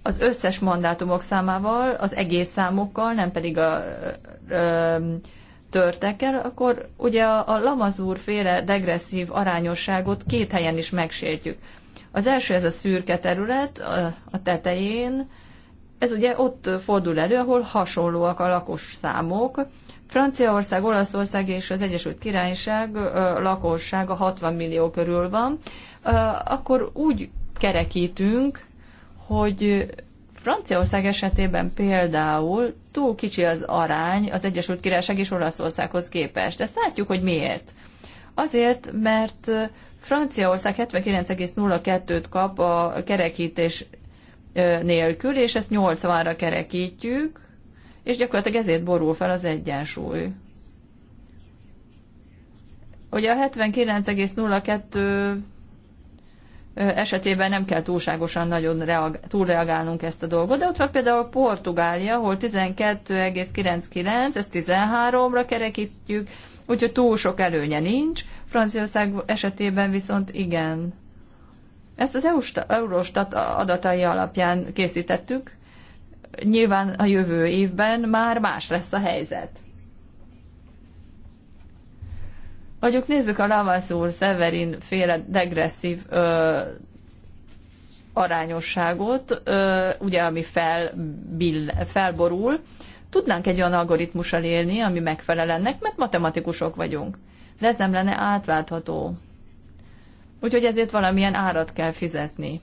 az összes mandátumok számával, az egész számokkal, nem pedig a ö, törtekkel, akkor ugye a, a Lamazúr féle degresszív arányosságot két helyen is megsértjük. Az első ez a szürke terület a, a tetején, ez ugye ott fordul elő, ahol hasonlóak a lakos számok. Franciaország, Olaszország és az Egyesült Királyság lakossága 60 millió körül van, akkor úgy kerekítünk, hogy Franciaország esetében például túl kicsi az arány az Egyesült Királyság és Olaszországhoz képest. Ezt látjuk, hogy miért. Azért, mert Franciaország 79,02-t kap a kerekítés nélkül, és ezt 80-ra kerekítjük, és gyakorlatilag ezért borul fel az egyensúly. Ugye a 79,02 esetében nem kell túlságosan nagyon reag, túlreagálnunk ezt a dolgot, de ott van például Portugália, hol 12,99, ezt 13-ra kerekítjük, úgyhogy túl sok előnye nincs. Franciaország esetében viszont igen. Ezt az e Eurostat adatai alapján készítettük. Nyilván a jövő évben már más lesz a helyzet. Vagyok nézzük a Lavasz úr Severin féle degresszív ö, arányosságot, ö, ugye ami bill, felborul. Tudnánk egy olyan algoritmussal élni, ami megfelel ennek, mert matematikusok vagyunk. De ez nem lenne átlátható. Úgyhogy ezért valamilyen árat kell fizetni.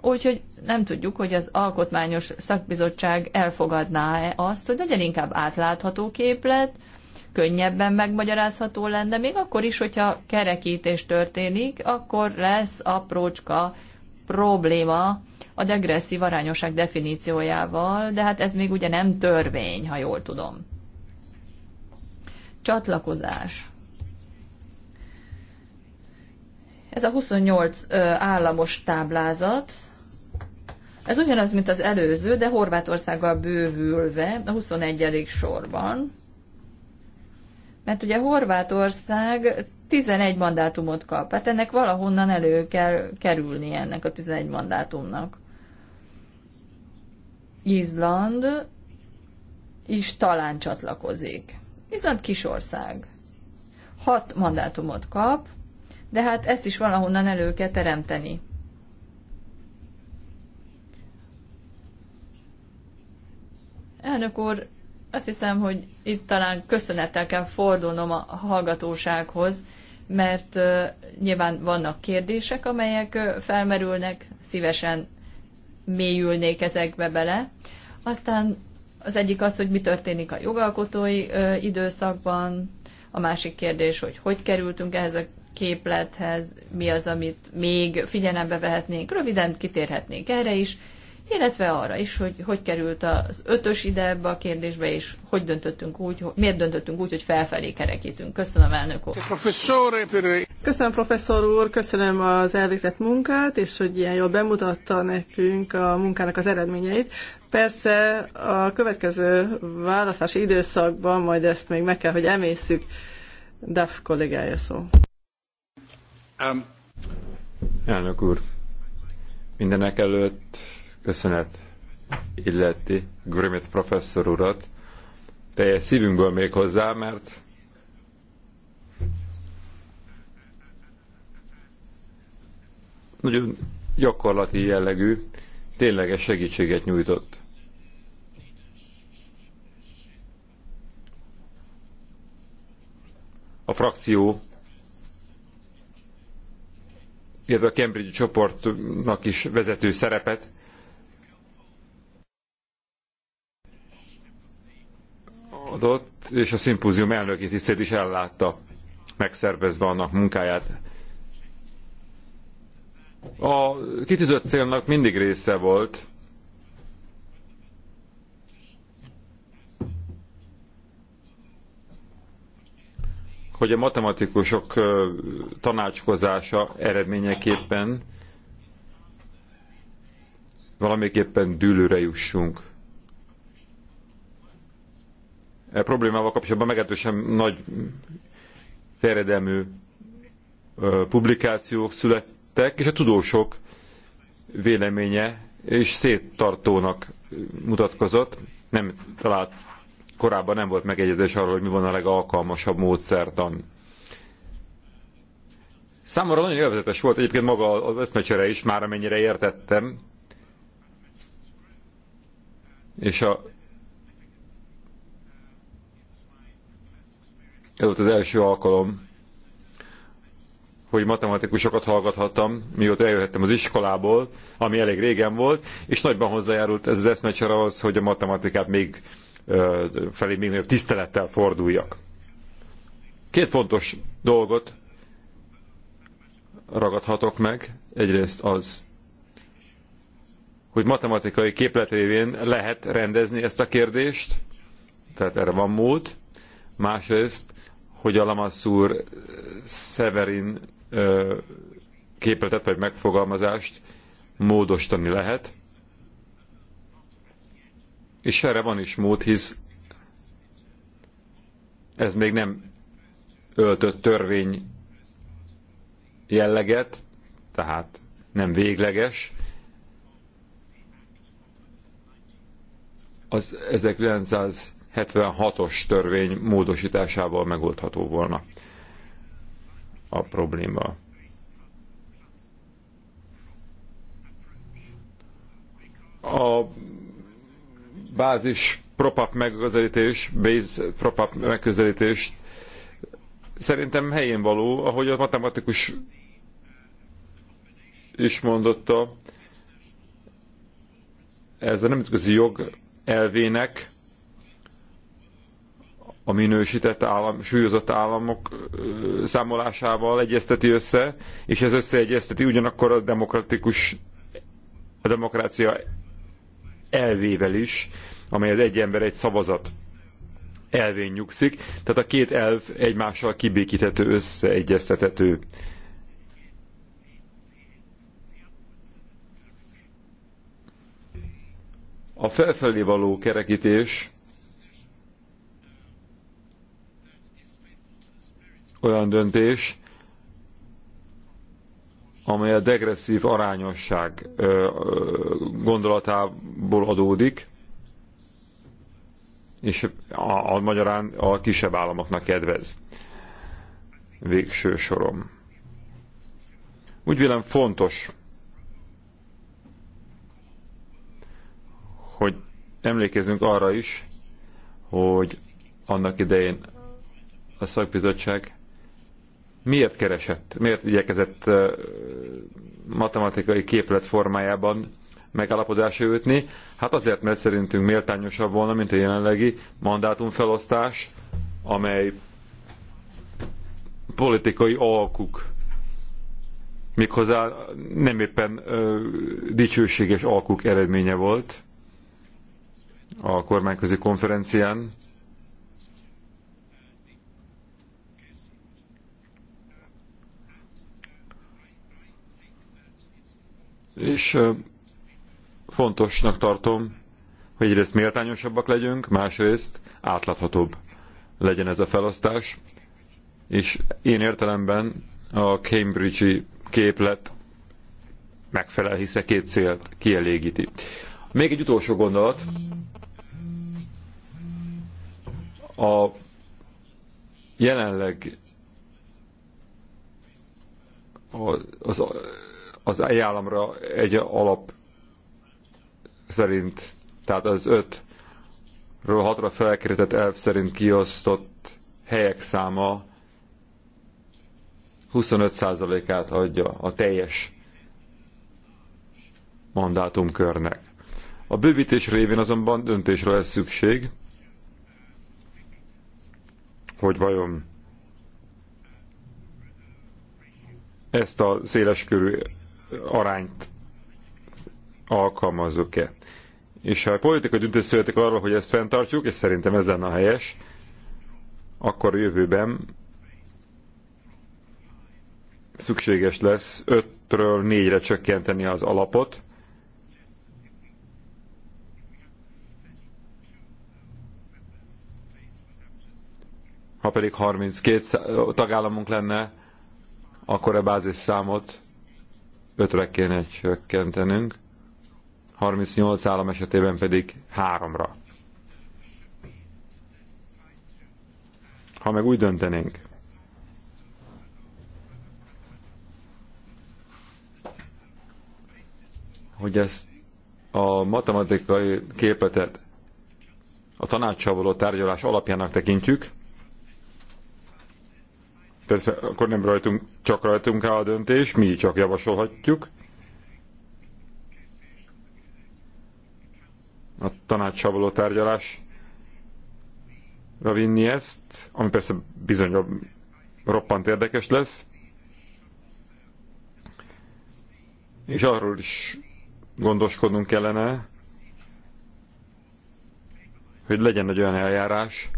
Úgyhogy nem tudjuk, hogy az alkotmányos szakbizottság elfogadná-e azt, hogy legyen inkább átlátható képlet, könnyebben megmagyarázható lenne, még akkor is, hogyha kerekítés történik, akkor lesz aprócska probléma a degresszív arányosság definíciójával, de hát ez még ugye nem törvény, ha jól tudom. Csatlakozás. Ez a 28 államos táblázat, ez ugyanaz, mint az előző, de Horvátországgal bővülve, a 21. sorban. Mert ugye Horvátország 11 mandátumot kap, hát ennek valahonnan elő kell kerülni ennek a 11 mandátumnak. Izland is talán csatlakozik. Izland ország. 6 mandátumot kap, de hát ezt is valahonnan elő kell teremteni. Elnök úr, azt hiszem, hogy itt talán köszönettel kell fordulnom a hallgatósághoz, mert nyilván vannak kérdések, amelyek felmerülnek, szívesen mélyülnék ezekbe bele. Aztán az egyik az, hogy mi történik a jogalkotói időszakban, a másik kérdés, hogy hogy kerültünk ehhez a képlethez, mi az, amit még figyelembe vehetnénk. Röviden kitérhetnénk erre is, illetve arra is, hogy hogy került az ötös ide ebbe a kérdésbe, és hogy döntöttünk úgy, hogy, miért döntöttünk úgy, hogy felfelé kerekítünk. Köszönöm, elnök úr. Köszönöm, professzor úr, köszönöm az elvégzett munkát, és hogy ilyen jól bemutatta nekünk a munkának az eredményeit. Persze a következő választási időszakban majd ezt még meg kell, hogy emészük. DAF kollégája szó. Um, Elnök úr, mindenek előtt köszönet illeti Grimmett professzor urat, teljes szívünkből még hozzá, mert nagyon gyakorlati jellegű, tényleges segítséget nyújtott. A frakció illetve a Cambridge csoportnak is vezető szerepet. adott, és a szimpózium elnöki tisztét is ellátta, megszervezve annak munkáját. A kitűzött célnak mindig része volt, hogy a matematikusok tanácskozása eredményeképpen valamiképpen dűlőre jussunk. E problémával kapcsolatban meglehetősen nagy terjedelmű publikációk születtek, és a tudósok véleménye és széttartónak mutatkozott. Nem talált korábban nem volt megegyezés arról, hogy mi van a legalkalmasabb módszertan. Számomra nagyon élvezetes volt egyébként maga az eszmecsere is, már amennyire értettem. És a... Ez volt az első alkalom, hogy matematikusokat hallgathattam, mióta eljöhettem az iskolából, ami elég régen volt, és nagyban hozzájárult ez az eszmecsere az, hogy a matematikát még felé még nagyobb tisztelettel forduljak. Két fontos dolgot ragadhatok meg. Egyrészt az, hogy matematikai képletévén lehet rendezni ezt a kérdést, tehát erre van mód. Másrészt, hogy a Lamassur Severin képletet vagy megfogalmazást módosítani lehet. És erre van is mód, hisz ez még nem öltött törvény jelleget, tehát nem végleges. Az 1976-os törvény módosításával megoldható volna a probléma. A bázis propap megközelítés, base propap megközelítés szerintem helyén való, ahogy a matematikus is mondotta, ez a nemzetközi jog elvének a minősített állam, súlyozott államok számolásával egyezteti össze, és ez összeegyezteti ugyanakkor a demokratikus a demokrácia elvével is, amely az egy ember egy szavazat elvén nyugszik, tehát a két elv egymással kibékíthető, összeegyeztethető. A felfelé való kerekítés olyan döntés, amely a degresszív arányosság gondolatából adódik, és a, a magyarán a kisebb államoknak kedvez. Végső sorom. Úgy vélem fontos, hogy emlékezzünk arra is, hogy annak idején a szakbizottság miért keresett, miért igyekezett matematikai képlet formájában megalapodásra jutni? Hát azért, mert szerintünk méltányosabb volna, mint a jelenlegi mandátumfelosztás, amely politikai alkuk, méghozzá nem éppen ö, dicsőséges alkuk eredménye volt a kormányközi konferencián, és fontosnak tartom, hogy egyrészt méltányosabbak legyünk, másrészt átláthatóbb legyen ez a felosztás, és én értelemben a Cambridge-i képlet megfelel, hisze két célt kielégíti. Még egy utolsó gondolat. A jelenleg az, az az e ajánlomra egy alap szerint, tehát az 5 ről 6-ra felkerített elv szerint kiosztott helyek száma 25%-át adja a teljes mandátumkörnek. A bővítés révén azonban döntésre lesz szükség, hogy vajon ezt a széleskörű arányt alkalmazzuk-e. És ha a politikai döntés születik arról, hogy ezt fenntartjuk, és szerintem ez lenne a helyes, akkor a jövőben szükséges lesz 5-ről 4-re csökkenteni az alapot, ha pedig 32 tagállamunk lenne, akkor a bázis számot ötre kéne csökkentenünk, 38 állam esetében pedig háromra. Ha meg úgy döntenénk, hogy ezt a matematikai képletet a tanácsavoló tárgyalás alapjának tekintjük, Persze akkor nem rajtunk, csak rajtunk áll a döntés, mi csak javasolhatjuk. A tanácssal való tárgyalás vinni ezt, ami persze bizony roppant érdekes lesz. És arról is gondoskodnunk kellene, hogy legyen egy olyan eljárás,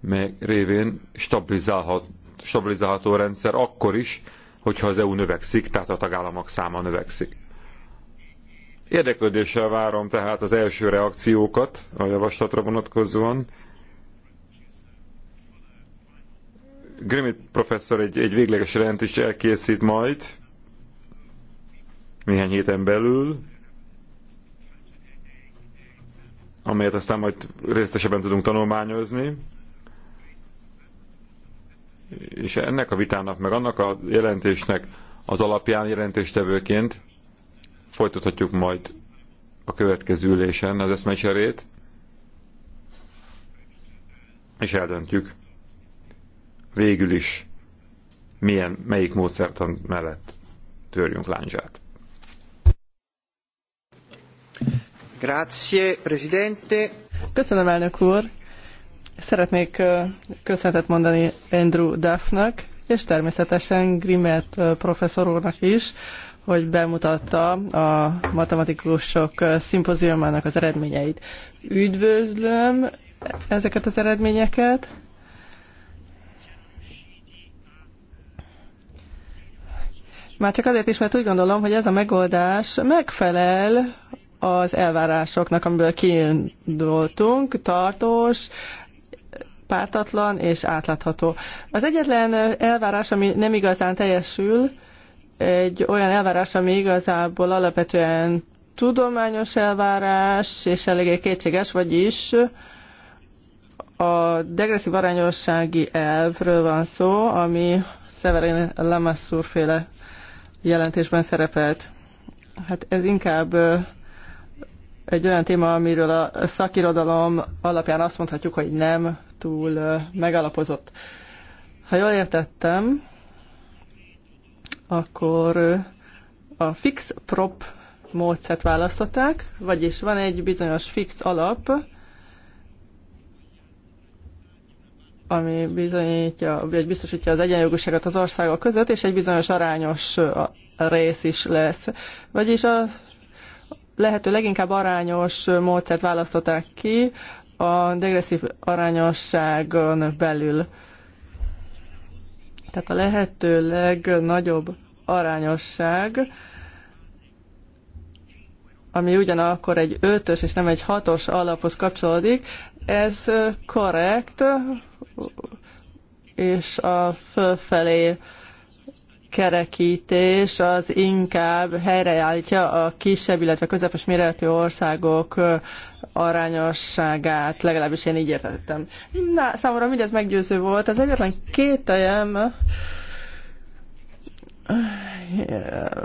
mely révén stabilizálhat stabilizálható rendszer akkor is, hogyha az EU növekszik, tehát a tagállamok száma növekszik. Érdeklődéssel várom tehát az első reakciókat a javaslatra vonatkozóan. Grimmett professzor egy, egy végleges jelentést elkészít majd néhány héten belül, amelyet aztán majd részletesebben tudunk tanulmányozni és ennek a vitának, meg annak a jelentésnek az alapján jelentéstevőként folytathatjuk majd a következő ülésen az eszmecserét, és eldöntjük végül is, milyen, melyik módszertan mellett törjünk láncsát. Grazie, Presidente. Köszönöm, elnök úr. Szeretnék köszönetet mondani Andrew Duffnak, és természetesen Grimet professzor úrnak is, hogy bemutatta a matematikusok szimpoziumának az eredményeit. Üdvözlöm ezeket az eredményeket. Már csak azért is, mert úgy gondolom, hogy ez a megoldás megfelel az elvárásoknak, amiből kiindultunk, tartós, pártatlan és átlátható. Az egyetlen elvárás, ami nem igazán teljesül, egy olyan elvárás, ami igazából alapvetően tudományos elvárás, és eléggé kétséges, vagyis a degresszív arányossági elvről van szó, ami Severin Lamassur féle jelentésben szerepelt. Hát ez inkább egy olyan téma, amiről a szakirodalom alapján azt mondhatjuk, hogy nem túl megalapozott. Ha jól értettem, akkor a fix prop módszert választották, vagyis van egy bizonyos fix alap, ami bizonyítja, vagy biztosítja az egyenjogúságot az országok között, és egy bizonyos arányos rész is lesz. Vagyis a lehető leginkább arányos módszert választották ki a degresszív arányosságon belül. Tehát a lehető legnagyobb arányosság, ami ugyanakkor egy ötös és nem egy hatos alaphoz kapcsolódik, ez korrekt, és a fölfelé kerekítés az inkább helyreállítja a kisebb, illetve közepes méretű országok arányosságát, legalábbis én így értettem. Na, számomra mindez meggyőző volt. Az egyetlen kételjem,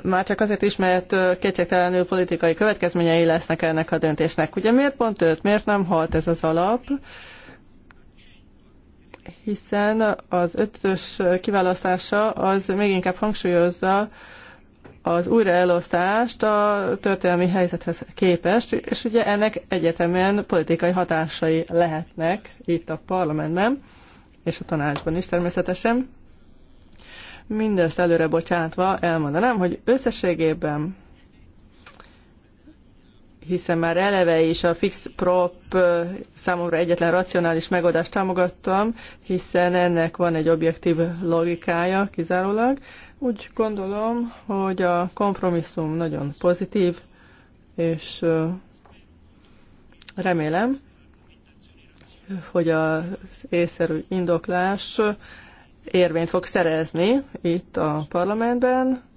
már csak azért is, mert kétségtelenül politikai következményei lesznek ennek a döntésnek. Ugye miért pont őt, miért nem halt ez az alap? hiszen az ötös kiválasztása az még inkább hangsúlyozza az újraelosztást a történelmi helyzethez képest, és ugye ennek egyetemen politikai hatásai lehetnek itt a parlamentben, és a tanácsban is természetesen. Mindezt előre bocsátva elmondanám, hogy összességében hiszen már eleve is a fix prop számomra egyetlen racionális megoldást támogattam, hiszen ennek van egy objektív logikája kizárólag. Úgy gondolom, hogy a kompromisszum nagyon pozitív, és remélem, hogy az észszerű indoklás érvényt fog szerezni itt a parlamentben,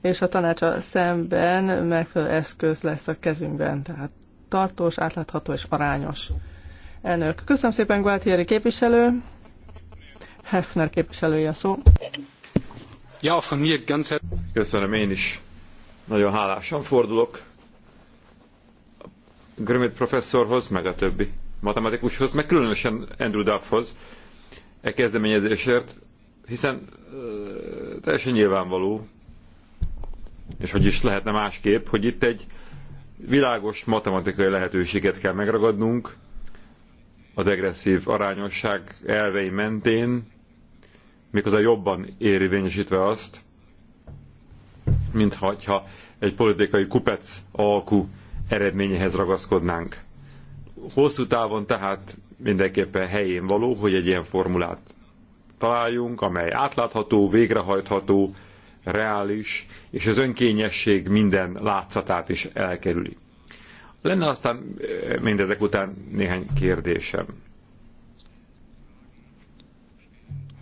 és a tanácsa szemben megfelelő eszköz lesz a kezünkben, tehát tartós, átlátható és arányos. Elnök, köszönöm szépen Gualtieri képviselő, Hefner képviselője a szó. Ja, von mir ganz Köszönöm én is. Nagyon hálásan fordulok Grömit professzorhoz, meg a többi matematikushoz, meg különösen Andrew Duffhoz e kezdeményezésért, hiszen ö, teljesen nyilvánvaló, és hogy is lehetne másképp, hogy itt egy világos matematikai lehetőséget kell megragadnunk a degresszív arányosság elvei mentén, méghozzá jobban érvényesítve azt, mintha egy politikai kupec alkú eredményéhez ragaszkodnánk. Hosszú távon tehát mindenképpen helyén való, hogy egy ilyen formulát találjunk, amely átlátható, végrehajtható, reális, és az önkényesség minden látszatát is elkerüli. Lenne aztán eh, mindezek után néhány kérdésem.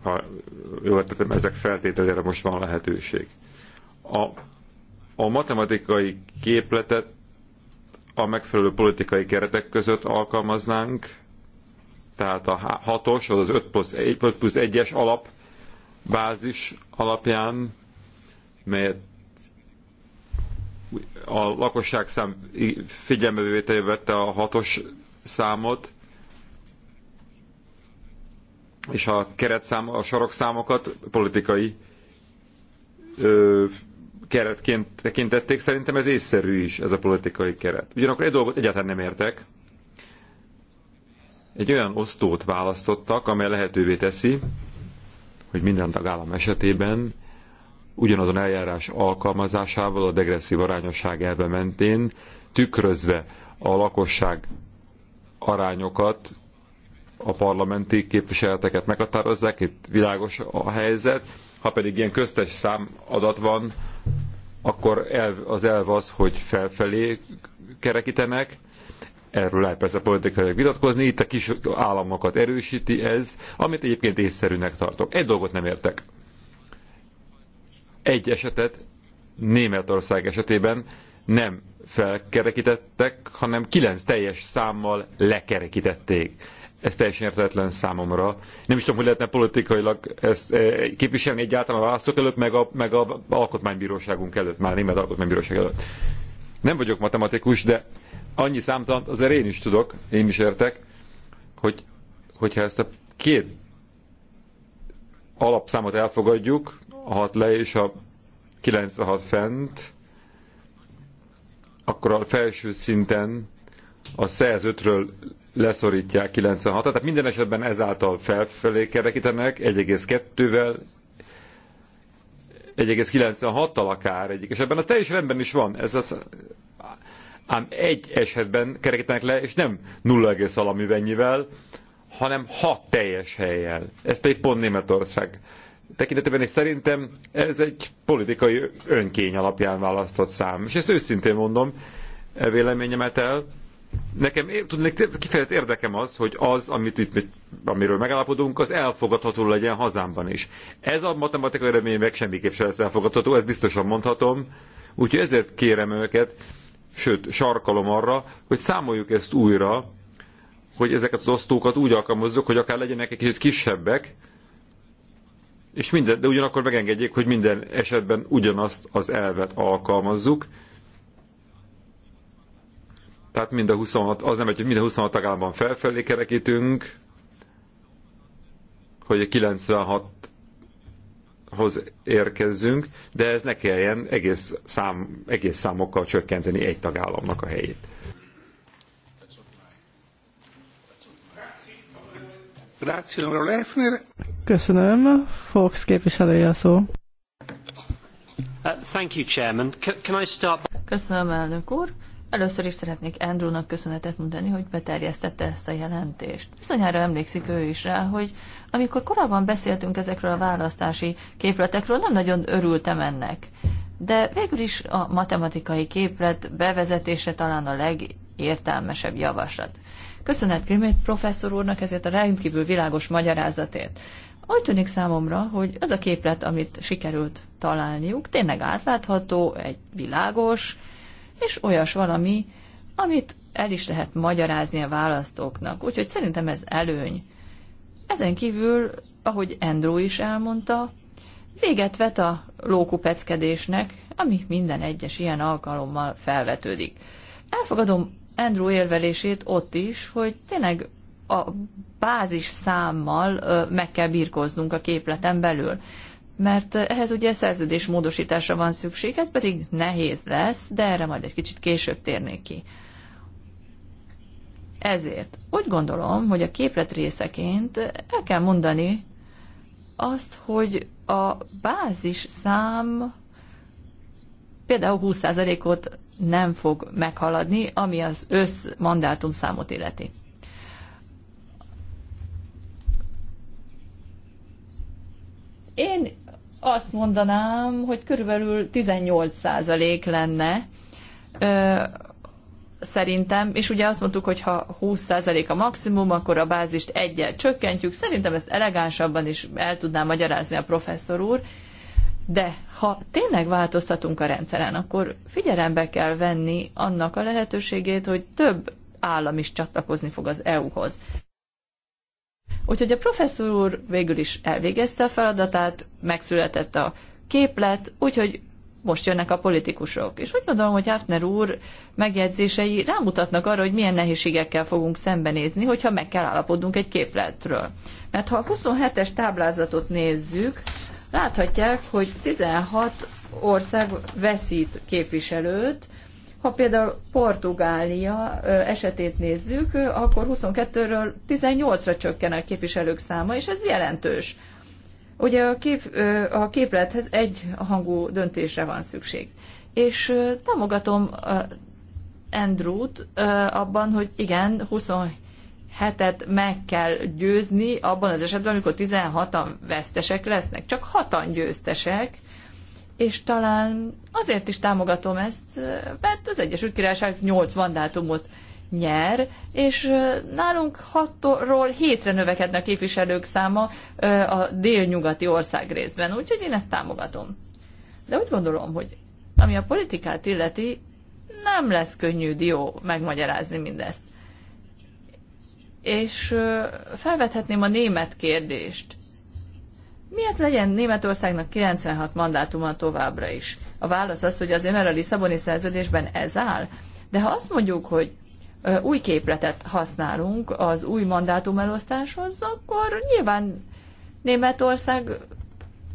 Ha jól tettem, ezek feltételére most van lehetőség. A, a matematikai képletet a megfelelő politikai keretek között alkalmaznánk, tehát a hatos, az az 5 plusz 1, 5 plusz 1-es alap, bázis alapján melyet a lakosság szám figyelmevételé vette a hatos számot, és a keretszám, a sarokszámokat politikai ö, keretként tekintették, szerintem ez észszerű is, ez a politikai keret. Ugyanakkor egy dolgot egyáltalán nem értek. Egy olyan osztót választottak, amely lehetővé teszi, hogy minden tagállam esetében ugyanazon eljárás alkalmazásával a degresszív arányosság elve mentén tükrözve a lakosság arányokat a parlamenti képviseleteket meghatározzák, itt világos a helyzet, ha pedig ilyen köztes számadat van, akkor elv, az elv az, hogy felfelé kerekítenek, erről lehet persze politikai vitatkozni, itt a kis államokat erősíti ez, amit egyébként észszerűnek tartok. Egy dolgot nem értek. Egy esetet Németország esetében nem felkerekítettek, hanem kilenc teljes számmal lekerekítették. Ez teljesen értetlen számomra. Nem is tudom, hogy lehetne politikailag ezt eh, képviselni egyáltalán a választók előtt, meg a, meg a alkotmánybíróságunk előtt, már német alkotmánybíróság előtt. Nem vagyok matematikus, de annyi számtalant azért én is tudok, én is értek, hogy, hogyha ezt a két alapszámot elfogadjuk, hat le, és a 96 fent, akkor a felső szinten a 105-ről leszorítják 96-at, tehát minden esetben ezáltal felfelé kerekítenek 1,2-vel, 1,96-tal akár egyik esetben. A hát teljes rendben is van, ez az, ám egy esetben kerekítenek le, és nem 0, valamennyivel, hanem 6 teljes helyjel. Ez pedig pont Németország tekintetében, és szerintem ez egy politikai önkény alapján választott szám. És ezt őszintén mondom, e véleményemet el. Nekem tudnék, kifejezett érdekem az, hogy az, amit itt, amiről megállapodunk, az elfogadható legyen hazámban is. Ez a matematikai eredmény meg semmiképp sem lesz elfogadható, ezt biztosan mondhatom. Úgyhogy ezért kérem őket, sőt, sarkalom arra, hogy számoljuk ezt újra, hogy ezeket az osztókat úgy alkalmazzuk, hogy akár legyenek egy kicsit kisebbek, és minden, de ugyanakkor megengedjék, hogy minden esetben ugyanazt az elvet alkalmazzuk. Tehát mind a 26, az nem egy, hogy minden 26 tagállamban felfelé kerekítünk, hogy a 96-hoz érkezzünk, de ez ne kelljen egész, szám, egész számokkal csökkenteni egy tagállamnak a helyét. Köszönöm. Fox képviselője szó. Uh, thank you, Chairman. Can I start... Köszönöm, elnök úr. Először is szeretnék Andrewnak köszönetet mondani, hogy beterjesztette ezt a jelentést. Bizonyára emlékszik ő is rá, hogy amikor korábban beszéltünk ezekről a választási képletekről, nem nagyon örültem ennek. De végül is a matematikai képlet bevezetése talán a legértelmesebb javaslat. Köszönet Grimmett professzor úrnak ezért a rendkívül világos magyarázatért. Úgy tűnik számomra, hogy az a képlet, amit sikerült találniuk, tényleg átlátható, egy világos, és olyas valami, amit el is lehet magyarázni a választóknak. Úgyhogy szerintem ez előny. Ezen kívül, ahogy Andrew is elmondta, véget vet a lókupeckedésnek, ami minden egyes ilyen alkalommal felvetődik. Elfogadom Andrew érvelését ott is, hogy tényleg a bázis számmal meg kell birkoznunk a képleten belül. Mert ehhez ugye szerződés módosításra van szükség, ez pedig nehéz lesz, de erre majd egy kicsit később térnék ki. Ezért úgy gondolom, hogy a képlet részeként el kell mondani azt, hogy a bázis szám például 20%-ot nem fog meghaladni, ami az össz mandátum számot illeti. Én azt mondanám, hogy körülbelül 18 százalék lenne ö, szerintem, és ugye azt mondtuk, hogy ha 20 százalék a maximum, akkor a bázist egyel csökkentjük. Szerintem ezt elegánsabban is el tudná magyarázni a professzor úr. Ö, de ha tényleg változtatunk a rendszeren, akkor figyelembe kell venni annak a lehetőségét, hogy több állam is csatlakozni fog az EU-hoz. Úgyhogy a professzor úr végül is elvégezte a feladatát, megszületett a képlet, úgyhogy most jönnek a politikusok. És úgy gondolom, hogy Hafner úr megjegyzései rámutatnak arra, hogy milyen nehézségekkel fogunk szembenézni, hogyha meg kell állapodnunk egy képletről. Mert ha a 27-es táblázatot nézzük, láthatják, hogy 16 ország veszít képviselőt, ha például Portugália esetét nézzük, akkor 22-ről 18-ra csökken a képviselők száma, és ez jelentős. Ugye a, kép, a képlethez egy hangú döntésre van szükség. És támogatom Andrew-t abban, hogy igen, 27 hetet meg kell győzni abban az esetben, amikor 16-an vesztesek lesznek. Csak hatan győztesek, és talán azért is támogatom ezt, mert az Egyesült Királyság 8 mandátumot nyer, és nálunk 6-ról 7-re növekedne a képviselők száma a délnyugati ország részben, úgyhogy én ezt támogatom. De úgy gondolom, hogy ami a politikát illeti, nem lesz könnyű dió megmagyarázni mindezt és felvethetném a német kérdést. Miért legyen Németországnak 96 mandátuma továbbra is? A válasz az, hogy azért, mert a Lisszaboni szerződésben ez áll. De ha azt mondjuk, hogy új képletet használunk az új mandátum elosztáshoz, akkor nyilván Németország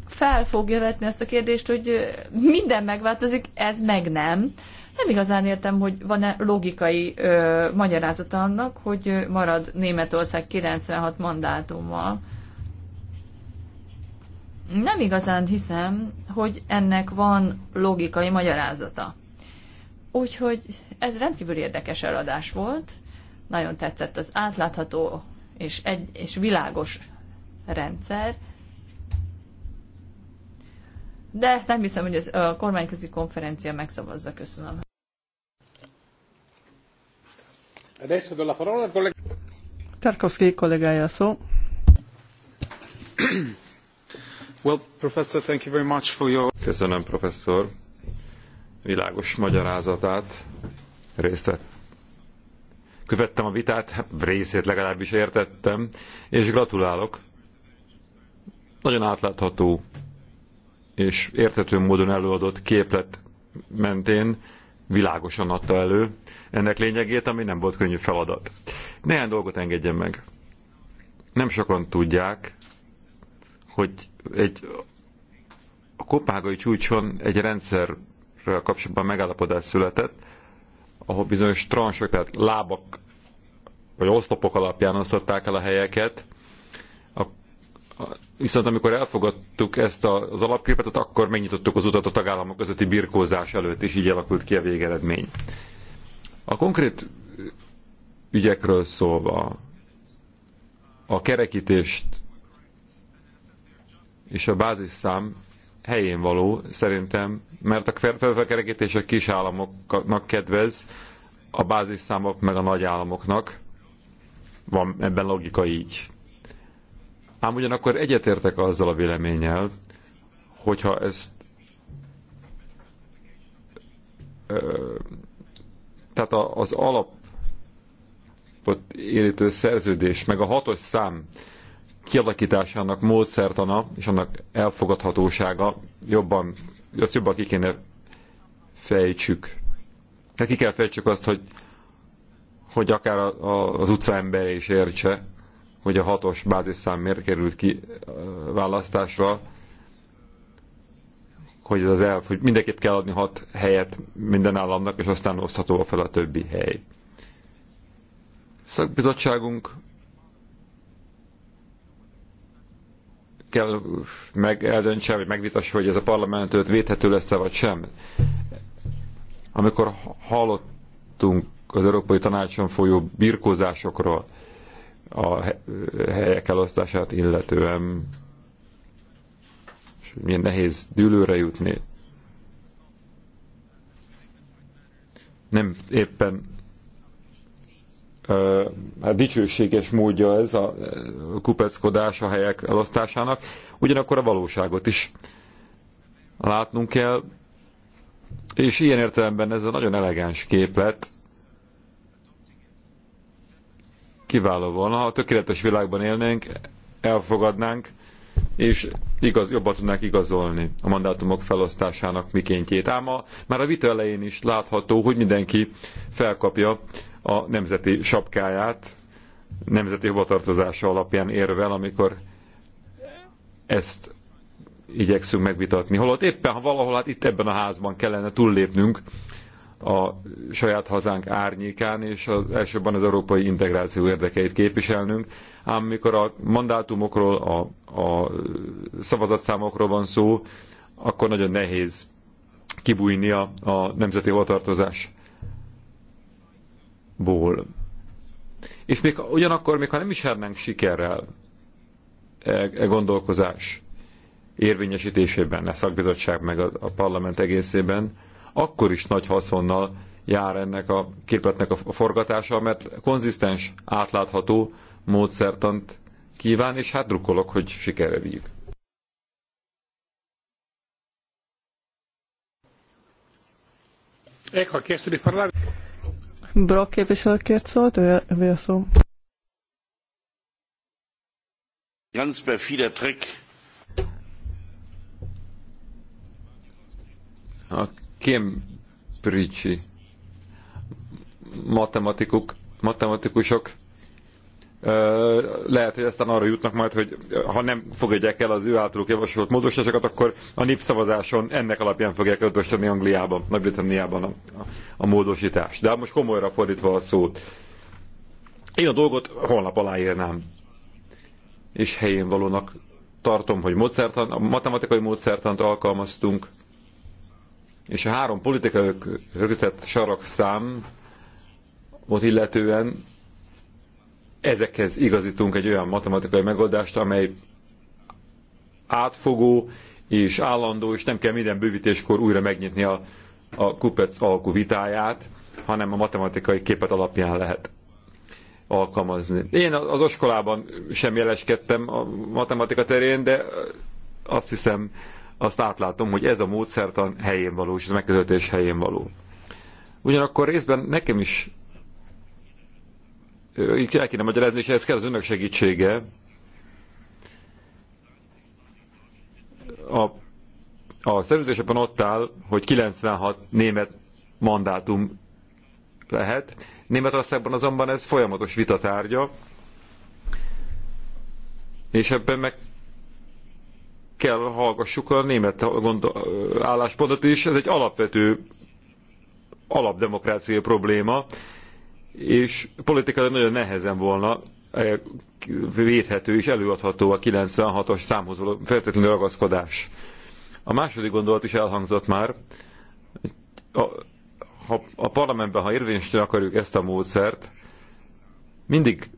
fel fogja vetni ezt a kérdést, hogy minden megváltozik, ez meg nem. Nem igazán értem, hogy van-e logikai ö, magyarázata annak, hogy marad Németország 96 mandátummal. Nem igazán hiszem, hogy ennek van logikai magyarázata. Úgyhogy ez rendkívül érdekes eladás volt. Nagyon tetszett az átlátható és, egy, és világos rendszer de nem hiszem, hogy ez a kormányközi konferencia megszavazza. Köszönöm. Tarkovsky kollégája szó. Well, professor, thank you very much for your... Köszönöm, professzor, világos magyarázatát. Részt vett. Követtem a vitát, hát részét legalábbis értettem, és gratulálok. Nagyon átlátható és értető módon előadott képlet mentén világosan adta elő ennek lényegét, ami nem volt könnyű feladat. Néhány dolgot engedjen meg. Nem sokan tudják, hogy egy a kopágai csúcson egy rendszerrel kapcsolatban megállapodás született, ahol bizonyos transzok, tehát lábak vagy osztopok alapján osztották el a helyeket, a, a, Viszont amikor elfogadtuk ezt az alapképet, akkor megnyitottuk az utat a tagállamok közötti birkózás előtt, és így alakult ki a végeredmény. A konkrét ügyekről szólva, a kerekítést és a bázisszám helyén való szerintem, mert a felfelkerekítés a kis államoknak kedvez, a bázisszámok meg a nagy államoknak. Van ebben logika így. Ám ugyanakkor egyetértek azzal a véleménnyel, hogyha ezt tehát az alapot érítő szerződés, meg a hatos szám kialakításának módszertana és annak elfogadhatósága jobban, azt jobban ki kéne fejtsük. Tehát ki kell fejtsük azt, hogy, hogy akár a, a, az utcaember is értse, hogy a hatos bázisszám miért került ki választásra, hogy az elf, hogy mindenképp kell adni hat helyet minden államnak, és aztán osztható fel a többi hely. Szakbizottságunk kell meg eldöntse, vagy megvitassa, hogy ez a parlamentőt védhető lesz-e, vagy sem. Amikor hallottunk az Európai Tanácson folyó birkózásokról, a helyek elosztását illetően, és milyen nehéz dűlőre jutni. Nem éppen hát dicsőséges módja ez a kupeckodás a helyek elosztásának, ugyanakkor a valóságot is látnunk kell, és ilyen értelemben ez a nagyon elegáns képlet, kiváló volna. Ha a tökéletes világban élnénk, elfogadnánk, és igaz, jobban tudnák igazolni a mandátumok felosztásának mikéntjét. Ám a, már a vita elején is látható, hogy mindenki felkapja a nemzeti sapkáját, nemzeti hovatartozása alapján érvel, amikor ezt igyekszünk megvitatni. Holott éppen, ha valahol hát itt ebben a házban kellene túllépnünk a saját hazánk árnyékán, és az, elsőbben az európai integráció érdekeit képviselnünk. Ám mikor a mandátumokról, a, a szavazatszámokról van szó, akkor nagyon nehéz kibújni a, a nemzeti hovatartozásból. És még ugyanakkor, még ha nem is hernánk sikerrel e, e gondolkozás érvényesítésében, a e szakbizottság meg a, a parlament egészében, akkor is nagy haszonnal jár ennek a képletnek a forgatása, mert konzisztens, átlátható módszertant kíván, és hát drukkolok, hogy sikerre vigyük. Ecco, ha chiesto di parlare. Brock képviselő kért szólt, ő a szó. Ganz perfider Trick. A Cambridge-i matematikuk, matematikusok lehet, hogy aztán arra jutnak majd, hogy ha nem fogadják el az ő általuk javasolt módosításokat, akkor a népszavazáson ennek alapján fogják ötösíteni Angliában, Nagy-Britanniában a, a módosítást. De hát most komolyra fordítva a szót. Én a dolgot holnap aláírnám. És helyén valónak tartom, hogy módszertan, a matematikai módszertant alkalmaztunk, és a három politikai rögzített sarokszám volt illetően ezekhez igazítunk egy olyan matematikai megoldást, amely átfogó és állandó, és nem kell minden bővítéskor újra megnyitni a, a kupec alkú vitáját, hanem a matematikai képet alapján lehet alkalmazni. Én az oskolában sem jeleskedtem a matematika terén, de azt hiszem, azt átlátom, hogy ez a módszertan helyén való, és ez a megközelítés helyén való. Ugyanakkor részben nekem is el kéne magyarázni, és ehhez kell az önök segítsége. A, a szerződésben ott áll, hogy 96 német mandátum lehet. Németországban azonban ez folyamatos vitatárgya, és ebben meg kell hallgassuk a német álláspontot is, ez egy alapvető alapdemokrácia probléma, és politikai nagyon nehezen volna eh, védhető és előadható a 96-os számhoz való feltétlenül ragaszkodás. A második gondolat is elhangzott már, a, ha a parlamentben, ha érvényesíteni akarjuk ezt a módszert, mindig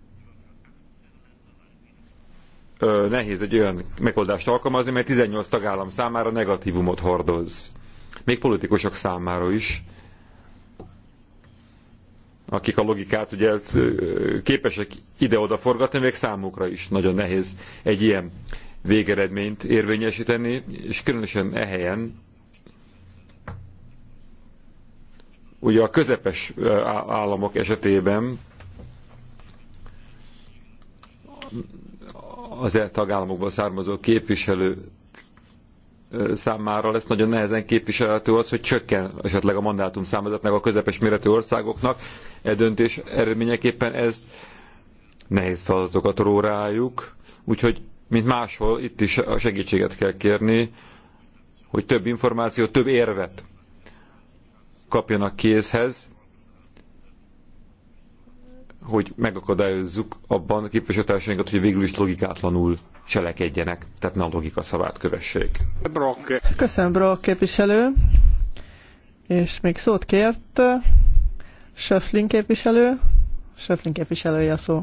ö, nehéz egy olyan megoldást alkalmazni, mert 18 tagállam számára negatívumot hordoz. Még politikusok számára is akik a logikát ugye képesek ide-oda forgatni, még számukra is nagyon nehéz egy ilyen végeredményt érvényesíteni, és különösen e helyen ugye a közepes államok esetében az e tagállamokból származó képviselő számára lesz nagyon nehezen képviselhető az, hogy csökken esetleg a mandátum számozatnak a közepes méretű országoknak. E döntés eredményeképpen ez nehéz feladatokat ró rájuk, úgyhogy, mint máshol, itt is a segítséget kell kérni, hogy több információ, több érvet kapjanak kézhez, hogy megakadályozzuk abban a képviselőtársainkat, hogy végül is logikátlanul cselekedjenek, tehát ne a logika szavát kövessék. Brock. Köszönöm, Brock képviselő. És még szót kért uh, Schöfling képviselő. Schöfling képviselője a szó.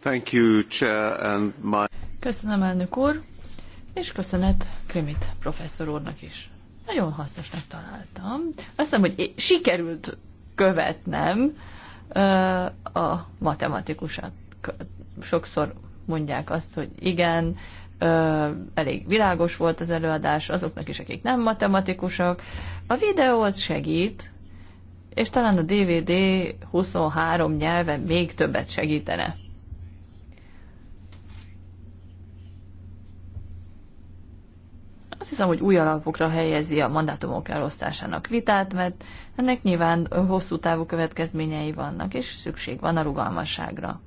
Thank you, Chair, and my... Köszönöm, elnök úr, és köszönet Krimit professzor úrnak is. Nagyon hasznosnak találtam. Azt hiszem, hogy sikerült követnem, a matematikusok sokszor mondják azt, hogy igen, elég világos volt az előadás azoknak is, akik nem matematikusok. A videó az segít, és talán a DVD 23 nyelven még többet segítene. Azt hiszem, hogy új alapokra helyezi a mandátumok elosztásának vitát, mert ennek nyilván hosszú távú következményei vannak, és szükség van a rugalmasságra.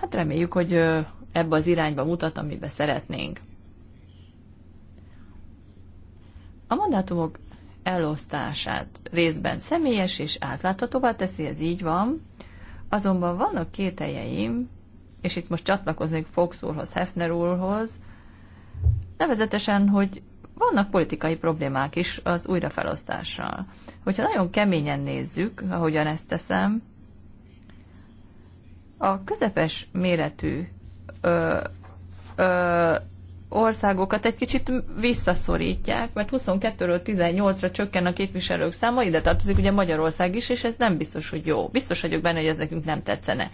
Hát reméljük, hogy ebbe az irányba mutat, amibe szeretnénk. A mandátumok elosztását részben személyes és átláthatóvá teszi, ez így van, azonban vannak kételjeim, és itt most csatlakoznék Fox úrhoz, Hefner úrhoz, nevezetesen, hogy vannak politikai problémák is az újrafelosztással. Hogyha nagyon keményen nézzük, ahogyan ezt teszem, a közepes méretű ö, ö, országokat egy kicsit visszaszorítják, mert 22-ről 18-ra csökken a képviselők száma, ide tartozik ugye Magyarország is, és ez nem biztos, hogy jó. Biztos vagyok benne, hogy ez nekünk nem tetszene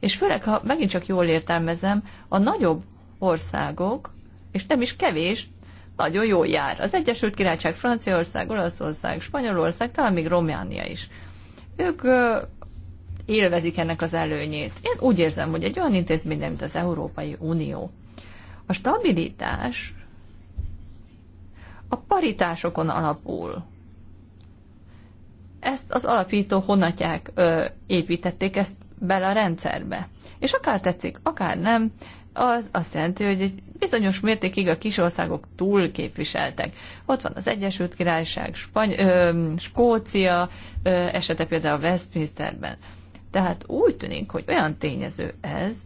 és főleg, ha megint csak jól értelmezem, a nagyobb országok, és nem is kevés, nagyon jól jár. Az Egyesült Királyság, Franciaország, Olaszország, Spanyolország, talán még Románia is. Ők ö, élvezik ennek az előnyét. Én úgy érzem, hogy egy olyan intézmény, mint az Európai Unió. A stabilitás a paritásokon alapul. Ezt az alapító honatják ö, építették, ezt bele a rendszerbe. És akár tetszik, akár nem, az azt jelenti, hogy egy bizonyos mértékig a kis országok túl képviseltek. Ott van az Egyesült Királyság, Spany- ö, Skócia ö, esete például a Westminsterben. Tehát úgy tűnik, hogy olyan tényező ez,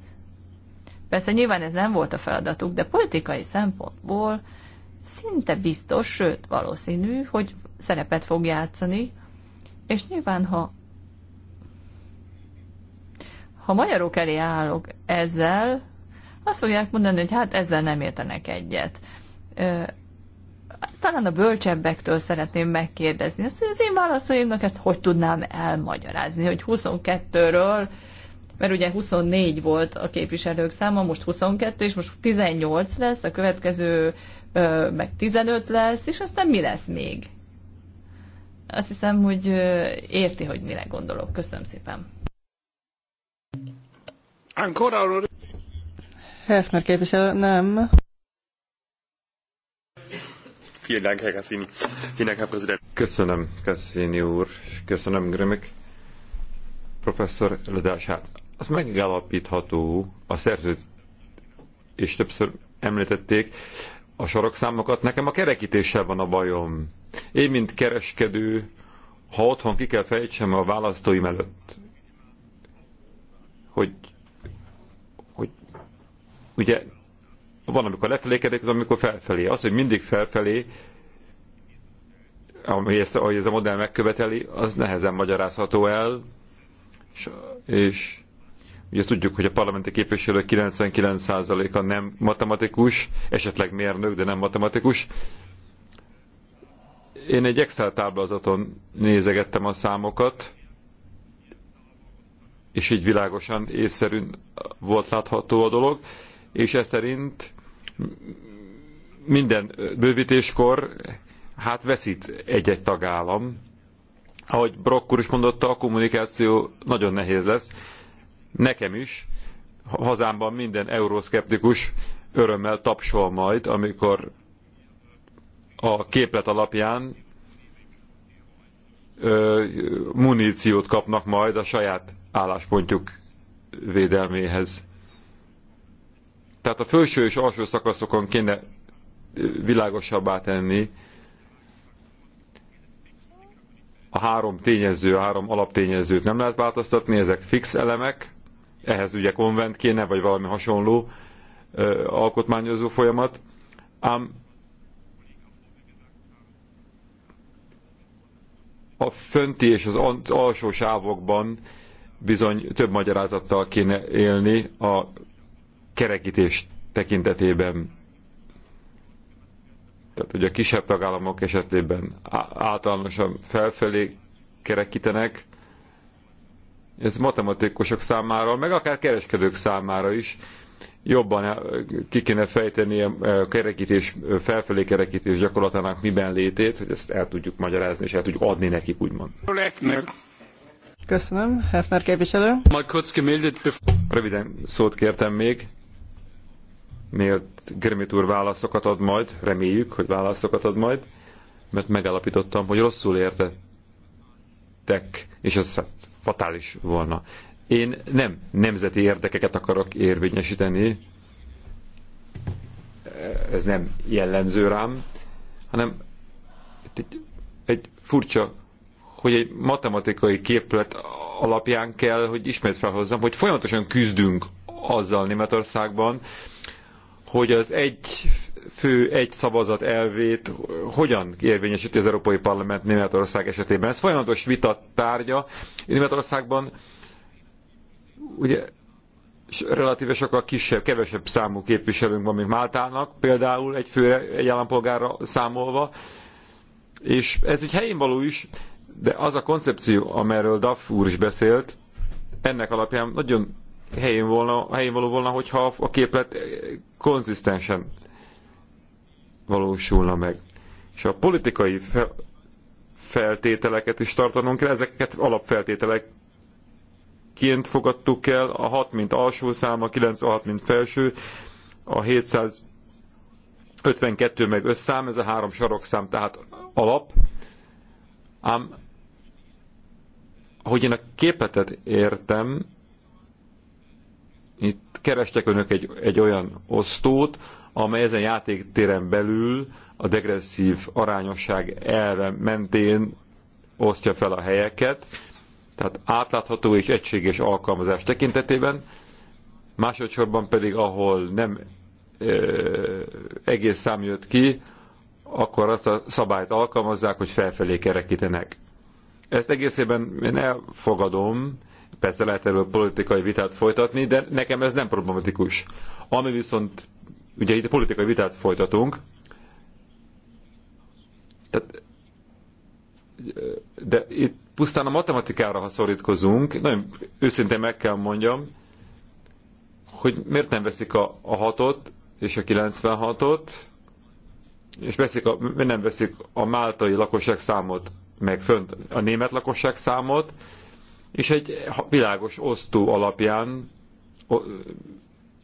persze nyilván ez nem volt a feladatuk, de politikai szempontból szinte biztos, sőt valószínű, hogy szerepet fog játszani, és nyilván, ha ha magyarok elé állok ezzel, azt fogják mondani, hogy hát ezzel nem értenek egyet. Talán a bölcsebbektől szeretném megkérdezni, azt, hogy az én választóimnak ezt hogy tudnám elmagyarázni, hogy 22-ről, mert ugye 24 volt a képviselők száma, most 22, és most 18 lesz, a következő meg 15 lesz, és aztán mi lesz még? Azt hiszem, hogy érti, hogy mire gondolok. Köszönöm szépen. Ancora Hefner képviselő, nem. Köszönöm, Cassini úr, köszönöm, Grömök professzor előadását. Az megállapítható, a szerzőt és többször említették, a sarokszámokat, nekem a kerekítéssel van a bajom. Én, mint kereskedő, ha otthon ki kell fejtsem a választóim előtt, ugye van, amikor lefelé az amikor felfelé. Az, hogy mindig felfelé, ami ezt, ahogy ez a modell megköveteli, az nehezen magyarázható el, és, és ugye azt tudjuk, hogy a parlamenti képviselők 99%-a nem matematikus, esetleg mérnök, de nem matematikus. Én egy Excel táblázaton nézegettem a számokat, és így világosan észszerűen volt látható a dolog, és ez szerint minden bővítéskor hát veszít egy-egy tagállam. Ahogy Brock úr is mondotta, a kommunikáció nagyon nehéz lesz. Nekem is, hazámban minden euroszkeptikus örömmel tapsol majd, amikor a képlet alapján ö, muníciót kapnak majd a saját álláspontjuk védelméhez. Tehát a felső és alsó szakaszokon kéne világosabbá tenni a három tényező, a három alaptényezőt nem lehet változtatni, ezek fix elemek, ehhez ugye konvent kéne, vagy valami hasonló ö, alkotmányozó folyamat, ám a fönti és az alsó sávokban bizony több magyarázattal kéne élni a kerekítés tekintetében, tehát ugye a kisebb tagállamok esetében általánosan felfelé kerekítenek, ez matematikusok számára, meg akár kereskedők számára is jobban eh, ki kéne fejteni eh, a kerekítés, felfelé kerekítés gyakorlatának miben létét, hogy ezt el tudjuk magyarázni, és el tudjuk adni nekik, úgymond. Köszönöm. Hefner képviselő. Röviden szót kértem még. Nélt Germit úr válaszokat ad majd, reméljük, hogy válaszokat ad majd, mert megállapítottam, hogy rosszul értettek, és ez fatális volna. Én nem nemzeti érdekeket akarok érvényesíteni, ez nem jellemző rám, hanem egy, egy furcsa, hogy egy matematikai képlet alapján kell, hogy ismét felhozzam, hogy folyamatosan küzdünk azzal Németországban, hogy az egy fő, egy szavazat elvét hogyan érvényesíti az Európai Parlament Németország esetében. Ez folyamatos vita tárgya. Németországban ugye relatíve sokkal kisebb, kevesebb számú képviselőnk van, mint Máltának, például egy főre, egy állampolgárra számolva, és ez egy helyén való is, de az a koncepció, amerről Duff úr is beszélt, ennek alapján nagyon helyén, volna, helyén való volna, hogyha a képlet konzisztensen valósulna meg. És a politikai fe, feltételeket is tartanunk kell, ezeket ként fogadtuk el, a 6 mint alsó szám, a 96 mint felső, a 752 meg összám, ez a három sarokszám, tehát alap, ám hogy én a képletet értem, itt kerestek önök egy, egy olyan osztót, amely ezen játéktéren belül a degresszív arányosság elve mentén osztja fel a helyeket, tehát átlátható és egységes alkalmazás tekintetében, másodszorban pedig, ahol nem ö, egész szám jött ki, akkor azt a szabályt alkalmazzák, hogy felfelé kerekítenek. Ezt egészében én elfogadom, Persze lehet erről politikai vitát folytatni, de nekem ez nem problematikus. Ami viszont, ugye itt a politikai vitát folytatunk, tehát, de itt pusztán a matematikára, ha szorítkozunk, nagyon őszintén meg kell mondjam, hogy miért nem veszik a, a hatot és a 96-ot, és veszik a, nem veszik a máltai lakosság számot, meg fönt a német lakosság számot, és egy világos osztó alapján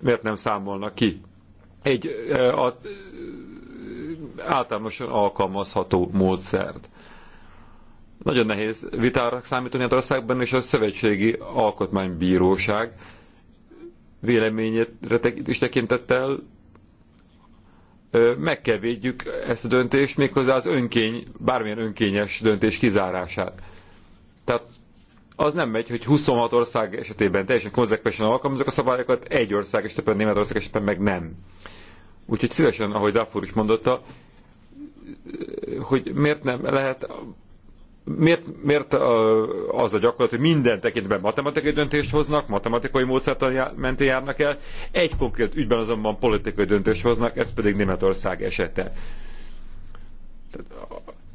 miért nem számolnak ki egy a, általánosan alkalmazható módszert. Nagyon nehéz vitára számítani az országban, és a Szövetségi Alkotmánybíróság véleményére is tekintettel meg kell védjük ezt a döntést, méghozzá az önkény, bármilyen önkényes döntés kizárását. Tehát az nem megy, hogy 26 ország esetében teljesen konzekvensen alkalmazok a szabályokat, egy ország esetében, Németország esetében meg nem. Úgyhogy szívesen, ahogy Dafur is mondotta, hogy miért nem lehet miért, miért az a gyakorlat, hogy minden tekintetben matematikai döntést hoznak, matematikai módszert mentén járnak el, egy konkrét ügyben azonban politikai döntést hoznak, ez pedig Németország esete. Tehát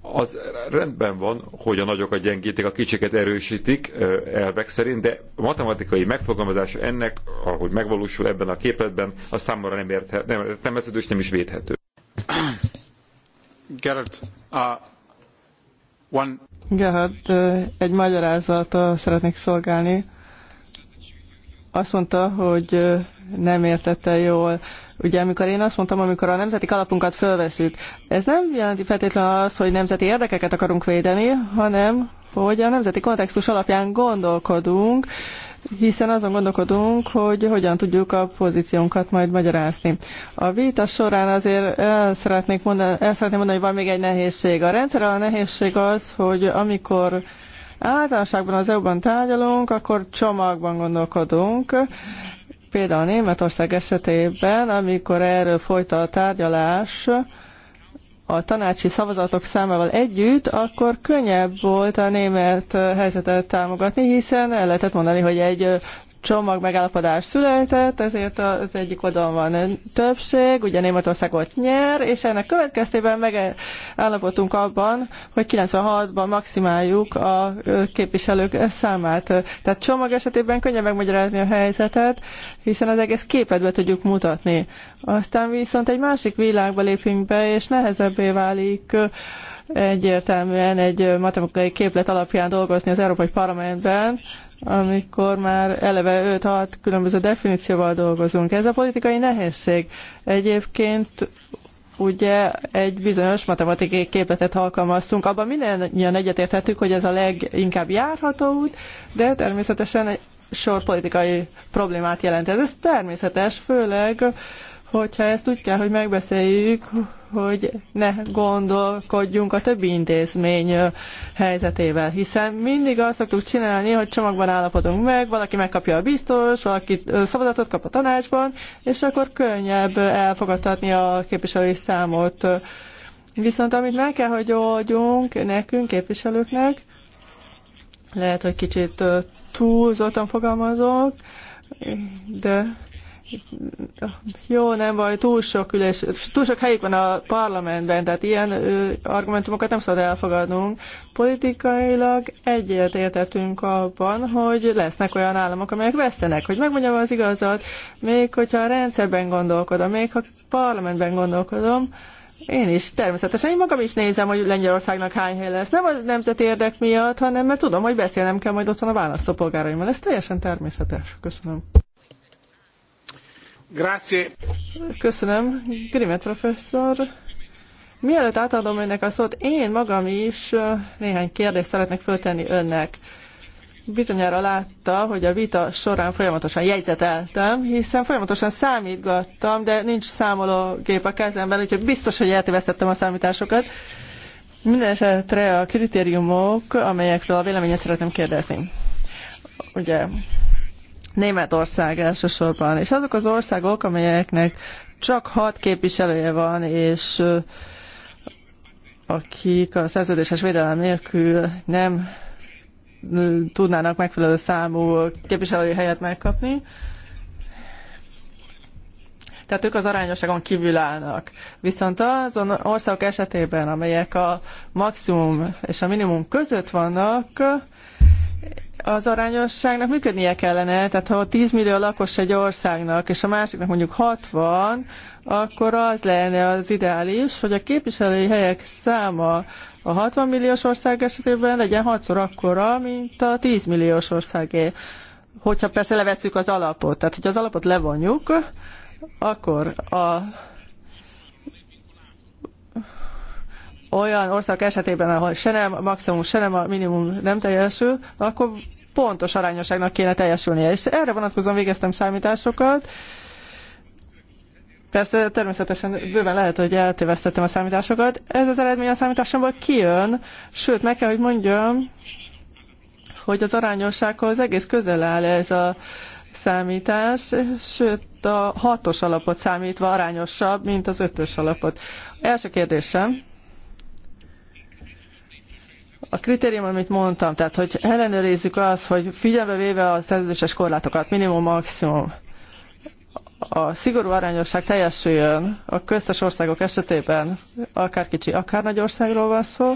az rendben van, hogy a nagyokat gyengítik, a kicsiket erősítik elvek szerint, de a matematikai megfogalmazás ennek, ahogy megvalósul ebben a képletben, a számomra nem, érthet, nem, nem és nem is védhető. Gerard, uh, one... Gerard, egy magyarázata szeretnék szolgálni. Azt mondta, hogy nem értette jól Ugye amikor én azt mondtam, amikor a nemzeti kalapunkat fölveszük, ez nem jelenti feltétlenül azt, hogy nemzeti érdekeket akarunk védeni, hanem hogy a nemzeti kontextus alapján gondolkodunk, hiszen azon gondolkodunk, hogy hogyan tudjuk a pozíciónkat majd magyarázni. A vita során azért el szeretnék mondani, el szeretném mondani, hogy van még egy nehézség. A rendszer a nehézség az, hogy amikor általánoságban az EU-ban tárgyalunk, akkor csomagban gondolkodunk, Például Németország esetében, amikor erről folyt a tárgyalás, a tanácsi szavazatok számával együtt, akkor könnyebb volt a német helyzetet támogatni, hiszen el lehetett mondani, hogy egy csomag megállapodás született, ezért az egyik oldalon van többség, ugye németország ott nyer, és ennek következtében megállapodtunk abban, hogy 96-ban maximáljuk a képviselők számát. Tehát csomag esetében könnyebb megmagyarázni a helyzetet, hiszen az egész képet be tudjuk mutatni. Aztán viszont egy másik világba lépünk be, és nehezebbé válik egyértelműen egy matematikai képlet alapján dolgozni az Európai Parlamentben, amikor már eleve 5-6 különböző definícióval dolgozunk. Ez a politikai nehézség. Egyébként ugye egy bizonyos matematikai képletet alkalmaztunk, abban mindannyian egyetértettük, hogy ez a leginkább járható út, de természetesen egy sor politikai problémát jelent. Ez, ez természetes, főleg hogyha ezt úgy kell, hogy megbeszéljük, hogy ne gondolkodjunk a többi intézmény helyzetével, hiszen mindig azt szoktuk csinálni, hogy csomagban állapodunk meg, valaki megkapja a biztos, valaki szavazatot kap a tanácsban, és akkor könnyebb elfogadtatni a képviselői számot. Viszont amit meg kell, hogy oldjunk nekünk, képviselőknek, lehet, hogy kicsit túlzottan fogalmazok, de jó nem vagy, túl sok ülés, túl sok helyük van a parlamentben, tehát ilyen ö, argumentumokat nem szabad elfogadnunk. Politikailag egyet értetünk abban, hogy lesznek olyan államok, amelyek vesztenek, hogy megmondjam az igazat, még hogyha a rendszerben gondolkodom, még ha parlamentben gondolkodom, én is, természetesen. Én magam is nézem, hogy Lengyelországnak hány hely lesz. Nem a nemzeti érdek miatt, hanem mert tudom, hogy beszélnem kell majd otthon a választópolgáraimmal. Ez teljesen természetes. Köszönöm. Grazie. Köszönöm, Grimet professzor. Mielőtt átadom önnek a szót, én magam is néhány kérdést szeretnék föltenni önnek. Bizonyára látta, hogy a vita során folyamatosan jegyzeteltem, hiszen folyamatosan számítgattam, de nincs számológép a kezemben, úgyhogy biztos, hogy eltévesztettem a számításokat. Mindenesetre a kritériumok, amelyekről a véleményet szeretném kérdezni. Ugye Németország elsősorban. És azok az országok, amelyeknek csak hat képviselője van, és akik a szerződéses védelem nélkül nem tudnának megfelelő számú képviselői helyet megkapni. Tehát ők az arányosságon kívül állnak. Viszont azon országok esetében, amelyek a maximum és a minimum között vannak, az arányosságnak működnie kellene, tehát ha 10 millió lakos egy országnak, és a másiknak mondjuk 60, akkor az lenne az ideális, hogy a képviselői helyek száma a 60 milliós ország esetében legyen 6-szor akkora, mint a 10 milliós országé. Hogyha persze levesszük az alapot, tehát hogyha az alapot levonjuk, akkor a olyan ország esetében, ahol se nem a maximum, se nem a minimum nem teljesül, akkor pontos arányosságnak kéne teljesülnie. És erre vonatkozóan végeztem számításokat. Persze természetesen bőven lehet, hogy eltévesztettem a számításokat. Ez az eredmény a számításomból kijön, sőt, meg kell, hogy mondjam, hogy az arányossághoz egész közel áll ez a számítás, sőt a hatos alapot számítva arányosabb, mint az ötös alapot. Első kérdésem, a kritérium, amit mondtam, tehát hogy ellenőrizzük azt, hogy figyelme véve a szerződéses korlátokat, minimum, maximum, a szigorú arányosság teljesüljön a köztes országok esetében, akár kicsi, akár nagy országról van szó,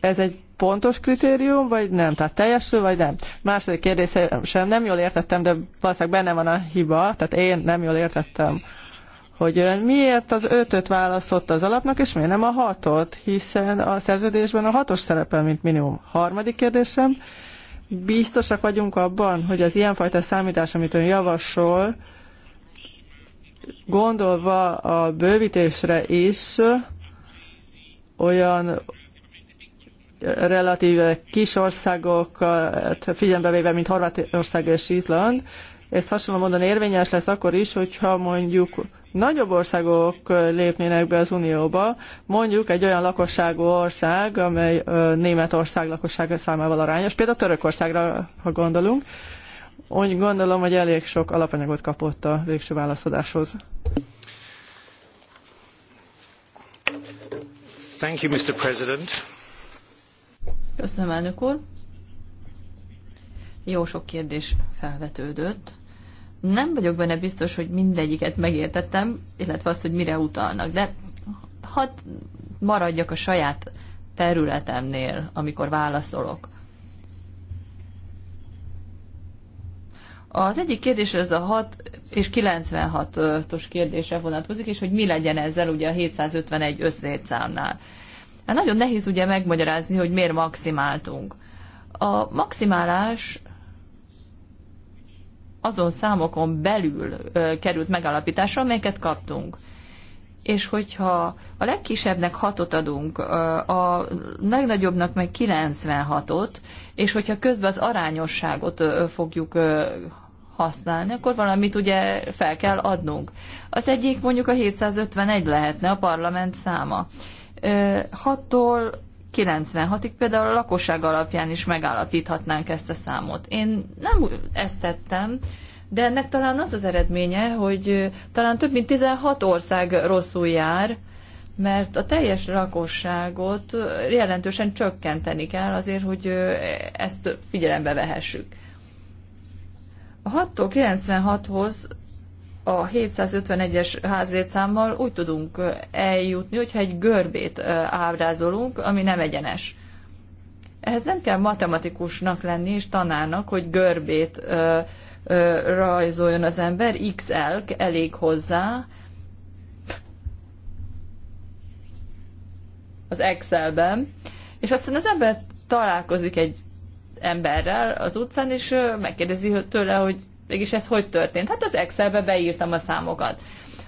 ez egy pontos kritérium, vagy nem? Tehát teljesül, vagy nem? Második kérdés sem nem jól értettem, de valószínűleg benne van a hiba, tehát én nem jól értettem hogy ön miért az ötöt választotta az alapnak, és miért nem a hatot, hiszen a szerződésben a hatos szerepel, mint minimum. Harmadik kérdésem, biztosak vagyunk abban, hogy az ilyenfajta számítás, amit ön javasol, gondolva a bővítésre is olyan relatív kis országokat figyelembe véve, mint Horvátország és Izland, ez hasonló módon érvényes lesz akkor is, hogyha mondjuk nagyobb országok lépnének be az Unióba, mondjuk egy olyan lakosságú ország, amely Németország lakossága számával arányos, például Törökországra, ha gondolunk, úgy gondolom, hogy elég sok alapanyagot kapott a végső válaszadáshoz. Thank you, Mr. President. Köszönöm, elnök úr. Jó sok kérdés felvetődött. Nem vagyok benne biztos, hogy mindegyiket megértettem, illetve azt, hogy mire utalnak, de hadd maradjak a saját területemnél, amikor válaszolok. Az egyik kérdés ez a 6 és 96-os kérdése vonatkozik, és hogy mi legyen ezzel ugye a 751 összlétszámnál. Hát nagyon nehéz ugye megmagyarázni, hogy miért maximáltunk. A maximálás azon számokon belül került megalapításra, amelyeket kaptunk. És hogyha a legkisebbnek hatot adunk, a legnagyobbnak meg 96-ot, és hogyha közben az arányosságot fogjuk használni, akkor valamit ugye fel kell adnunk. Az egyik mondjuk a 751 lehetne a parlament száma. 6-tól 96-ig például a lakosság alapján is megállapíthatnánk ezt a számot. Én nem ezt tettem, de ennek talán az az eredménye, hogy talán több mint 16 ország rosszul jár, mert a teljes lakosságot jelentősen csökkenteni kell azért, hogy ezt figyelembe vehessük. A 6-tól 96-hoz a 751-es házlétszámmal úgy tudunk eljutni, hogyha egy görbét ábrázolunk, ami nem egyenes. Ehhez nem kell matematikusnak lenni és tanárnak, hogy görbét ö, ö, rajzoljon az ember, XL elég hozzá. Az Excelben. És aztán az ember találkozik egy emberrel az utcán, és megkérdezi tőle, hogy Mégis ez hogy történt? Hát az Excelbe beírtam a számokat.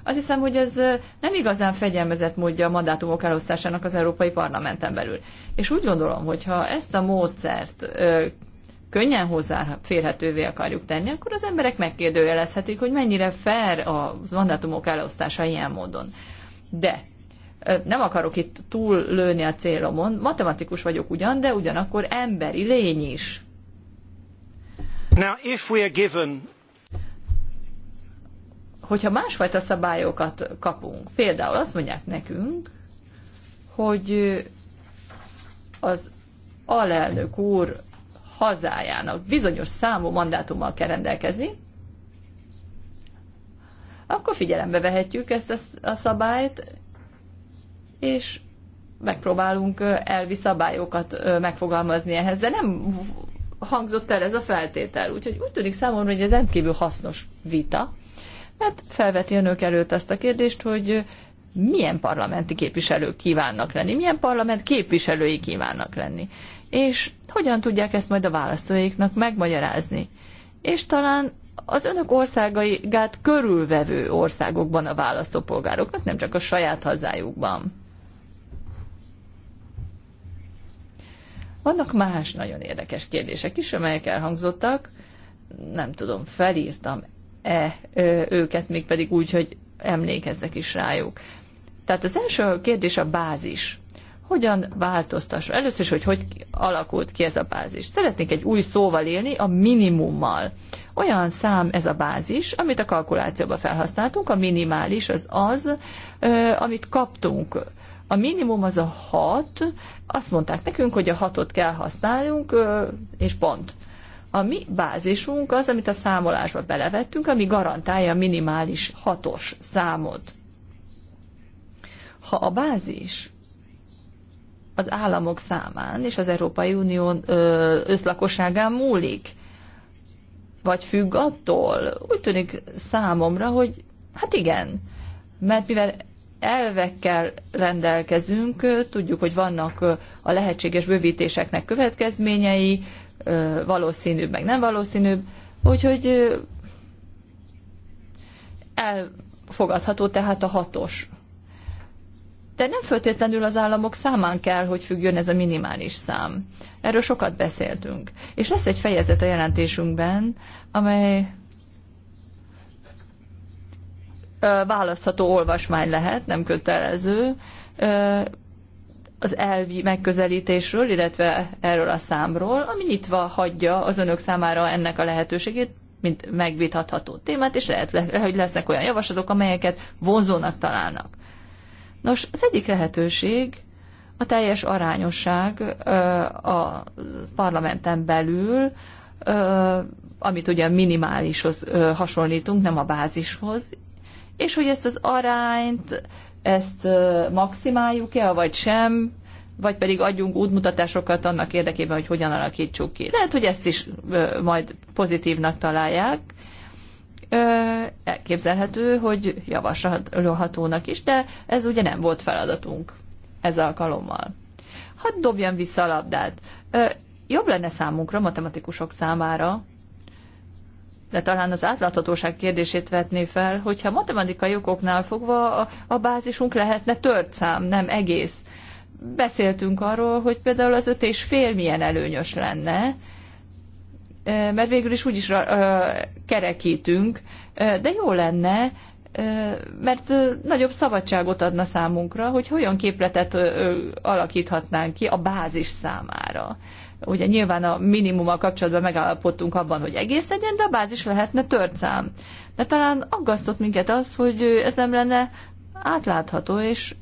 Azt hiszem, hogy ez nem igazán fegyelmezett módja a mandátumok elosztásának az Európai Parlamenten belül. És úgy gondolom, hogy ha ezt a módszert ö, könnyen hozzáférhetővé akarjuk tenni, akkor az emberek megkérdőjelezhetik, hogy mennyire fair a mandátumok elosztása ilyen módon. De nem akarok itt túl lőni a célomon, matematikus vagyok ugyan, de ugyanakkor emberi lény is hogyha másfajta szabályokat kapunk, például azt mondják nekünk, hogy az alelnök úr hazájának bizonyos számú mandátummal kell rendelkezni, akkor figyelembe vehetjük ezt a szabályt, és megpróbálunk elvi szabályokat megfogalmazni ehhez, de nem hangzott el ez a feltétel. Úgyhogy úgy tűnik számomra, hogy ez rendkívül hasznos vita, mert felveti önök előtt ezt a kérdést, hogy milyen parlamenti képviselők kívánnak lenni, milyen parlament képviselői kívánnak lenni, és hogyan tudják ezt majd a választóiknak megmagyarázni. És talán az önök országai gát körülvevő országokban a választópolgároknak, nem csak a saját hazájukban. Vannak más nagyon érdekes kérdések is, amelyek elhangzottak. Nem tudom, felírtam-e őket, még pedig úgy, hogy emlékezzek is rájuk. Tehát az első kérdés a bázis. Hogyan változtasson? Először is, hogy hogy alakult ki ez a bázis. Szeretnék egy új szóval élni, a minimummal. Olyan szám ez a bázis, amit a kalkulációba felhasználtunk, a minimális az az, amit kaptunk a minimum az a hat, azt mondták nekünk, hogy a hatot kell használjunk, és pont. A mi bázisunk az, amit a számolásba belevettünk, ami garantálja a minimális hatos számot. Ha a bázis az államok számán és az Európai Unió összlakosságán múlik, vagy függ attól, úgy tűnik számomra, hogy hát igen, mert mivel elvekkel rendelkezünk, tudjuk, hogy vannak a lehetséges bővítéseknek következményei, valószínűbb, meg nem valószínűbb, úgyhogy elfogadható tehát a hatos. De nem föltétlenül az államok számán kell, hogy függjön ez a minimális szám. Erről sokat beszéltünk. És lesz egy fejezet a jelentésünkben, amely választható olvasmány lehet, nem kötelező, az elvi megközelítésről, illetve erről a számról, ami nyitva hagyja az önök számára ennek a lehetőségét, mint megvitatható témát, és lehet, hogy lesznek olyan javaslatok, amelyeket vonzónak találnak. Nos, az egyik lehetőség a teljes arányosság a parlamenten belül, amit ugye minimálishoz hasonlítunk, nem a bázishoz, és hogy ezt az arányt, ezt maximáljuk-e, vagy sem, vagy pedig adjunk útmutatásokat annak érdekében, hogy hogyan alakítsuk ki. Lehet, hogy ezt is majd pozitívnak találják, elképzelhető, hogy javasolhatónak is, de ez ugye nem volt feladatunk ez alkalommal. Hadd dobjam vissza a labdát. Jobb lenne számunkra, matematikusok számára, de talán az átláthatóság kérdését vetné fel, hogyha matematikai okoknál fogva a, a bázisunk lehetne tört szám, nem egész. Beszéltünk arról, hogy például az öt és fél milyen előnyös lenne, mert végül is úgyis kerekítünk, de jó lenne, mert nagyobb szabadságot adna számunkra, hogy olyan képletet alakíthatnánk ki a bázis számára. Ugye nyilván a minimummal kapcsolatban megállapodtunk abban, hogy egész legyen, de a bázis lehetne szám. De talán aggasztott minket az, hogy ez nem lenne átlátható, és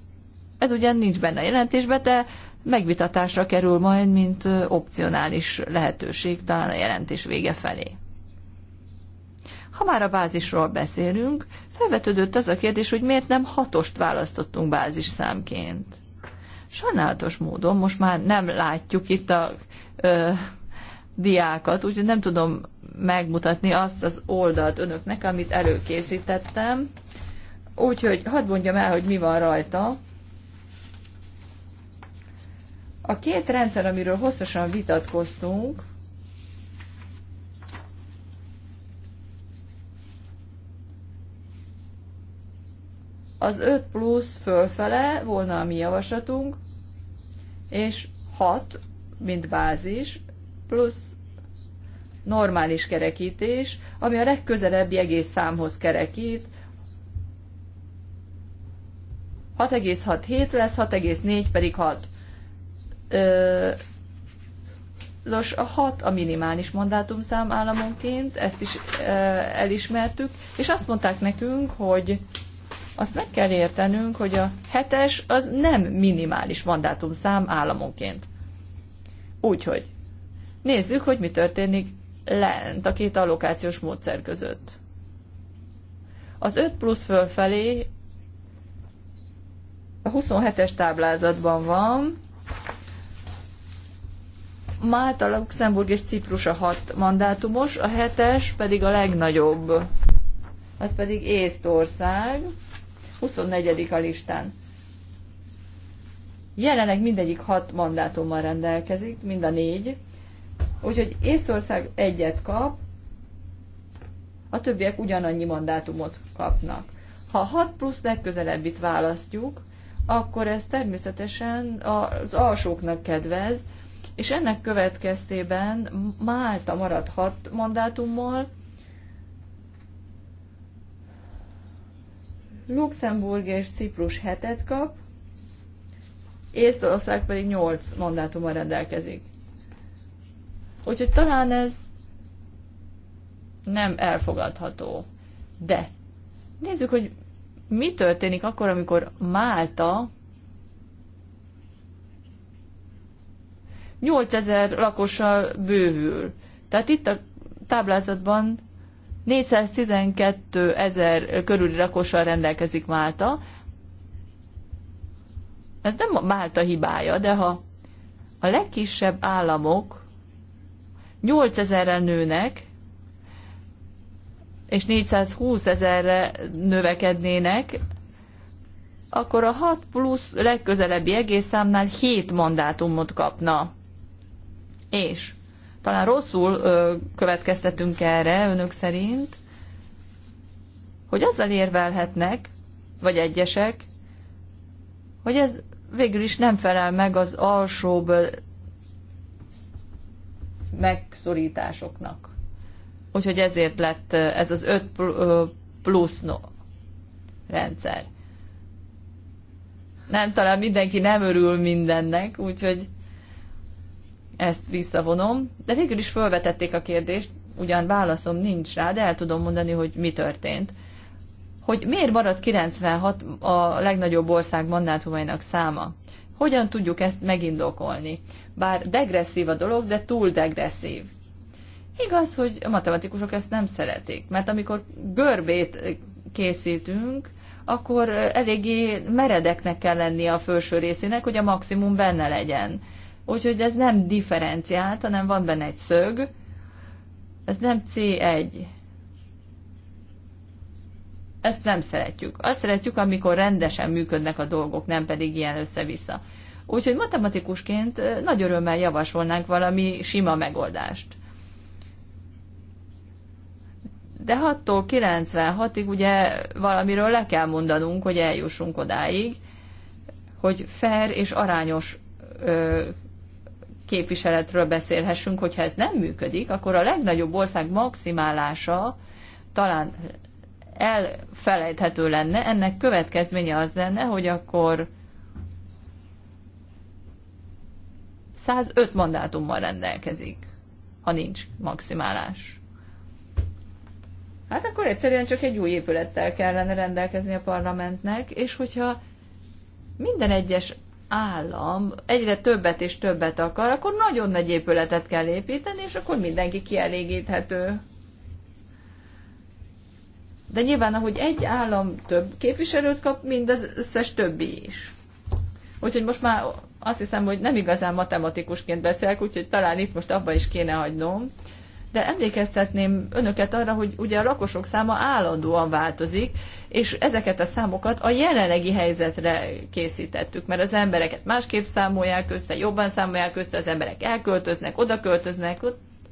ez ugyan nincs benne a jelentésben, de megvitatásra kerül majd, mint opcionális lehetőség talán a jelentés vége felé. Ha már a bázisról beszélünk, felvetődött az a kérdés, hogy miért nem hatost választottunk bázis számként. Sajnálatos módon most már nem látjuk itt a ö, diákat, úgyhogy nem tudom megmutatni azt az oldalt önöknek, amit előkészítettem. Úgyhogy hadd mondjam el, hogy mi van rajta. A két rendszer, amiről hosszasan vitatkoztunk, az 5 plusz fölfele volna a mi javaslatunk, és 6 mint bázis, plusz normális kerekítés, ami a legközelebbi egész számhoz kerekít. 6,67 lesz, 6,4 pedig 6. Nos, a 6 a minimális mandátumszám államonként, ezt is e, elismertük, és azt mondták nekünk, hogy azt meg kell értenünk, hogy a 7-es az nem minimális mandátumszám államonként. Úgyhogy nézzük, hogy mi történik lent a két allokációs módszer között. Az 5 plusz fölfelé a 27-es táblázatban van, Málta, Luxemburg és Ciprus a hat mandátumos, a hetes pedig a legnagyobb. Az pedig Észtország, 24. a listán. Jelenleg mindegyik hat mandátummal rendelkezik, mind a négy. Úgyhogy Észtország egyet kap, a többiek ugyanannyi mandátumot kapnak. Ha 6 plusz legközelebbit választjuk, akkor ez természetesen az alsóknak kedvez, és ennek következtében Málta marad 6 mandátummal, Luxemburg és Ciprus hetet kap, Észtország pedig 8 mandátummal rendelkezik. Úgyhogy talán ez nem elfogadható. De nézzük, hogy mi történik akkor, amikor Málta 8000 lakossal bővül. Tehát itt a táblázatban 412 ezer körüli lakossal rendelkezik Málta, ez nem a Málta hibája, de ha a legkisebb államok 8000-re nőnek, és 420 ezerre növekednének, akkor a 6 plusz legközelebbi egész számnál 7 mandátumot kapna. És talán rosszul ö, következtetünk erre önök szerint, hogy azzal érvelhetnek, vagy egyesek, hogy ez végül is nem felel meg az alsóbb megszorításoknak. Úgyhogy ezért lett ez az 5 plusz no rendszer. Nem, talán mindenki nem örül mindennek, úgyhogy ezt visszavonom. De végül is felvetették a kérdést, ugyan válaszom nincs rá, de el tudom mondani, hogy mi történt hogy miért maradt 96 a legnagyobb ország mandátumainak száma. Hogyan tudjuk ezt megindokolni? Bár degresszív a dolog, de túl degresszív. Igaz, hogy a matematikusok ezt nem szeretik, mert amikor görbét készítünk, akkor eléggé meredeknek kell lennie a felső részének, hogy a maximum benne legyen. Úgyhogy ez nem differenciált, hanem van benne egy szög, ez nem C1, ezt nem szeretjük. Azt szeretjük, amikor rendesen működnek a dolgok, nem pedig ilyen össze-vissza. Úgyhogy matematikusként nagy örömmel javasolnánk valami sima megoldást. De 6-tól 96-ig ugye valamiről le kell mondanunk, hogy eljussunk odáig, hogy fair és arányos ö, képviseletről beszélhessünk, hogyha ez nem működik, akkor a legnagyobb ország maximálása talán elfelejthető lenne, ennek következménye az lenne, hogy akkor 105 mandátummal rendelkezik, ha nincs maximálás. Hát akkor egyszerűen csak egy új épülettel kellene rendelkezni a parlamentnek, és hogyha minden egyes állam egyre többet és többet akar, akkor nagyon nagy épületet kell építeni, és akkor mindenki kielégíthető de nyilván, ahogy egy állam több képviselőt kap, mind az összes többi is. Úgyhogy most már azt hiszem, hogy nem igazán matematikusként beszélek, úgyhogy talán itt most abba is kéne hagynom. De emlékeztetném önöket arra, hogy ugye a lakosok száma állandóan változik, és ezeket a számokat a jelenlegi helyzetre készítettük, mert az embereket másképp számolják össze, jobban számolják össze, az emberek elköltöznek, oda költöznek,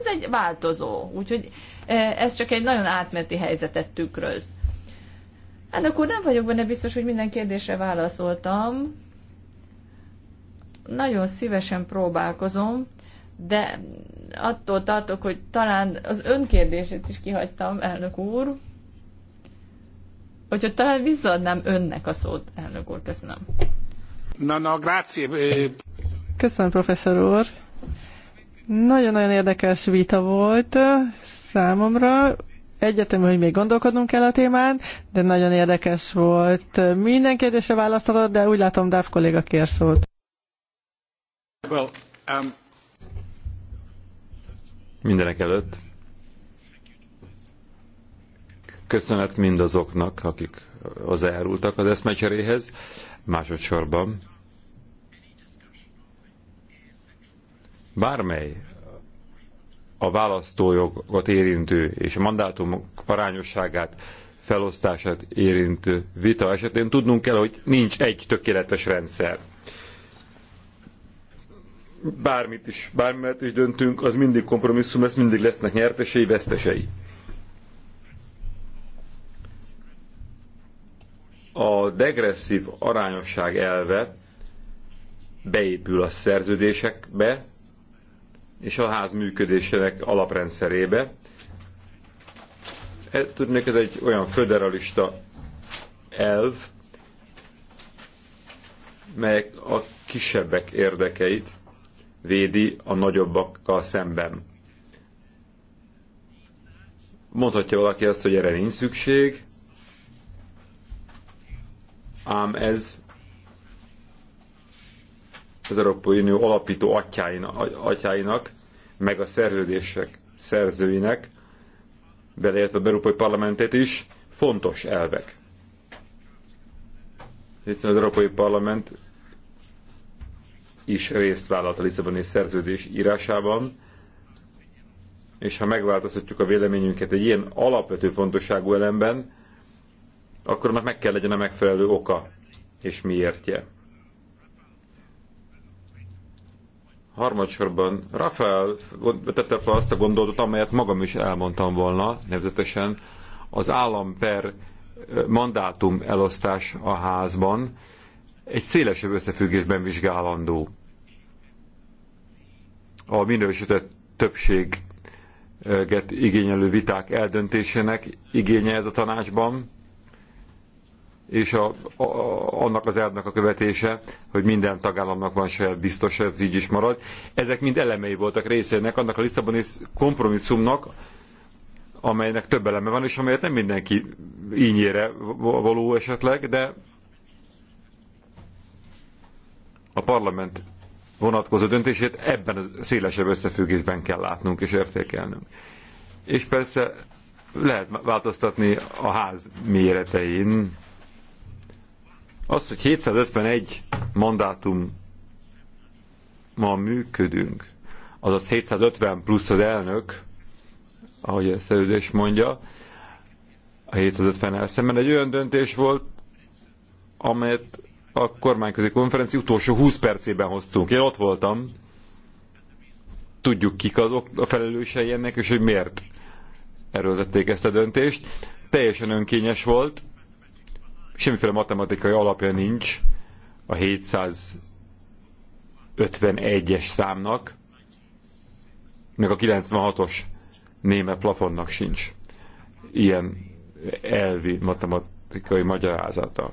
ez egy változó. Úgyhogy E, ez csak egy nagyon átmeneti helyzetet tükröz. Hát akkor nem vagyok benne biztos, hogy minden kérdésre válaszoltam. Nagyon szívesen próbálkozom, de attól tartok, hogy talán az önkérdését is kihagytam, elnök úr. Hogyha talán visszaadnám önnek a szót, elnök úr, köszönöm. Na, na, grazie. Köszönöm, professzor úr. Nagyon-nagyon érdekes vita volt számomra. Egyetemű, hogy még gondolkodnunk kell a témán, de nagyon érdekes volt. Minden kérdésre választ de úgy látom, Dáv kolléga kér szót. Well, um... Mindenek előtt köszönet mindazoknak, akik az elrultak az eszmecseréhez. Másodszorban Bármely a választójogot érintő és a mandátumok parányosságát, felosztását érintő vita esetén tudnunk kell, hogy nincs egy tökéletes rendszer. Bármit is, bármit is döntünk, az mindig kompromisszum, ez mindig lesznek nyertesei, vesztesei. a degresszív arányosság elve beépül a szerződésekbe, és a ház működésének alaprendszerébe. E, tudnék, ez egy olyan föderalista elv, mely a kisebbek érdekeit védi a nagyobbakkal szemben. Mondhatja valaki azt, hogy erre nincs szükség, ám ez az Európai Unió alapító atyáinak, atyáinak meg a szerződések szerzőinek, beleértve a Európai Parlamentet is, fontos elvek. Hiszen az Európai Parlament is részt vállalt a Lisszaboni szerződés írásában, és ha megváltoztatjuk a véleményünket egy ilyen alapvető fontosságú elemben, akkor annak meg kell legyen a megfelelő oka és miértje. Harmadsorban Rafael tette fel azt a gondolatot, amelyet magam is elmondtam volna, nevezetesen az állam per mandátum elosztás a házban egy szélesebb összefüggésben vizsgálandó. A minősített többséget igényelő viták eldöntésének igénye ez a tanácsban, és a, a, annak az elvnek a követése, hogy minden tagállamnak van saját biztos, ez így is marad. Ezek mind elemei voltak részének annak a Lisszaboni kompromisszumnak, amelynek több eleme van, és amelyet nem mindenki ínyére való esetleg, de a parlament vonatkozó döntését ebben a szélesebb összefüggésben kell látnunk és értékelnünk. És persze lehet változtatni a ház méretein, az, hogy 751 mandátum ma működünk, azaz 750 plusz az elnök, ahogy a szerződés mondja, a 750 el szemben egy olyan döntés volt, amelyet a kormányközi konferenci utolsó 20 percében hoztunk. Én ott voltam, tudjuk kik azok a felelősei ennek, és hogy miért erőltették ezt a döntést. Teljesen önkényes volt, semmiféle matematikai alapja nincs a 751-es számnak, meg a 96-os német plafonnak sincs ilyen elvi matematikai magyarázata.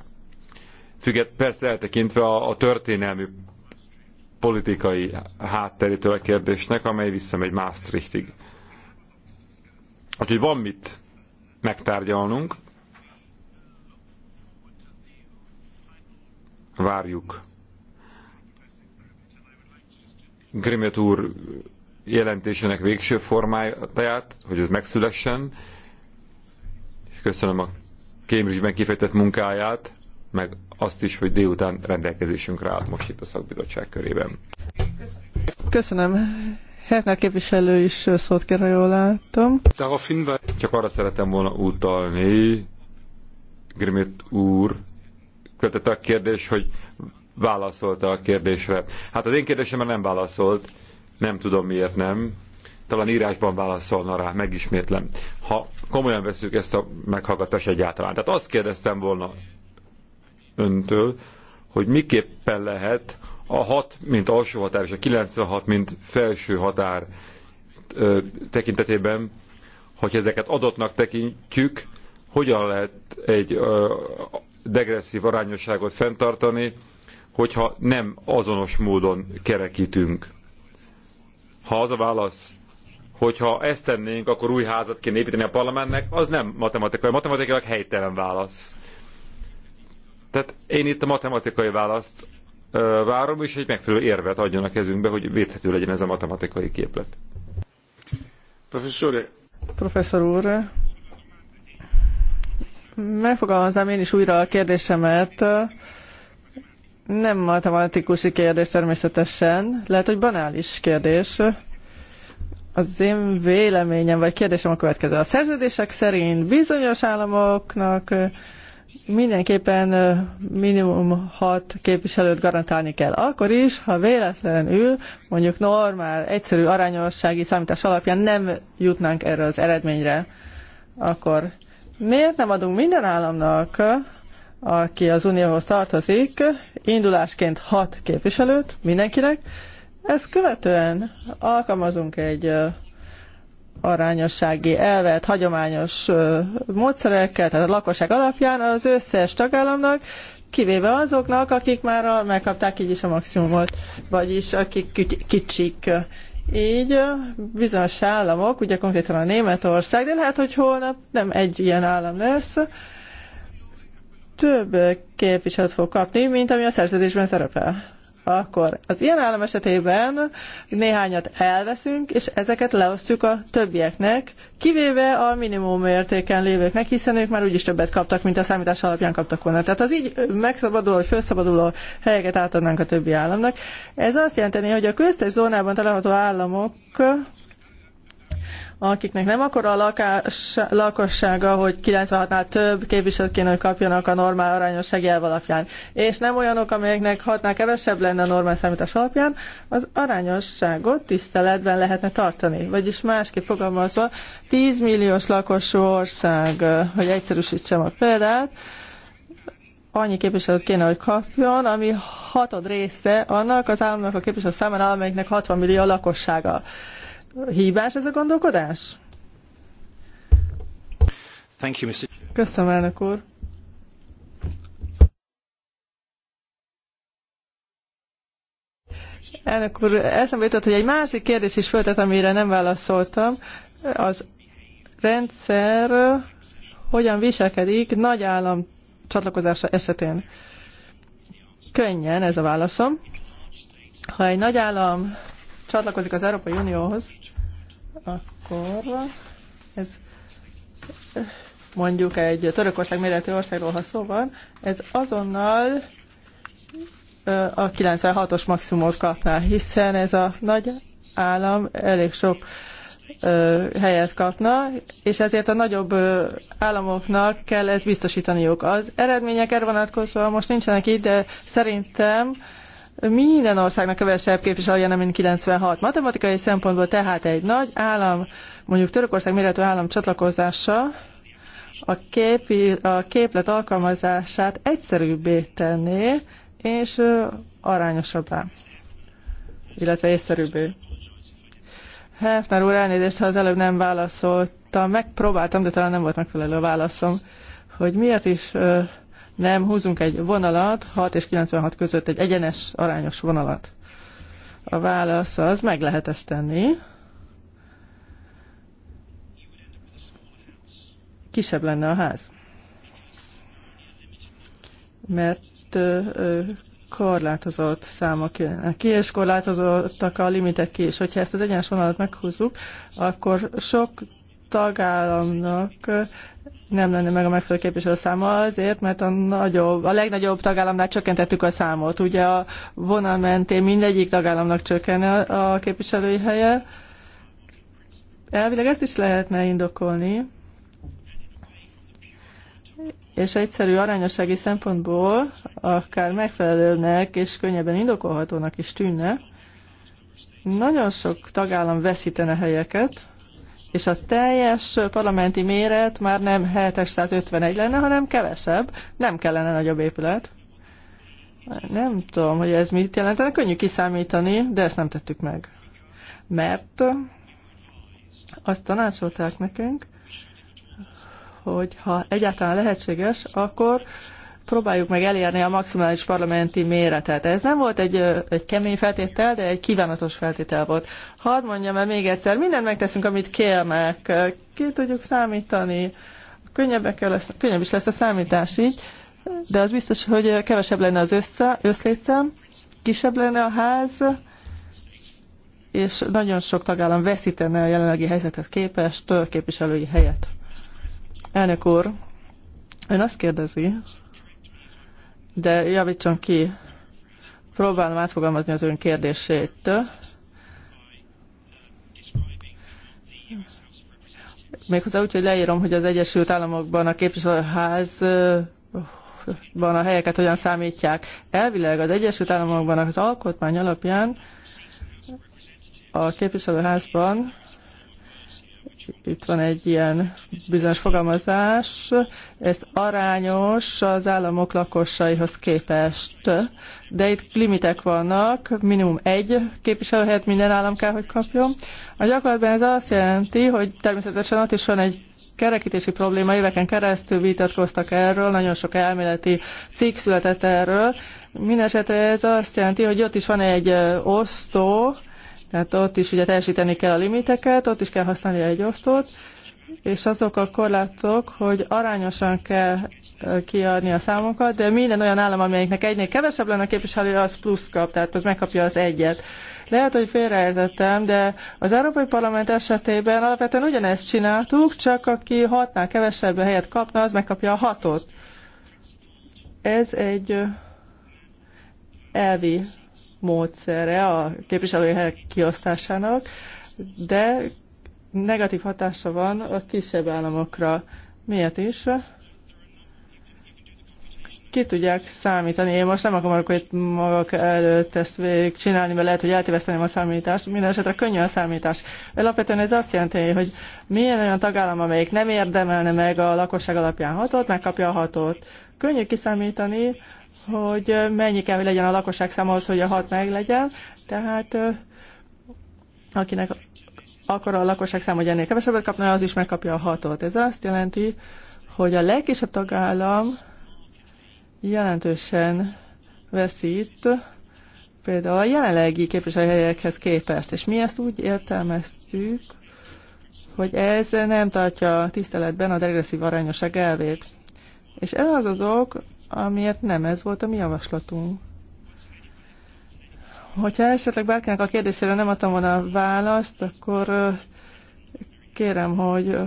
Függet persze eltekintve a, a történelmi politikai hátterétől a kérdésnek, amely visszamegy Maastrichtig. Úgyhogy van mit megtárgyalnunk, várjuk Grimet úr jelentésének végső formáját, hogy ez megszülessen. Köszönöm a Cambridge-ben kifejtett munkáját, meg azt is, hogy délután rendelkezésünkre állt most itt a szakbizottság körében. Köszönöm. Herner képviselő is szót kér, ha jól látom. Csak arra szeretem volna utalni, Grimmett úr, költött a kérdés, hogy válaszolta a kérdésre. Hát az én kérdésemre nem válaszolt, nem tudom miért nem. Talán írásban válaszolna rá, megismétlem. Ha komolyan veszük ezt a meghallgatást egyáltalán. Tehát azt kérdeztem volna öntől, hogy miképpen lehet a 6, mint alsó határ, és a 96, mint felső határ ö, tekintetében, hogy ezeket adottnak tekintjük, hogyan lehet egy ö, degresszív arányosságot fenntartani, hogyha nem azonos módon kerekítünk. Ha az a válasz, hogyha ezt tennénk, akkor új házat kéne építeni a parlamentnek, az nem matematikai, matematikailag helytelen válasz. Tehát én itt a matematikai választ ö, várom, és egy megfelelő érvet adjon a kezünkbe, hogy védhető legyen ez a matematikai képlet. Professzor úr, megfogalmaznám én is újra a kérdésemet. Nem matematikusi kérdés természetesen, lehet, hogy banális kérdés. Az én véleményem vagy kérdésem a következő. A szerződések szerint bizonyos államoknak mindenképpen minimum hat képviselőt garantálni kell. Akkor is, ha véletlenül mondjuk normál, egyszerű arányossági számítás alapján nem jutnánk erre az eredményre, akkor Miért nem adunk minden államnak, aki az Unióhoz tartozik, indulásként hat képviselőt mindenkinek, ezt követően alkalmazunk egy arányossági elvet, hagyományos módszerekkel, tehát a lakosság alapján az összes tagállamnak, kivéve azoknak, akik már megkapták így is a maximumot, vagyis akik kicsik. Így bizonyos államok, ugye konkrétan a Németország, de lehet, hogy holnap nem egy ilyen állam lesz, több képviselőt fog kapni, mint ami a szerződésben szerepel akkor az ilyen állam esetében néhányat elveszünk, és ezeket leosztjuk a többieknek, kivéve a minimum értéken lévőknek, hiszen ők már úgyis többet kaptak, mint a számítás alapján kaptak volna. Tehát az így megszabaduló, vagy felszabaduló helyeket átadnánk a többi államnak. Ez azt jelenteni, hogy a köztes zónában található államok akiknek nem akkora a lakás, lakossága, hogy 96-nál több képviselőt kéne, hogy kapjanak a normál arányosság elv alapján, és nem olyanok, amelyeknek hatnál kevesebb lenne a normál számítás alapján, az arányosságot tiszteletben lehetne tartani. Vagyis másképp fogalmazva, 10 milliós lakosú ország, hogy egyszerűsítsem a példát, annyi képviselőt kéne, hogy kapjon, ami hatod része annak az államnak a képviselő számára, amelyiknek 60 millió a lakossága. Hívás ez a gondolkodás? Thank you, Mr. Köszönöm, elnök úr. Elnök úr, eszembe jutott, hogy egy másik kérdés is föltet, amire nem válaszoltam. Az rendszer hogyan viselkedik nagy állam csatlakozása esetén? Könnyen ez a válaszom. Ha egy nagy állam csatlakozik az Európai Unióhoz, akkor ez mondjuk egy Törökország méretű országról, ha szó van, ez azonnal a 96-os maximumot kapná, hiszen ez a nagy állam elég sok helyet kapna, és ezért a nagyobb államoknak kell ezt biztosítaniuk. Az eredmények erre vonatkozóan most nincsenek itt, de szerintem minden országnak kevesebb képviselője nem, mint 96. Matematikai szempontból tehát egy nagy állam, mondjuk Törökország méretű állam csatlakozása a, képi, a képlet alkalmazását egyszerűbbé tenné, és arányosabbá, illetve észszerűbbé. Hefner úr, elnézést, ha az előbb nem válaszoltam, megpróbáltam, de talán nem volt megfelelő a válaszom, hogy miért is nem, húzunk egy vonalat, 6 és 96 között egy egyenes, arányos vonalat. A válasz az, meg lehet ezt tenni. Kisebb lenne a ház. Mert korlátozott számok jönnek ki, és korlátozottak a limitek ki és Hogyha ezt az egyenes vonalat meghúzzuk, akkor sok tagállamnak nem lenne meg a megfelelő képviselő száma azért, mert a, nagyobb, a legnagyobb tagállamnál csökkentettük a számot. Ugye a vonal mentén mindegyik tagállamnak csökken a, a képviselői helye. Elvileg ezt is lehetne indokolni. És egyszerű arányossági szempontból akár megfelelőnek és könnyebben indokolhatónak is tűnne. Nagyon sok tagállam veszítene helyeket, és a teljes parlamenti méret már nem 751 lenne, hanem kevesebb, nem kellene nagyobb épület. Nem tudom, hogy ez mit jelentene, könnyű kiszámítani, de ezt nem tettük meg. Mert azt tanácsolták nekünk, hogy ha egyáltalán lehetséges, akkor próbáljuk meg elérni a maximális parlamenti méretet. Ez nem volt egy, egy kemény feltétel, de egy kívánatos feltétel volt. Hadd mondjam el még egyszer, mindent megteszünk, amit kérnek, ki tudjuk számítani, könnyebb, lesz, könnyebb is lesz a számítás így, de az biztos, hogy kevesebb lenne az össze, összlétszám, kisebb lenne a ház, és nagyon sok tagállam veszítene a jelenlegi helyzethez képest képviselői helyet. Elnök úr, ön azt kérdezi, de javítson ki. Próbálom átfogalmazni az ön kérdését. Méghozzá úgy, hogy leírom, hogy az Egyesült Államokban a képviselőházban a helyeket hogyan számítják. Elvileg az Egyesült Államokban az alkotmány alapján a képviselőházban itt van egy ilyen bizonyos fogalmazás, ez arányos az államok lakosaihoz képest, de itt limitek vannak, minimum egy képviselőhelyet minden állam kell, hogy kapjon. A gyakorlatban ez azt jelenti, hogy természetesen ott is van egy kerekítési probléma, éveken keresztül vitatkoztak erről, nagyon sok elméleti cikk született erről. Mindenesetre ez azt jelenti, hogy ott is van egy osztó, tehát ott is ugye teljesíteni kell a limiteket, ott is kell használni egy osztót, és azok a korlátok, hogy arányosan kell kiadni a számokat, de minden olyan állam, amelyiknek egynél kevesebb lenne a képviselő, az plusz kap, tehát az megkapja az egyet. Lehet, hogy félreértettem, de az Európai Parlament esetében alapvetően ugyanezt csináltuk, csak aki hatnál kevesebb helyet kapna, az megkapja a hatot. Ez egy elvi módszere a képviselőhelyek kiosztásának, de negatív hatása van a kisebb államokra. Miért is? Ki tudják számítani? Én most nem akarok itt magak előtt ezt végig csinálni, mert lehet, hogy eltéveszteném a számítást. Minden esetre könnyű a számítás. Alapvetően ez azt jelenti, hogy milyen olyan tagállam, amelyik nem érdemelne meg a lakosság alapján hatót, megkapja a hatót. Könnyű kiszámítani, hogy mennyi kell, hogy legyen a lakosság száma ahhoz, hogy a hat meg legyen. Tehát akinek akkor a lakosság száma, hogy ennél kevesebbet kapna, az is megkapja a hatot. Ez azt jelenti, hogy a legkisebb tagállam jelentősen veszít például a jelenlegi képviselőhelyekhez képest, és mi ezt úgy értelmeztük, hogy ez nem tartja tiszteletben a degresszív arányosság elvét. És ez az az ok, amiért nem ez volt a mi javaslatunk. Hogyha esetleg bárkinek a kérdésére nem adtam volna a választ, akkor kérem, hogy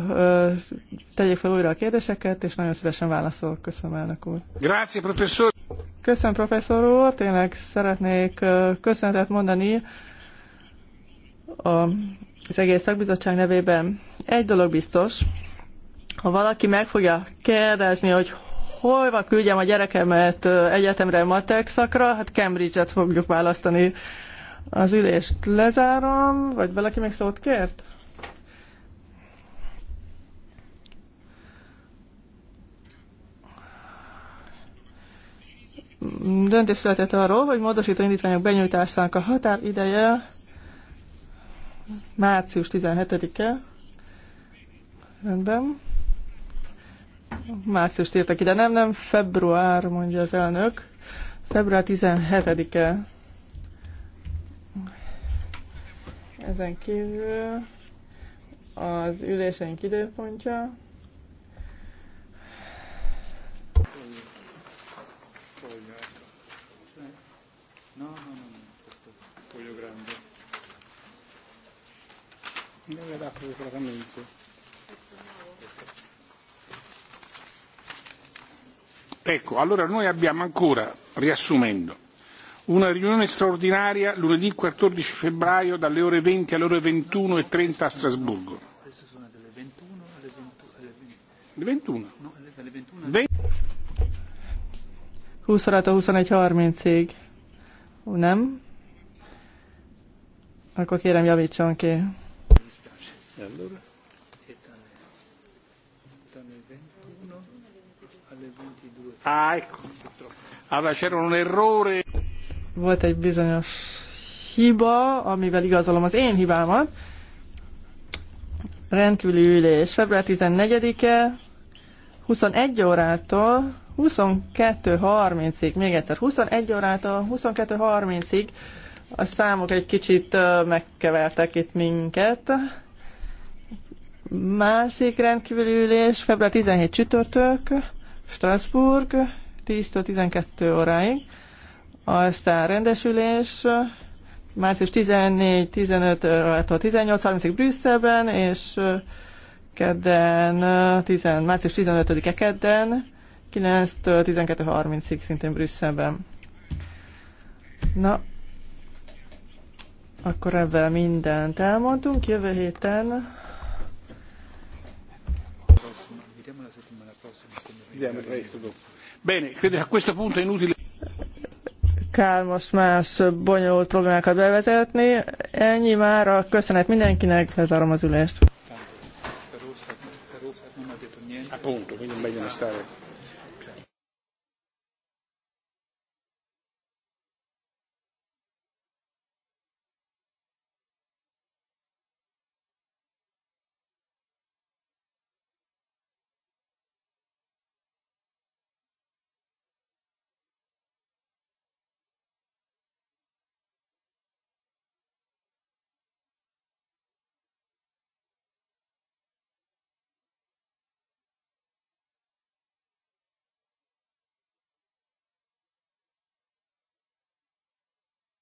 tegyék fel újra a kérdéseket, és nagyon szívesen válaszolok. Köszönöm, elnök úr. Grazie, professzor. Köszönöm, professzor úr. Tényleg szeretnék köszönetet mondani az egész szakbizottság nevében. Egy dolog biztos, ha valaki meg fogja kérdezni, hogy hova küldjem a gyerekemet egyetemre matek szakra, hát Cambridge-et fogjuk választani. Az ülést lezárom, vagy valaki még szót kért? Döntés született arról, hogy módosító indítványok benyújtásának a határideje március 17-e. Rendben március írtak ide, nem, nem, február, mondja az elnök. Február 17-e. Ezen kívül az üléseink időpontja. nem, nem, nem, nem, nem, nem, nem, nem, nem, nem, nem, nem Ecco, allora noi abbiamo ancora, riassumendo, una riunione straordinaria lunedì 14 febbraio dalle ore 20 alle ore 21 e 30 a Strasburgo. Queste sono dalle 21 alle 21. Le 21? No, dalle 21 alle 20. 20 óra 21.30-ig. Nem? Akkor kérem javítson ki. Allora. Volt egy bizonyos hiba, amivel igazolom az én hibámat. Rendkívüli ülés február 14-e, 21 órától 22.30-ig, még egyszer, 21 órától 22.30-ig a számok egy kicsit megkevertek itt minket. Másik rendkívüli ülés február 17 csütörtök, Strasbourg 10-12 óráig, aztán rendesülés március 14-15-től 18-30-ig Brüsszelben, és kedden, 10, március 15-e kedden, 9-től 30 ig szintén Brüsszelben. Na, akkor ebben mindent elmondtunk. Jövő héten Bene, credo che a questo punto è inutile kell most más bonyolult problémákat bevezetni. Ennyi már, a köszönet mindenkinek, lezárom az ülést. Appunto, quindi meglio stare.